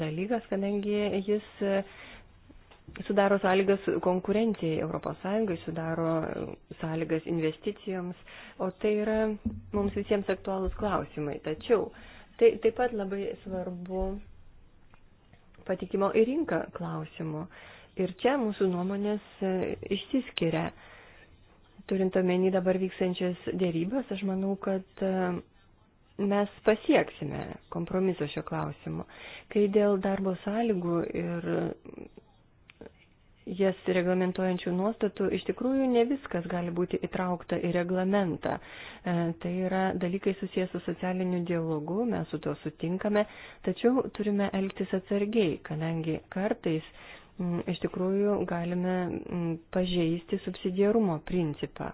dalykas, kadangi jis sudaro sąlygas konkurencijai ES, sudaro sąlygas investicijoms, o tai yra mums visiems aktualūs klausimai. Tačiau tai taip pat labai svarbu patikimo į rinką klausimu. Ir čia mūsų nuomonės e, išsiskiria. Turint omeny dabar vykstančias dėrybas, aš manau, kad e, mes pasieksime kompromiso šio klausimu. Kai dėl darbo sąlygų ir jas reglamentuojančių nuostatų, iš tikrųjų ne viskas gali būti įtraukta į reglamentą. E, tai yra dalykai susijęs su socialiniu dialogu, mes su tuo sutinkame, tačiau turime elgtis atsargiai, kadangi kartais Mm, iš tikrųjų galime mm, pažeisti subsidiarumo principą.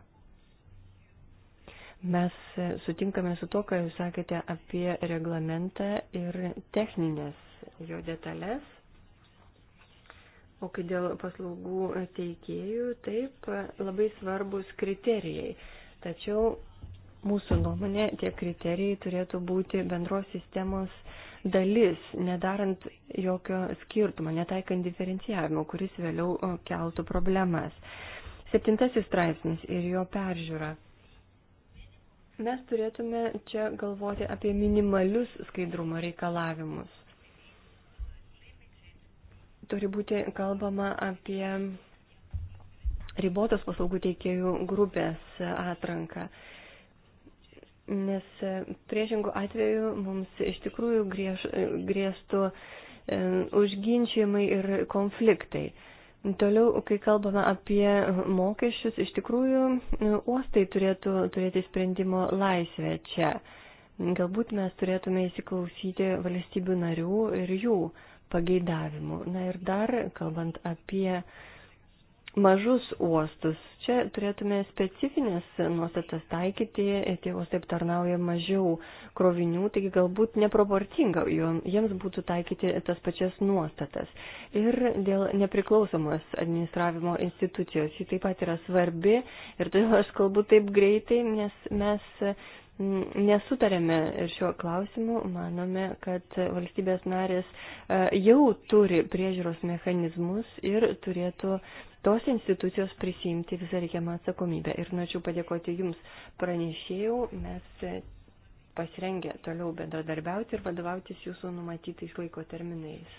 Mes e, sutinkame su to, ką jūs sakėte apie reglamentą ir techninės jo detalės. O kai dėl paslaugų teikėjų, taip, labai svarbus kriterijai. Tačiau mūsų nuomonė tie kriterijai turėtų būti bendros sistemos uh, dalis, nedarant jokio skirtumo, netaikant diferencijavimo, kuris vėliau keltų problemas. Septintasis straipsnis ir jo peržiūra. Mes turėtume čia galvoti apie minimalius skaidrumo reikalavimus. Turi būti kalbama apie ribotos paslaugų teikėjų grupės atranką nes e, priešingų atveju mums iš tikrųjų griež, grėstų e, užginčiamai ir konfliktai. Toliau, kai kalbame apie mokesčius, iš tikrųjų e, uostai turėtų turėti sprendimo laisvę čia. Galbūt mes turėtume įsiklausyti valstybių narių ir jų pageidavimų. Na ir dar, kalbant apie uh, mažus uostus. Čia turėtume specifines nuostatas taikyti, tie uostai aptarnauja mažiau krovinių, taigi galbūt neproporcinga jiems būtų taikyti tas pačias nuostatas. Ir dėl nepriklausomos administravimo institucijos ji taip pat yra svarbi ir todėl aš kalbu taip greitai, nes mes nesutarėme ir šiuo klausimu, manome, kad valstybės narės e, jau turi priežiūros mechanizmus ir turėtų tos institucijos prisimti visą reikiamą atsakomybę. Ir norėčiau padėkoti Jums pranešėjau, mes pasirengę toliau bendradarbiauti ir vadovautis Jūsų numatytais laiko terminais.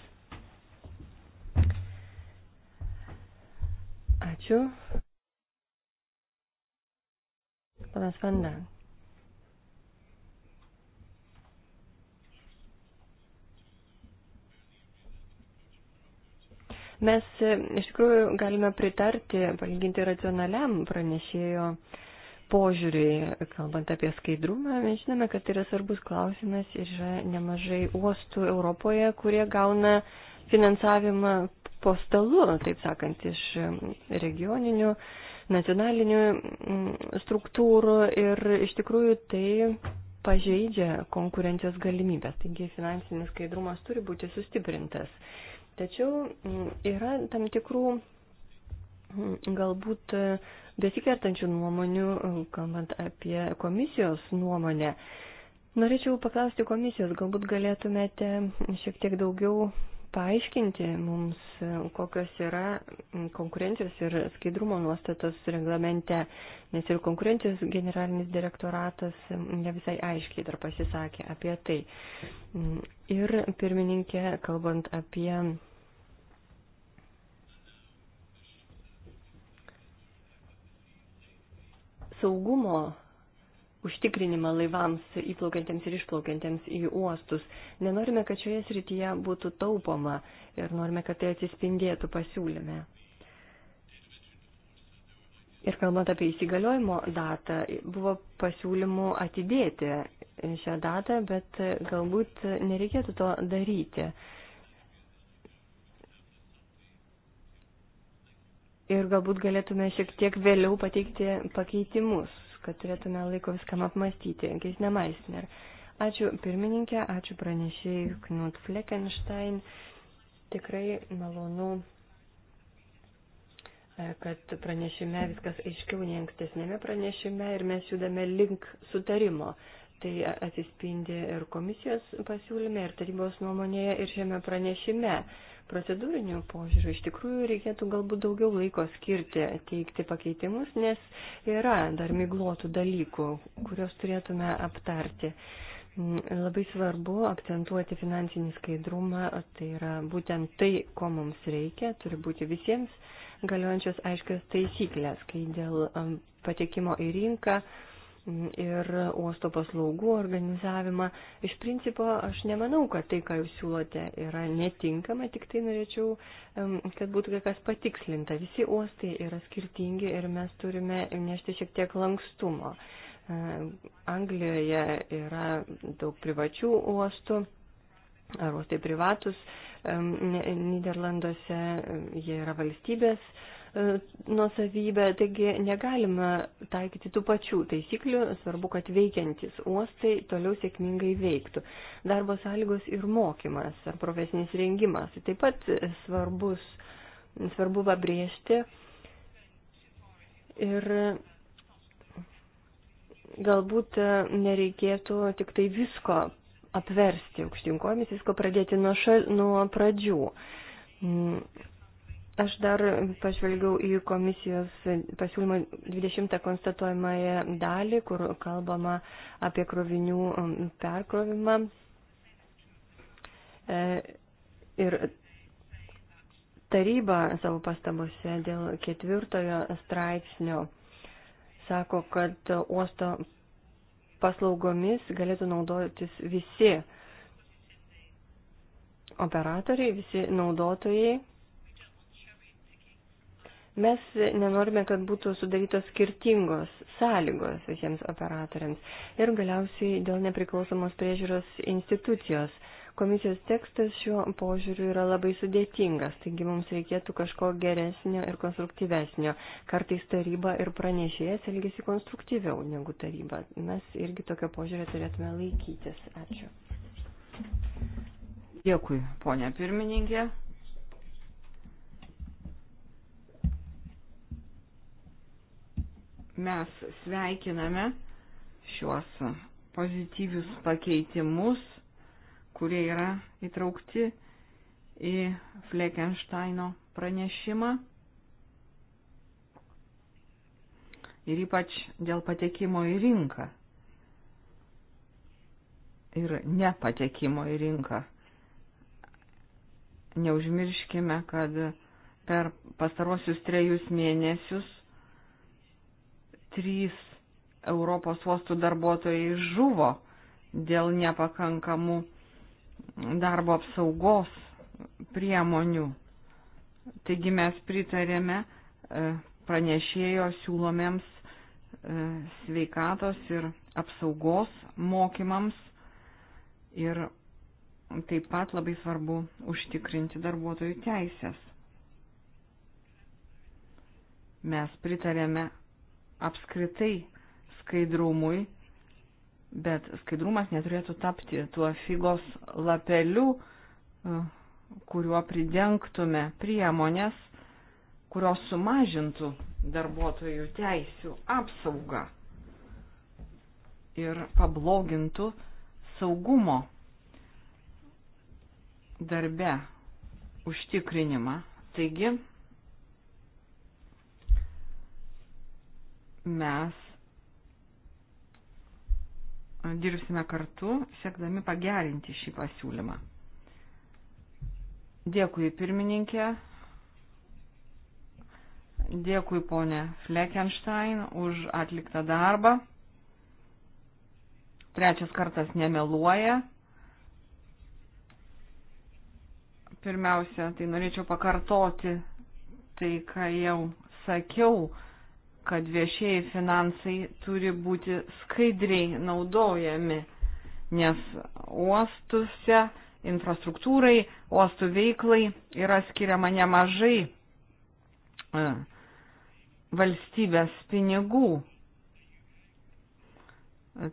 Ačiū. Panas Vandang. Mes e, iš tikrųjų galime pritarti, palyginti racionaliam pranešėjo požiūriui, kalbant apie skaidrumą. Mes žinome, kad tai yra svarbus klausimas ir yra nemažai uostų Europoje, kurie gauna finansavimą po stalu, taip sakant, iš e, regioninių, nacionalinių struktūrų ir iš tikrųjų tai pažeidžia konkurencijos galimybės. Taigi finansinis skaidrumas turi būti sustiprintas. Tačiau mm, yra tam tikrų mm, galbūt e, besikertančių nuomonių, e, kalbant apie komisijos nuomonę. Norėčiau paklausti komisijos, galbūt galėtumėte šiek tiek daugiau paaiškinti mums, e, kokios yra mm, konkurencijos ir skaidrumo nuostatos reglamente, nes ir konkurencijos generalinis direktoratas ne visai aiškiai dar pasisakė apie tai. Ir pirmininkė, kalbant apie saugumo užtikrinimą laivams įplaukiantiems ir išplaukiantiems į uostus. Nenorime, kad šioje srityje būtų taupoma ir norime, kad tai atsispindėtų pasiūlyme. Ir kalbant apie įsigaliojimo datą, buvo pasiūlymų atidėti šią datą, bet galbūt nereikėtų to daryti. ir galbūt galėtume šiek tiek vėliau pateikti pakeitimus, kad turėtume laiko viskam apmastyti. Keisne Maisner. Ačiū pirmininkė, ačiū pranešėjai Knut Fleckenstein. Tikrai malonu, e, kad pranešime viskas aiškiau nei ankstesnėme pranešime ir mes judame link sutarimo. Tai atsispindi ir komisijos pasiūlyme, ir tarybos nuomonėje, ir šiame pranešime procedūrinio požiūrio iš tikrųjų reikėtų galbūt daugiau laiko skirti teikti pakeitimus, nes yra dar myglotų dalykų, kuriuos turėtume aptarti. Mm, labai svarbu akcentuoti finansinį skaidrumą, tai yra būtent tai, ko mums reikia, turi būti visiems galiojančios aiškios taisyklės, kai dėl patekimo į rinką ir uosto paslaugų organizavimą. Iš principo, aš nemanau, kad tai, ką jūs siūlote, yra netinkama, tik tai norėčiau, kad būtų kai kas patikslinta. Visi uostai yra skirtingi ir mes turime nešti šiek tiek lankstumo. E, Anglijoje yra daug privačių uostų, ar uostai privatus, Niderlanduose jie yra valstybės E, nuosavybę, taigi negalima taikyti tų pačių taisyklių, svarbu, kad veikiantis uostai toliau sėkmingai veiktų. Darbo sąlygos ir mokymas ar profesinis rengimas taip pat svarbus, svarbu pabrėžti. Ir galbūt nereikėtų tik tai visko apversti aukštinkomis, visko pradėti nuo, šal, nuo pradžių. Mm. Aš dar pažvelgiau į komisijos pasiūlymo 20 konstatuojamąją dalį, kur kalbama apie krovinių perkrovimą. E, ir taryba savo pastabose dėl ketvirtojo straipsnio sako, kad uosto paslaugomis galėtų naudotis visi operatoriai, visi naudotojai Mes nenorime, kad būtų sudarytos skirtingos sąlygos visiems operatoriams ir galiausiai dėl nepriklausomos priežiūros institucijos. Komisijos tekstas šiuo požiūriu yra labai sudėtingas, taigi mums reikėtų kažko geresnio ir konstruktyvesnio. Kartais taryba ir pranešėjas elgesi konstruktyviau negu taryba. Mes irgi tokio požiūrio turėtume laikytis. Ačiū. Dėkui, ponia pirmininkė. Mes sveikiname šiuos pozityvius pakeitimus, kurie yra įtraukti į Fleckensteino pranešimą. Ir ypač dėl patekimo į rinką. Ir nepatekimo į rinką. Neužmirškime, kad per pastarosius trejus mėnesius trys Europos uostų darbuotojai žuvo dėl nepakankamų darbo apsaugos priemonių. Taigi mes pritarėme e, pranešėjo siūlomiems e, sveikatos ir apsaugos mokymams ir taip pat labai svarbu užtikrinti darbuotojų teisės. Mes pritarėme apskritai skaidrumui, bet skaidrumas neturėtų tapti tuo figos lapeliu, e, kuriuo pridengtume priemonės, kurios sumažintų darbuotojų teisių apsaugą ir pablogintų saugumo darbe užtikrinimą. Taigi, mes dirbsime kartu, siekdami pagerinti šį pasiūlymą. Dėkui pirmininkė, dėkui ponė Fleckenstein už atliktą darbą. Trečias kartas nemeluoja. Pirmiausia, tai norėčiau pakartoti tai, ką jau sakiau kad viešieji finansai turi būti skaidriai naudojami, nes uostuose infrastruktūrai, uostų veiklai yra skiriama nemažai e, valstybės pinigų. E,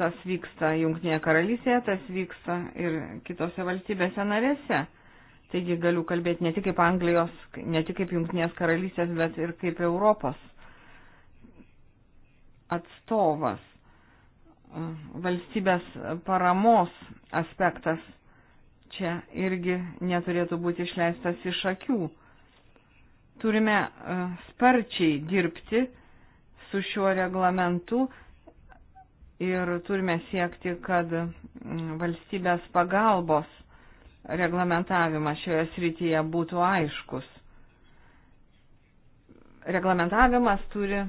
tas vyksta Junktinėje karalystėje, tas vyksta ir kitose valstybėse narėse. Taigi galiu kalbėti ne tik kaip Anglijos, ne tik kaip Junktinės karalystės, bet ir kaip Europos atstovas. Valstybės paramos aspektas čia irgi neturėtų būti išleistas iš akių. Turime e, sparčiai dirbti su šiuo reglamentu ir turime siekti, kad valstybės pagalbos reglamentavimas šioje srityje būtų aiškus. Reglamentavimas turi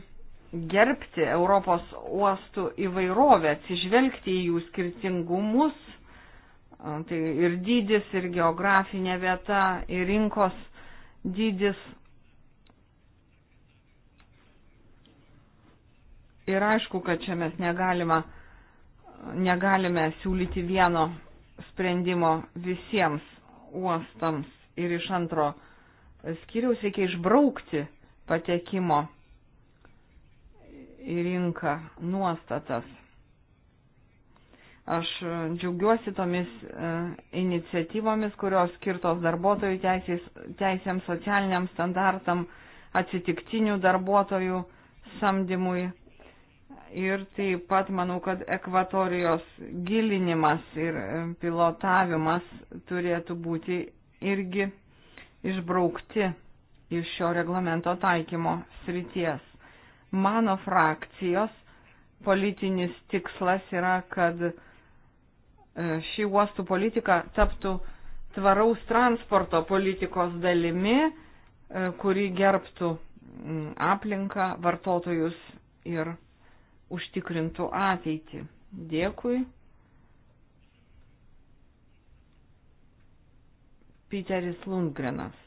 gerbti Europos uostų įvairovę, atsižvelgti į jų skirtingumus, tai ir dydis, ir geografinė vieta, ir rinkos dydis. Ir aišku, kad čia mes negalima, negalime siūlyti vieno sprendimo visiems uostams ir iš antro skyriaus reikia išbraukti patekimo į rinką nuostatas. Aš džiaugiuosi tomis e, iniciatyvomis, kurios skirtos darbuotojų teisės, teisėms, socialiniam standartam, atsitiktinių darbuotojų samdymui Ir taip pat manau, kad ekvatorijos gilinimas ir e, pilotavimas turėtų būti irgi išbraukti iš šio reglamento taikymo srities. Mano frakcijos politinis tikslas yra, kad e, šį uostų politiką taptų tvaraus transporto politikos dalimi, e, kuri gerbtų aplinką, vartotojus ir užtikrintų ateitį. Dėkui. Piteris Lundgrenas.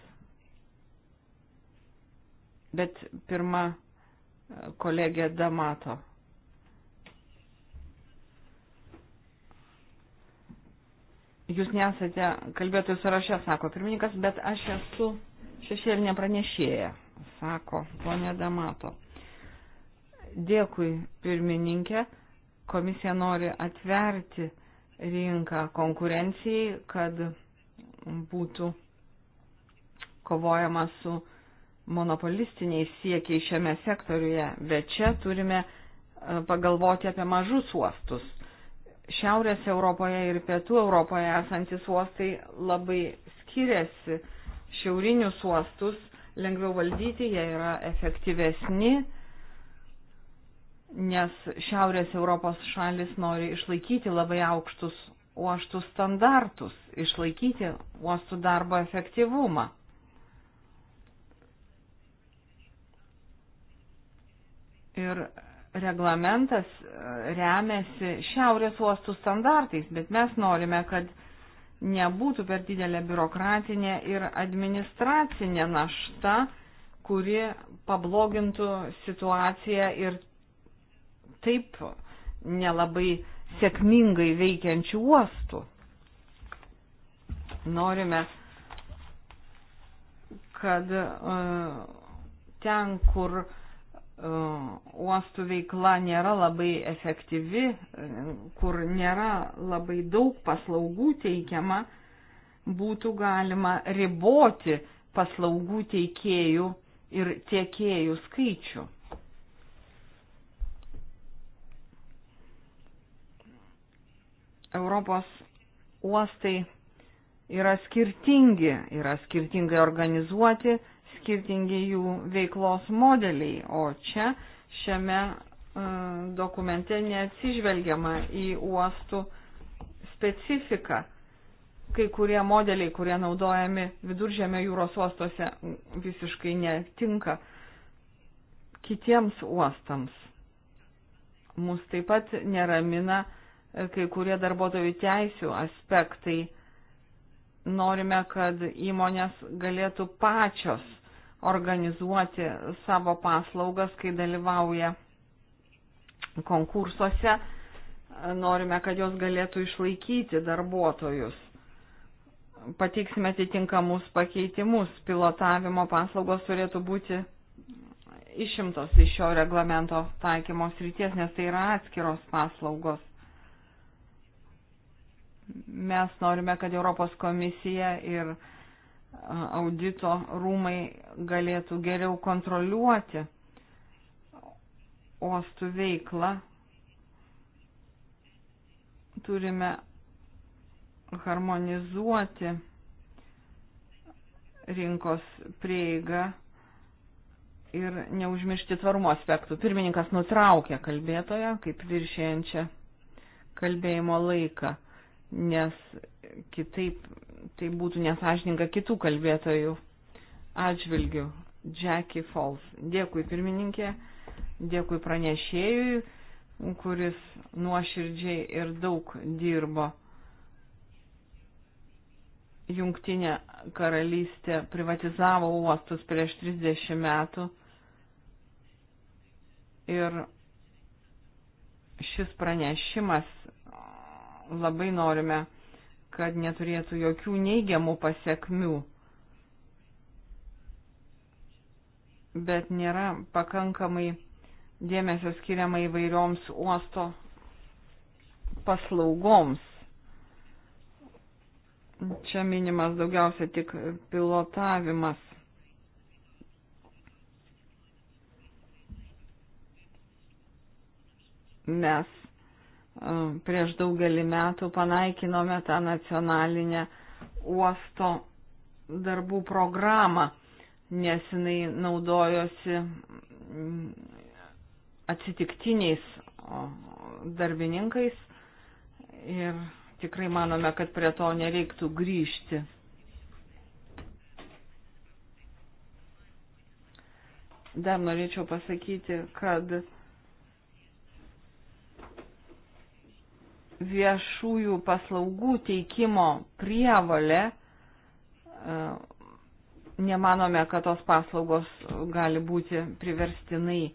Bet pirma e, kolegė Damato. Jūs nesate kalbėtojų sąraše, sako pirmininkas, bet aš esu šešėlinė pranešėja, sako ponė Damato. Dėkui, pirmininkė. Komisija nori atverti rinką konkurencijai, kad būtų kovojama su monopolistiniais siekiai šiame sektoriuje, bet čia turime e, pagalvoti apie mažus uostus. Šiaurės Europoje ir Pietų Europoje esantis uostai labai skiriasi. Šiaurinius uostus lengviau valdyti, jie yra efektyvesni, nes Šiaurės Europos šalis nori išlaikyti labai aukštus uostų standartus, išlaikyti uostų darbo efektyvumą. Ir reglamentas e, remiasi Šiaurės uostų standartais, bet mes norime, kad nebūtų per didelė biurokratinė ir administracinė našta, kuri pablogintų situaciją ir taip nelabai sėkmingai veikiančių uostų. Norime, kad e, ten, kur e, uostų veikla nėra labai efektyvi, e, kur nėra labai daug paslaugų teikiama, būtų galima riboti paslaugų teikėjų ir tiekėjų skaičių. Europos uostai yra skirtingi, yra skirtingai organizuoti, skirtingi jų veiklos modeliai, o čia šiame e, dokumente neatsižvelgiama į uostų specifiką. Kai kurie modeliai, kurie naudojami viduržėmio jūros uostuose, visiškai netinka kitiems uostams. Mus taip pat neramina uh, kai kurie darbuotojų teisių aspektai. Norime, kad įmonės galėtų pačios organizuoti savo paslaugas, kai dalyvauja konkursuose. Norime, kad jos galėtų išlaikyti darbuotojus. Pateiksime atitinkamus pakeitimus. Pilotavimo paslaugos turėtų būti išimtos iš šio reglamento taikymos ryties, nes tai yra atskiros paslaugos mes norime, kad Europos komisija ir audito rūmai galėtų geriau kontroliuoti uostų veiklą. Turime harmonizuoti rinkos prieigą ir neužmiršti tvarumo aspektų. Pirmininkas nutraukė kalbėtoją kaip viršėjančią kalbėjimo laiką nes kitaip tai būtų nesažininga kitų kalbėtojų atžvilgių. Jackie Falls. Dėkui pirmininkė, dėkui pranešėjui, kuris nuoširdžiai ir daug dirbo. Jungtinė karalystė privatizavo uostus prieš 30 metų ir šis pranešimas labai norime, kad neturėtų jokių neigiamų pasiekmių. Bet nėra pakankamai dėmesio skiriama įvairioms uosto paslaugoms. Čia minimas daugiausia tik pilotavimas. Mes prieš daugelį metų panaikinome tą nacionalinę uosto darbų programą, nes jinai naudojosi mm, atsitiktiniais darbininkais ir tikrai manome, kad prie to nereiktų grįžti. Dar norėčiau pasakyti, kad viešųjų paslaugų teikimo prievalė, e, nemanome, kad tos paslaugos gali būti priverstinai e,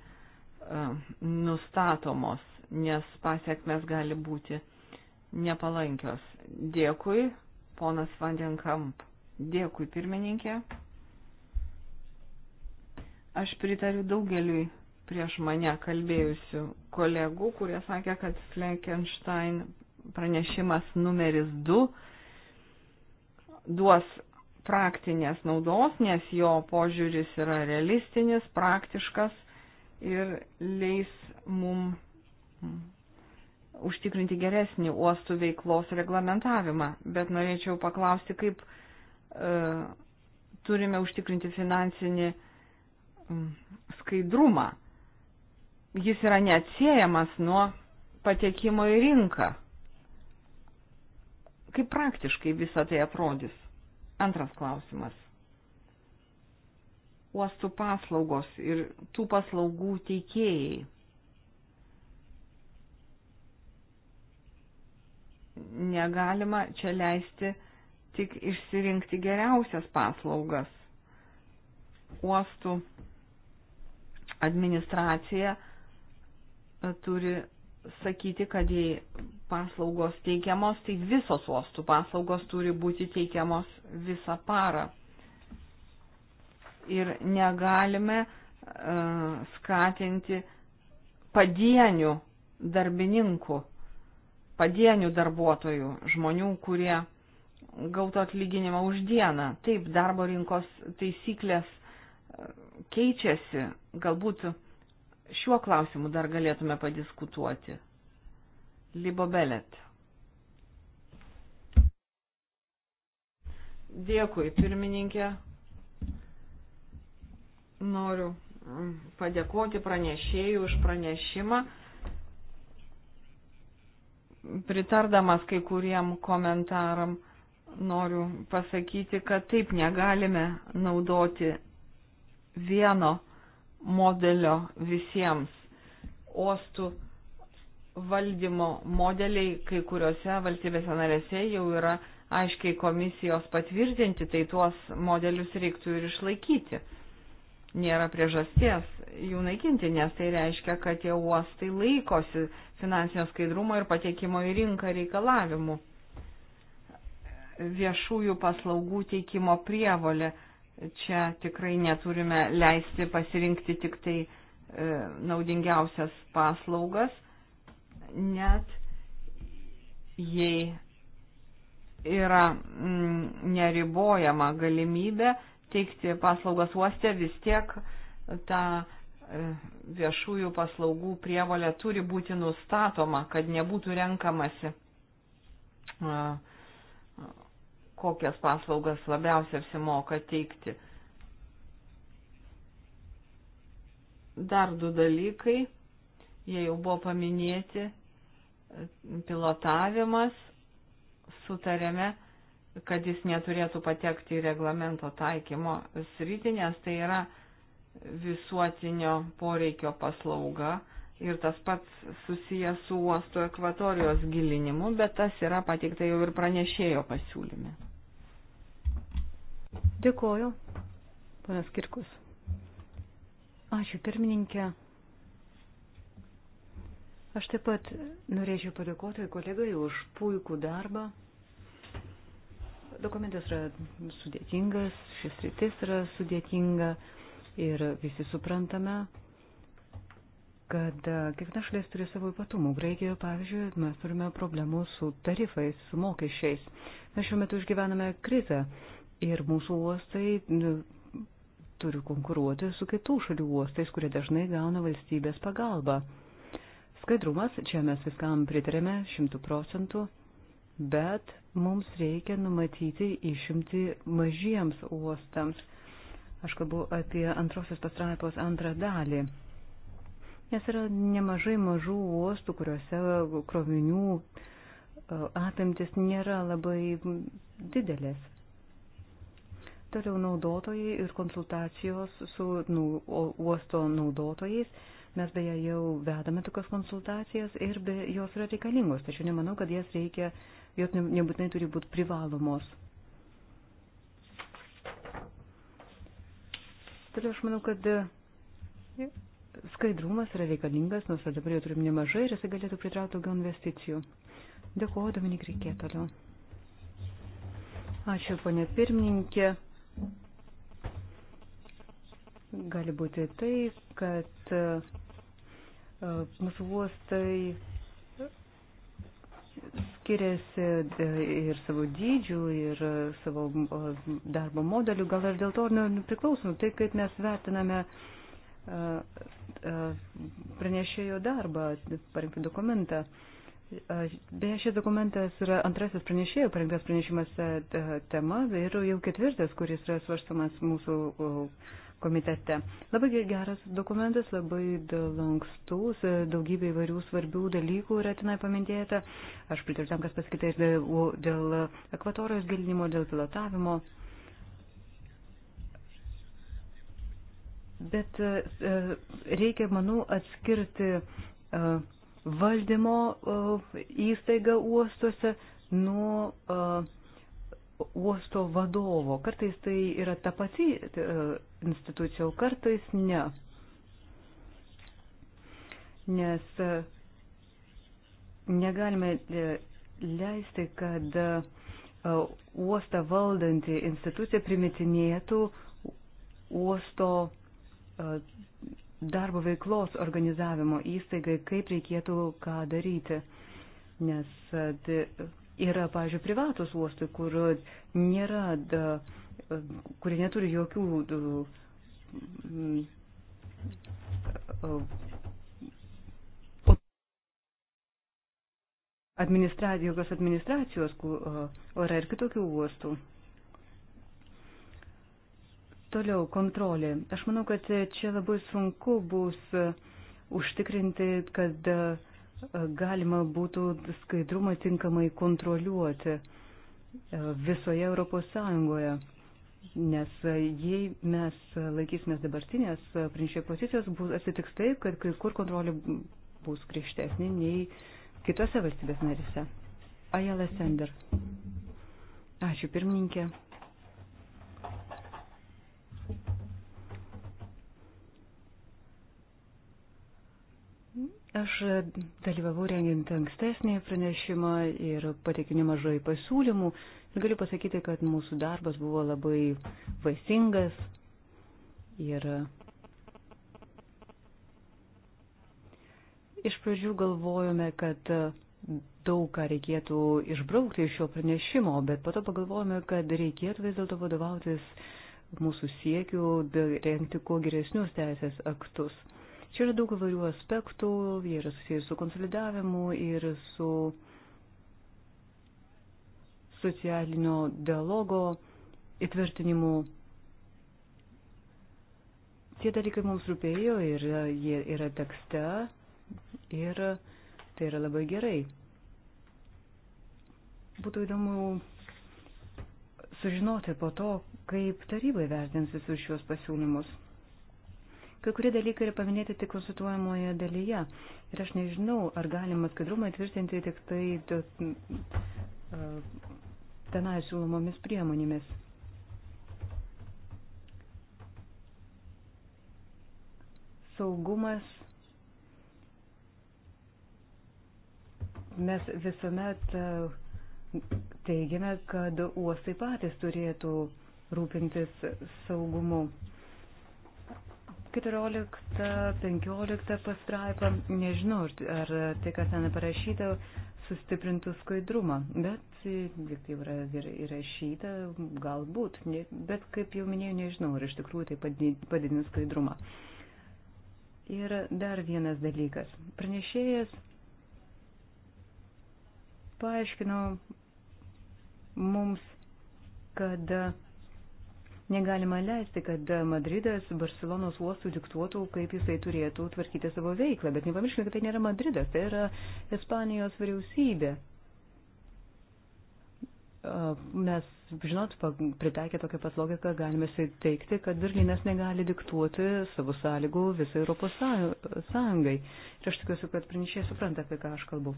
nustatomos, nes pasiekmes gali būti nepalankios. Dėkui, ponas Vandenkamp. Dėkui, pirmininkė. Aš pritariu daugeliui prieš mane kalbėjusių kolegų, kurie sakė, kad Fleckenstein pranešimas numeris 2 duos praktinės naudos, nes jo požiūris yra realistinis, praktiškas ir leis mum mm, užtikrinti geresnį uostų veiklos reglamentavimą. Bet norėčiau paklausti, kaip e, turime užtikrinti finansinį mm, skaidrumą jis yra neatsiejamas nuo patekimo į rinką. Kaip praktiškai visą tai atrodys? Antras klausimas. Uostų paslaugos ir tų paslaugų teikėjai. Negalima čia leisti tik išsirinkti geriausias paslaugas. Uostų administracija turi sakyti, kad jei paslaugos teikiamos, tai visos uostų paslaugos turi būti teikiamos visą parą. Ir negalime uh, skatinti padienių darbininkų, padienių darbuotojų, žmonių, kurie gautų atlyginimą už dieną. Taip, darbo rinkos taisyklės e, keičiasi, galbūt uh, šiuo klausimu dar galėtume padiskutuoti. Libo Belet. Dėkui, pirmininkė. Noriu mm, padėkoti pranešėjų už pranešimą. Pritardamas kai kuriem komentaram noriu pasakyti, kad taip negalime naudoti vieno modelio visiems. Ostų valdymo modeliai kai kuriuose valstybėse narėse jau yra aiškiai komisijos patvirtinti, tai tuos modelius reiktų ir išlaikyti. Nėra priežasties jų naikinti, nes tai reiškia, kad tie uostai laikosi finansinio skaidrumo ir patekimo į rinką reikalavimų. Viešųjų paslaugų teikimo prievolė Čia tikrai neturime leisti pasirinkti tik tai e, naudingiausias paslaugas, net jei yra mm, neribojama galimybė teikti paslaugas uoste, vis tiek ta e, viešųjų paslaugų prievalė turi būti nustatoma, kad nebūtų renkamasi uh, kokias paslaugas labiausiai apsimoka teikti. Dar du dalykai, jie jau buvo paminėti, pilotavimas, sutarėme, kad jis neturėtų patekti į reglamento taikymo sritinės, tai yra visuotinio poreikio paslauga ir tas pats susijęs su uosto ekvatorijos gilinimu, bet tas yra pateikta jau ir pranešėjo pasiūlyme. Dėkoju, panas Kirkus. Ačiū, pirmininkė. Aš taip pat norėčiau padėkoti kolegai už puikų darbą. Dokumentas yra sudėtingas, šis rytis yra sudėtinga ir visi suprantame, kad kiekviena šalis turi savo ypatumų. Graikijoje, pavyzdžiui, mes turime problemų su tarifais, su mokesčiais. Mes šiuo metu išgyvename krizę ir mūsų uostai nu, turi konkuruoti su kitų šalių uostais, kurie dažnai gauna valstybės pagalbą. Skaidrumas, čia mes viskam pritarėme šimtų procentų, bet mums reikia numatyti išimti mažiems uostams. Aš kalbu apie antrosios pastraipos antrą dalį. Nes yra nemažai mažų uostų, kuriuose krovinių e, apimtis nėra labai didelės toliau naudotojai ir konsultacijos su nu, uosto naudotojais. Mes beje jau vedame tokias konsultacijas ir be, jos yra reikalingos, tačiau nemanau, kad jas reikia, jos nebūtinai turi būti privalomos. Toliau aš manau, kad e, skaidrumas yra reikalingas, nors dabar jau turim nemažai ir jisai galėtų pritraukti daugiau investicijų. Dėkuoju, Dominik, reikėjo toliau. Ačiū, ponė pirmininkė. Gali būti tai, kad e, mūsų uostai skiriasi e, ir savo dydžių, ir e, savo darbo modelių, gal ir dėl to nu, priklausom, tai kaip mes vertiname pranešėjo darbą, parinkti dokumentą. Beje, šis dokumentas yra antrasis pranešėjo parengtas pranešimas tema ir jau ketvirtas, kuris yra svarstamas mūsų komitete. Labai geras dokumentas, labai lankstus, daugybė įvairių svarbių dalykų yra tenai paminėta. Aš pritariu tam, kas pasakyta ir dėl, dėl ekvatorijos gilinimo, dėl pilotavimo. Bet reikia, manau, atskirti valdymo įstaiga uostuose nuo uosto vadovo. Kartais tai yra ta pati e, institucija, o kartais ne. Nes e, negalime e, leisti, kad uostą valdanti institucija primitinėtų uosto darbo veiklos organizavimo įstaigai, kaip reikėtų ką daryti. Nes e, yra, pažiūrėjau, privatus uostai, kur nėra, da, e, kurie neturi jokių da, e, administra, jokios administracijos, o yra ir kitokių uostų. Toliau kontrolė. Aš manau, kad čia labai sunku bus e, užtikrinti, kad e, galima būtų skaidrumą tinkamai kontroliuoti e, visoje Europos Sąjungoje. Nes jei mes laikysimės dabartinės prinčio pozicijos, bus atsitiks taip, kad kai kur kontrolė bus griežtesnė nei kitose valstybės narise. Ajala Sender. Ačiū pirmininkė. Aš dalyvavau rengiant ankstesnį pranešimą ir pateikiu nemažai pasiūlymų ir galiu pasakyti, kad mūsų darbas buvo labai vaisingas ir iš pradžių galvojome, kad daug ką reikėtų išbraukti iš šio pranešimo, bet po to pagalvojome, kad reikėtų vis dėlto vadovautis mūsų siekių rengti kuo geresnius teisės aktus. Čia yra daug įvairių aspektų, jie yra susijęs su konsolidavimu ir su socialinio dialogo įtvirtinimu. Tie dalykai mums rūpėjo ir jie yra tekste ir tai yra labai gerai. Būtų įdomu sužinoti po to, kaip tarybai vertins visus šios pasiūlymus. Kai kurie dalykai yra paminėti tik konsultuojamoje dalyje. Ir aš nežinau, ar galima skaidrumą tvirtinti tik tai e, tenai siūlomomis priemonėmis. Saugumas mes visuomet e, teigiame, kad uostai patys turėtų rūpintis saugumu. 14-15 pastraipą, nežinau, ar tai, kas ten parašyta, sustiprintų skaidrumą, bet lik tai yra įrašyta, galbūt, bet kaip jau minėjau, nežinau, ar iš tikrųjų tai padidins skaidrumą. Ir dar vienas dalykas. Pranešėjas paaiškino mums, kad Negalima leisti, kad Madridas Barcelonos uostų diktuotų, kaip jisai turėtų tvarkyti savo veiklą. Bet nepamirškime, kad tai nėra Madridas, tai yra Ispanijos vyriausybė. Mes, žinot, pritaikę tokią pat logiką, galime teikti, kad Berlynas negali diktuoti savo sąlygų visai Europos Sąjungai. Ir aš tikiuosi, kad pranešėjai supranta, apie ką aš kalbu.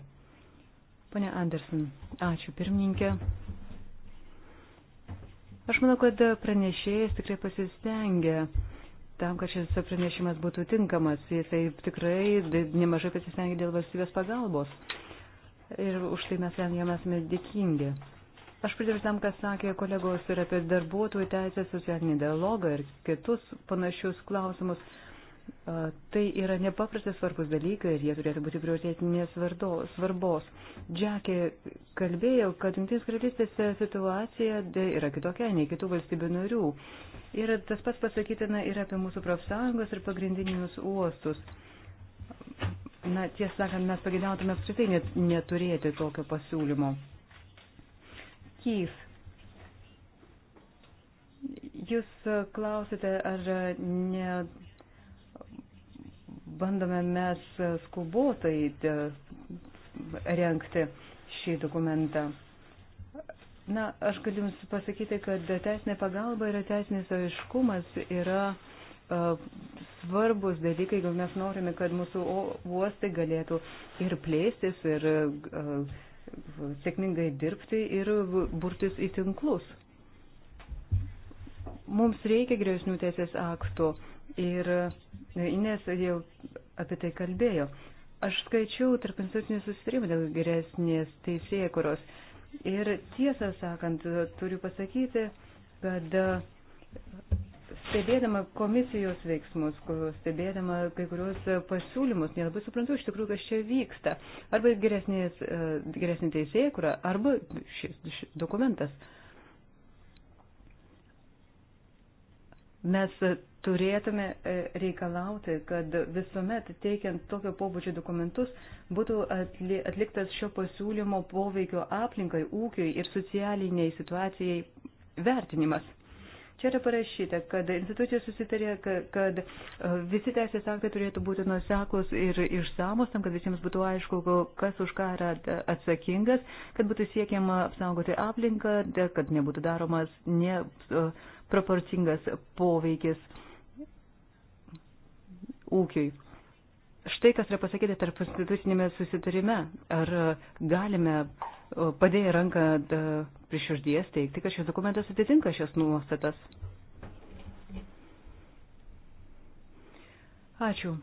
Pane Andersen, ačiū pirmininkė. Aš manau, kad pranešėjas tikrai pasistengia tam, kad šis pranešimas būtų tinkamas. Jisai tikrai nemažai pasistengia dėl valstybės pagalbos. Ir už tai mes jam esame dėkingi. Aš pritariu tam, kas sakė kolegos ir apie darbuotojų teisę, socialinį dialogą ir kitus panašius klausimus. Tai yra nepaprastai svarbus dalykai ir jie turėtų būti prioritetinės svarbos. Džekė kalbėjo, kad Junktinės karalystės situacija yra kitokia nei kitų valstybių narių. Ir tas pats pasakytina ir apie mūsų profsąjungos ir pagrindinius uostus. Na, tiesą sakant, mes pagėdautume apskritai net, neturėti tokio pasiūlymo. Keith, jūs klausite, ar ne bandome mes skubotai e, renkti šį dokumentą. Na, aš galiu Jums pasakyti, kad teisinė pagalba ir teisinis aiškumas yra uh, svarbus dalykai, jeigu mes norime, kad mūsų uostai galėtų ir plėstis, ir uh, sėkmingai dirbti, ir burtis į tinklus. Mums reikia grėsnių teisės aktų ir uh, Nes jau apie tai kalbėjo. Aš skaičiau tarp institucinį susitarimą dėl geresnės teisėkuros. Ir tiesą sakant, turiu pasakyti, kad e, stebėdama komisijos veiksmus, stebėdama kai kurios pasiūlymus, nelabai suprantu iš tikrųjų, kas čia vyksta. Arba geresnė e, teisėja, arba šis, šis dokumentas Mes turėtume e, reikalauti, kad visuomet teikiant tokio pobūdžio dokumentus būtų atliktas šio pasiūlymo poveikio aplinkai, ūkiai ir socialiniai situacijai vertinimas. Čia yra parašyta, kad institucijos susitarė, kad, kad e, visi teisės aktai turėtų būti nuseklus ir išsamus, tam, kad visiems būtų aišku, kas už ką yra atsakingas, kad būtų siekiama apsaugoti aplinką, kad nebūtų daromas ne e, proporcingas poveikis ūkiui. Štai kas yra pasakyta tarp institucinėme susitarime. Ar galime padėję ranką prie širdies teikti, kad šis dokumentas atitinka šias nuostatas? Ačiū.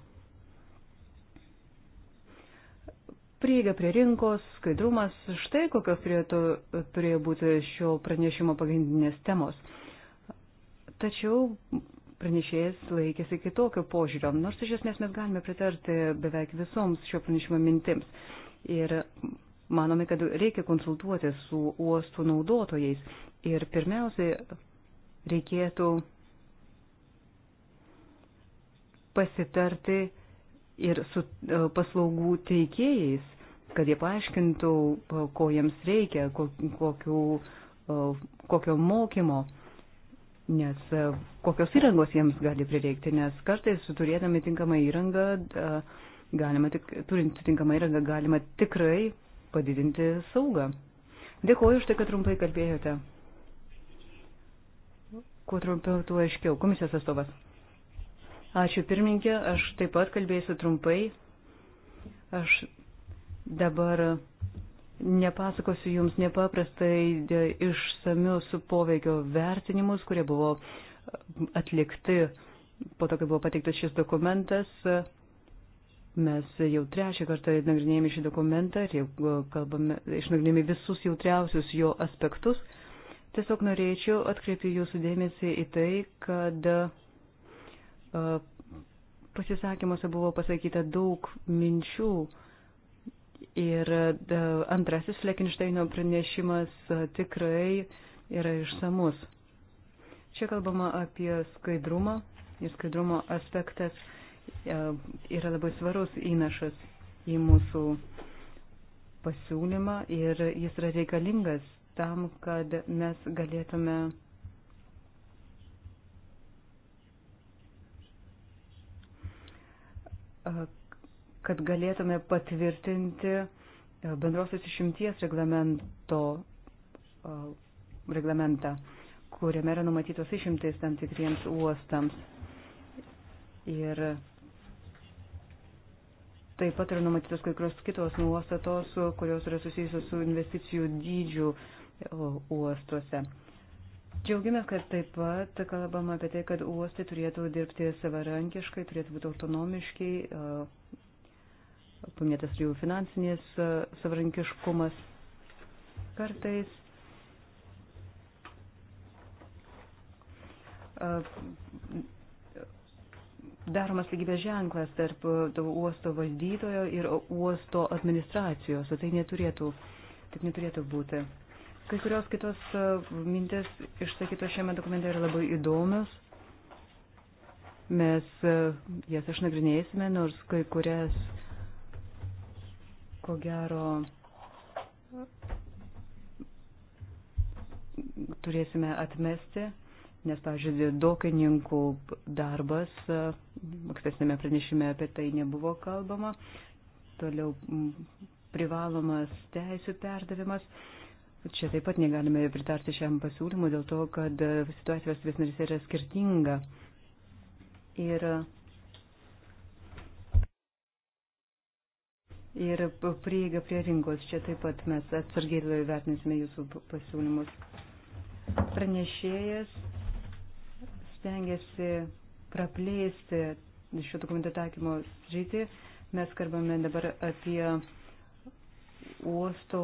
Prieiga prie rinkos, skaidrumas, štai kokios turėtų, turėjo būti šio pranešimo pagrindinės temos. Tačiau pranešėjas laikėsi kitokio požiūrio, nors iš esmės mes galime pritarti beveik visoms šio pranešimo mintims. Ir manome, kad reikia konsultuoti su uostų naudotojais. Ir pirmiausiai reikėtų pasitarti ir su e, paslaugų teikėjais, kad jie paaiškintų, e, ko jiems reikia, kokiu, e, kokio mokymo nes e, kokios įrangos jiems gali prireikti, nes kartais turėdami tinkamą įrangą, e, galima, tik, turint tinkamą įrangą, galima tikrai padidinti saugą. Dėkuoju už tai, kad trumpai kalbėjote. Kuo trumpiau, tuo aiškiau. Komisijos atstovas. Ačiū pirmininkė, aš taip pat kalbėsiu trumpai. Aš dabar Nepasakosiu jums nepaprastai e, išsamius poveikio vertinimus, kurie buvo atlikti po to, kai buvo pateiktas šis dokumentas. Mes jau trečią kartą nagrinėjame šį dokumentą ir jau e, kalbame, išnagrinėjame visus jautriausius jo aspektus. Tiesiog norėčiau atkreipti jūsų dėmesį į tai, kad e, pasisakymuose buvo pasakyta daug minčių, Ir e, antrasis Fleckensteino pranešimas e, tikrai yra išsamus. Čia kalbama apie skaidrumą ir skaidrumo aspektas e, yra labai svarus įnašas į mūsų pasiūlymą ir jis yra reikalingas tam, kad mes galėtume kad galėtume patvirtinti e, bendrosios išimties reglamento, e, reglamentą, kuriame yra numatytos išimtais tam tikriems uostams. Ir Taip pat yra numatytos kai kurios kitos nuostatos, kurios yra susijusios su investicijų dydžių e, uostuose. Džiaugiamės, kad taip pat kalbama apie tai, kad uostai turėtų dirbti savarankiškai, turėtų būti autonomiški, paminėtas jų finansinės e, savarankiškumas. Kartais e, daromas lygybės ženklas tarp e, uosto valdytojo ir uosto administracijos, o tai neturėtų, taip neturėtų būti. Kai kurios kitos mintis išsakytos šiame dokumente yra labai įdomios. Mes jas išnagrinėsime, nors kai kurias ko gero turėsime atmesti, nes, pavyzdžiui, dokininkų darbas, ankstesnėme pranešime apie tai nebuvo kalbama, toliau privalomas teisų perdavimas. Čia taip pat negalime pritarti šiam pasiūlymui dėl to, kad situacija valstybės narys yra skirtinga. Ir ir prieiga prie rinkos. Čia taip pat mes atsargiai vertinsime jūsų pasiūlymus. Pranešėjas stengiasi praplėsti šio dokumento taikymo sritį. Mes kalbame dabar apie uosto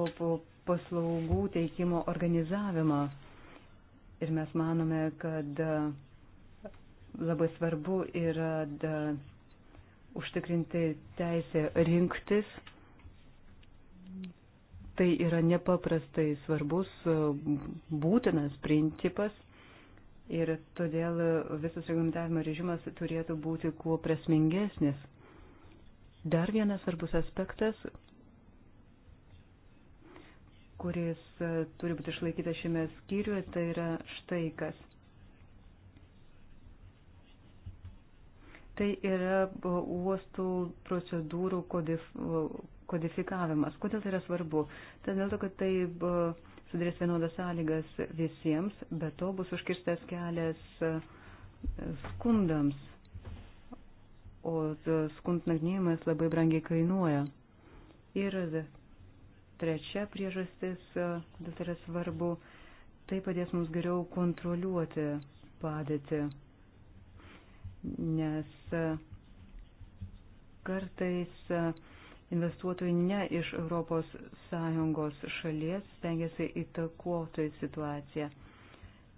paslaugų teikimo organizavimą. Ir mes manome, kad labai svarbu yra užtikrinti teisę rinktis. Tai yra nepaprastai svarbus, būtinas principas ir todėl visas reglamentavimo režimas turėtų būti kuo prasmingesnis. Dar vienas svarbus aspektas, kuris turi būti išlaikytas šiame skyriuje, tai yra štai kas. tai yra uostų procedūrų kodif, kodifikavimas. Kodėl tai yra svarbu? Tai dėl to, kad tai e, sudarys vienodas sąlygas visiems, bet to bus užkirstas kelias e, skundams, o e, skundnagnyjimas labai brangiai kainuoja. Ir trečia priežastis, kodėl tai yra svarbu, tai padės mums geriau kontroliuoti padėtį nes e, kartais e, investuotojai ne iš ES šalies stengiasi įtakoti situaciją.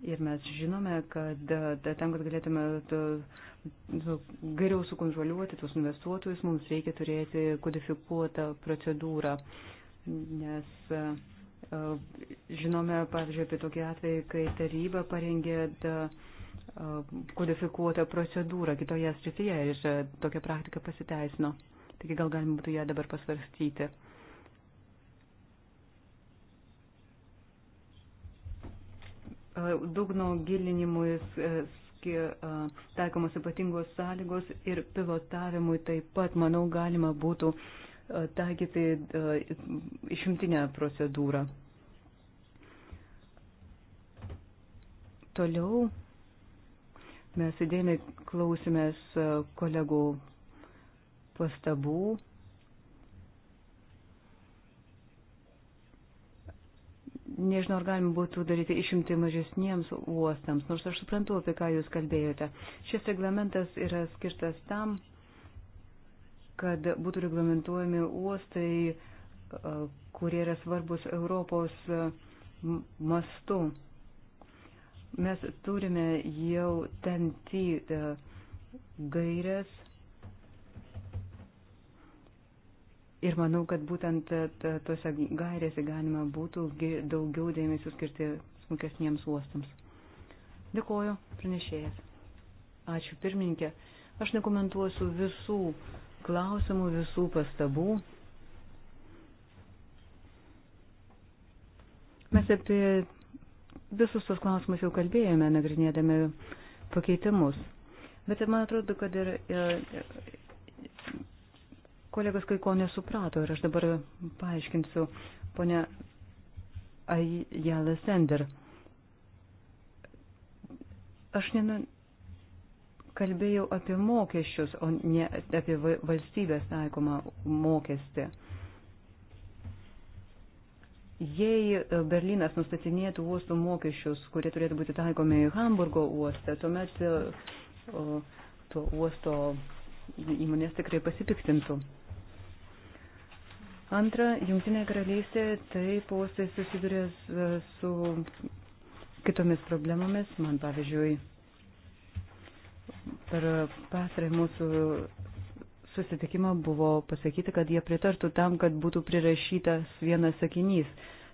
Ir mes žinome, kad e, tam, kad galėtume geriau sukontroliuoti tuos investuotojus, mums reikia turėti kodifikuotą procedūrą. Nes žinome, pavyzdžiui, apie tokį atvejį, kai taryba parengė kodifikuotą procedūrą kitoje srityje ir e, tokia praktika pasiteisino. Taigi gal galima būtų ją dabar pasvarstyti. E, dugno gilinimui e, taikomos ypatingos sąlygos ir pilotavimui taip pat, manau, galima būtų taikyti išimtinę procedūrą. Toliau Mes įdėmiai klausimės e, kolegų pastabų. Nežinau, ar galima būtų daryti išimti mažesniems uostams, nors aš suprantu, apie ką jūs kalbėjote. Šis reglamentas yra skirtas tam, kad būtų reglamentuojami uostai, e, kurie yra svarbus Europos mastu. Mes turime jau ten tį e, gairias ir manau, kad būtent e, tose gairėse galima būtų daugiau dėmesio skirti smulkesniems uostams. Dėkoju, pranešėjas. Ačiū, pirmininkė. Aš nekomentuosiu visų klausimų, visų pastabų. Mes apie visus tos klausimus jau kalbėjome, nagrinėdami pakeitimus. Bet man atrodo, kad ir, ir kolegas kai ko nesuprato ir aš dabar paaiškinsiu, ponia Ajala Sender. Aš nenu, kalbėjau apie mokesčius, o ne apie valstybės taikomą mokestį. Uh, Jei e, Berlynas nustatinėtų uostų mokesčius, kurie turėtų būti taikomi Hamburgo uoste, tuomet e, o, to uosto įmonės tikrai pasipiktintų. Antra, Junktinė karalystė taip uostai susiduria e, su kitomis problemomis. Man pavyzdžiui, per pasarą mūsų susitikimą buvo pasakyti, kad jie pritartų tam, kad būtų prirašytas vienas sakinys.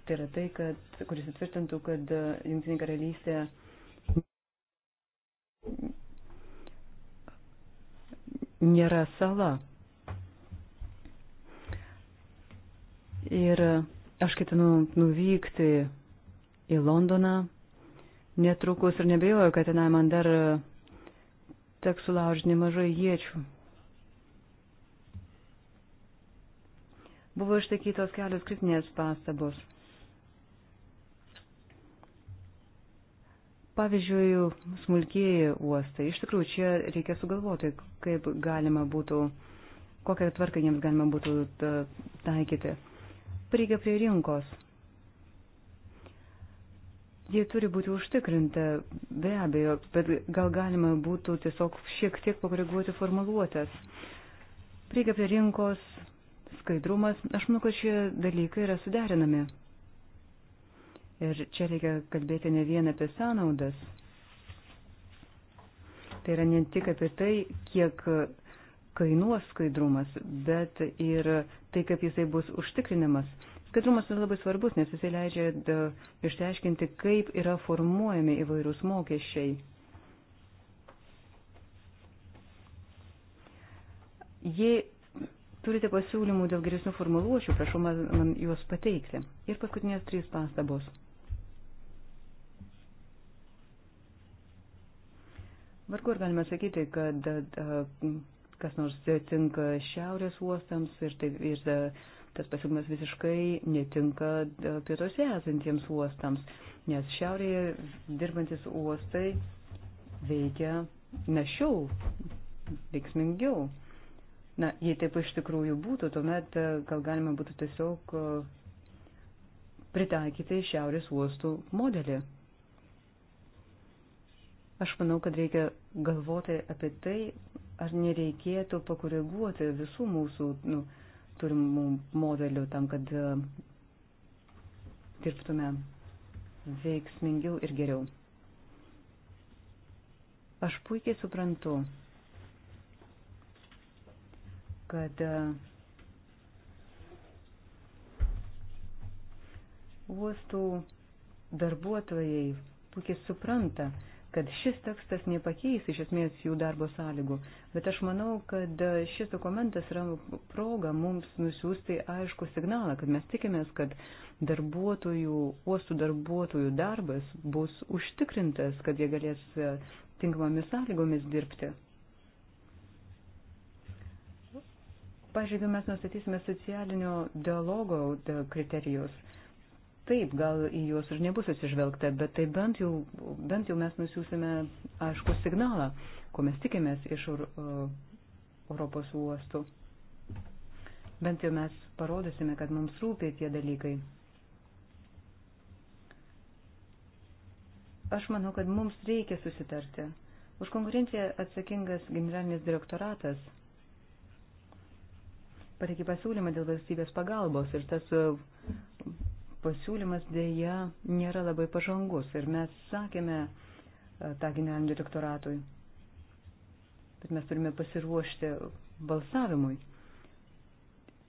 Tai yra tai, kad, kuris atvirtintų, kad e, Junktinė karalystė nėra sala. Ir aš ketinu nuvykti į Londoną netrukus ir nebejoju, kad tenai man dar teks sulaužyti nemažai iečių. Buvo išsakytos kelios kritinės pastabos. Pavyzdžiui, smulkieji uostai. Iš tikrųjų, čia reikia sugalvoti, kaip galima būtų, kokią tvarką jiems galima būtų taikyti. Prieiga prie rinkos. Jie turi būti užtikrinta, be abejo, bet gal galima būtų tiesiog šiek tiek pakoreguoti formuluotės. Prieiga prie rinkos skaidrumas, aš manau, kad šie dalykai yra suderinami. Ir čia reikia kalbėti ne vien apie sąnaudas. Tai yra ne tik apie tai, kiek kainuos skaidrumas, bet ir tai, kaip jisai bus užtikrinamas. Skaidrumas yra labai svarbus, nes jisai leidžia išteiškinti, kaip yra formuojami įvairūs mokesčiai. Jei turite pasiūlymų dėl geresnių formuluočių, prašau man, man juos pateikti. Ir paskutinės trys pastabos. Vargu ar galime sakyti, kad kas nors tinka šiaurės uostams ir, tai, ir tas pasiūlymas visiškai netinka pietuose esantiems uostams, nes šiaurėje dirbantis uostai veikia našiau, veiksmingiau. Na, jei taip iš tikrųjų būtų, tuomet e, gal galima būtų tiesiog e, pritaikyti šiaurės uostų modelį. Aš manau, kad reikia galvoti apie tai, ar nereikėtų pakoreguoti visų mūsų nu, turimų modelių tam, kad e, dirbtume veiksmingiau ir geriau. Aš puikiai suprantu, kad e, uostų darbuotojai puikiai supranta, kad šis tekstas nepakeis iš esmės jų darbo sąlygų, bet aš manau, kad e, šis dokumentas yra proga mums nusiųsti aišku signalą, kad mes tikimės, kad darbuotojų, uostų darbuotojų darbas bus užtikrintas, kad jie galės e, tinkamomis sąlygomis dirbti. Pavyzdžiui, mes nustatysime socialinio dialogo kriterijus. Taip, gal į juos ir nebus atsižvelgta, bet tai bent jau, bent jau mes nusiusime aišku signalą, ko mes tikimės iš Europos uostų. Bent jau mes parodysime, kad mums rūpė tie dalykai. Aš manau, kad mums reikia susitarti. Už konkurenciją atsakingas generalinis direktoratas pateikė pasiūlymą dėl valstybės pagalbos ir tas e, pasiūlymas dėja nėra labai pažangus ir mes sakėme e, tą generaliniam direktoratui, kad mes turime pasiruošti balsavimui,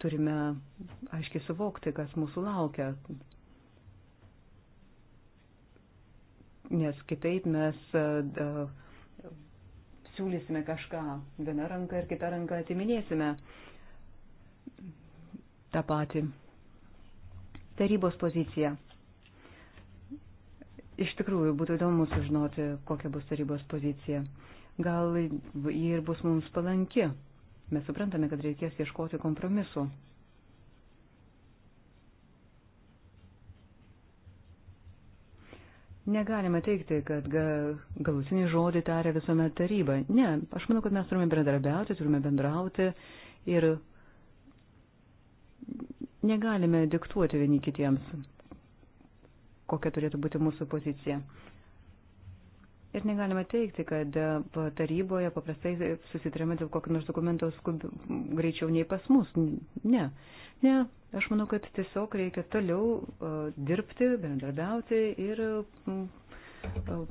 turime aiškiai suvokti, kas mūsų laukia, nes kitaip mes e, siūlysime kažką vieną ranką ir kitą ranką atiminėsime. Uh, tą patį. Tarybos pozicija. Iš tikrųjų, būtų įdomu sužinoti, kokia bus tarybos pozicija. Gal ji ir bus mums palanki. Mes suprantame, kad reikės ieškoti kompromisu. Negalime teikti, kad ga, galutinį žodį taria visuomet taryba. Ne, aš manau, kad mes turime bendradarbiauti, turime bendrauti ir Negalime diktuoti vieni kitiems, kokia turėtų būti mūsų pozicija. Ir negalime teikti, kad e, taryboje paprastai susitarėme dėl kokio nors dokumento skub... greičiau nei pas mus. Ne. Ne. Aš manau, kad tiesiog reikia toliau uh, dirbti, bendradarbiauti ir uh, uh,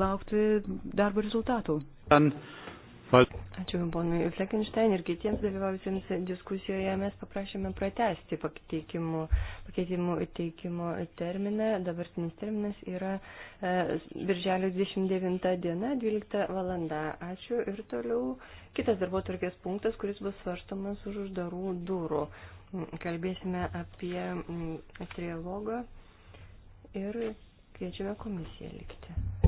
laukti darbo rezultatų. And... Ačiū ponui Fleckenstein ir kitiems dalyvavusiems diskusijoje. Mes paprašėme pratesti pakeitimų, pakeitimų teikimo terminą. Dabartinis terminas yra e, birželio 29 diena, 12 valanda. Ačiū ir toliau kitas darbo turkės punktas, kuris bus svarstomas už uždarų durų. Mm, kalbėsime apie mm, trilogą ir kviečiame komisiją likti.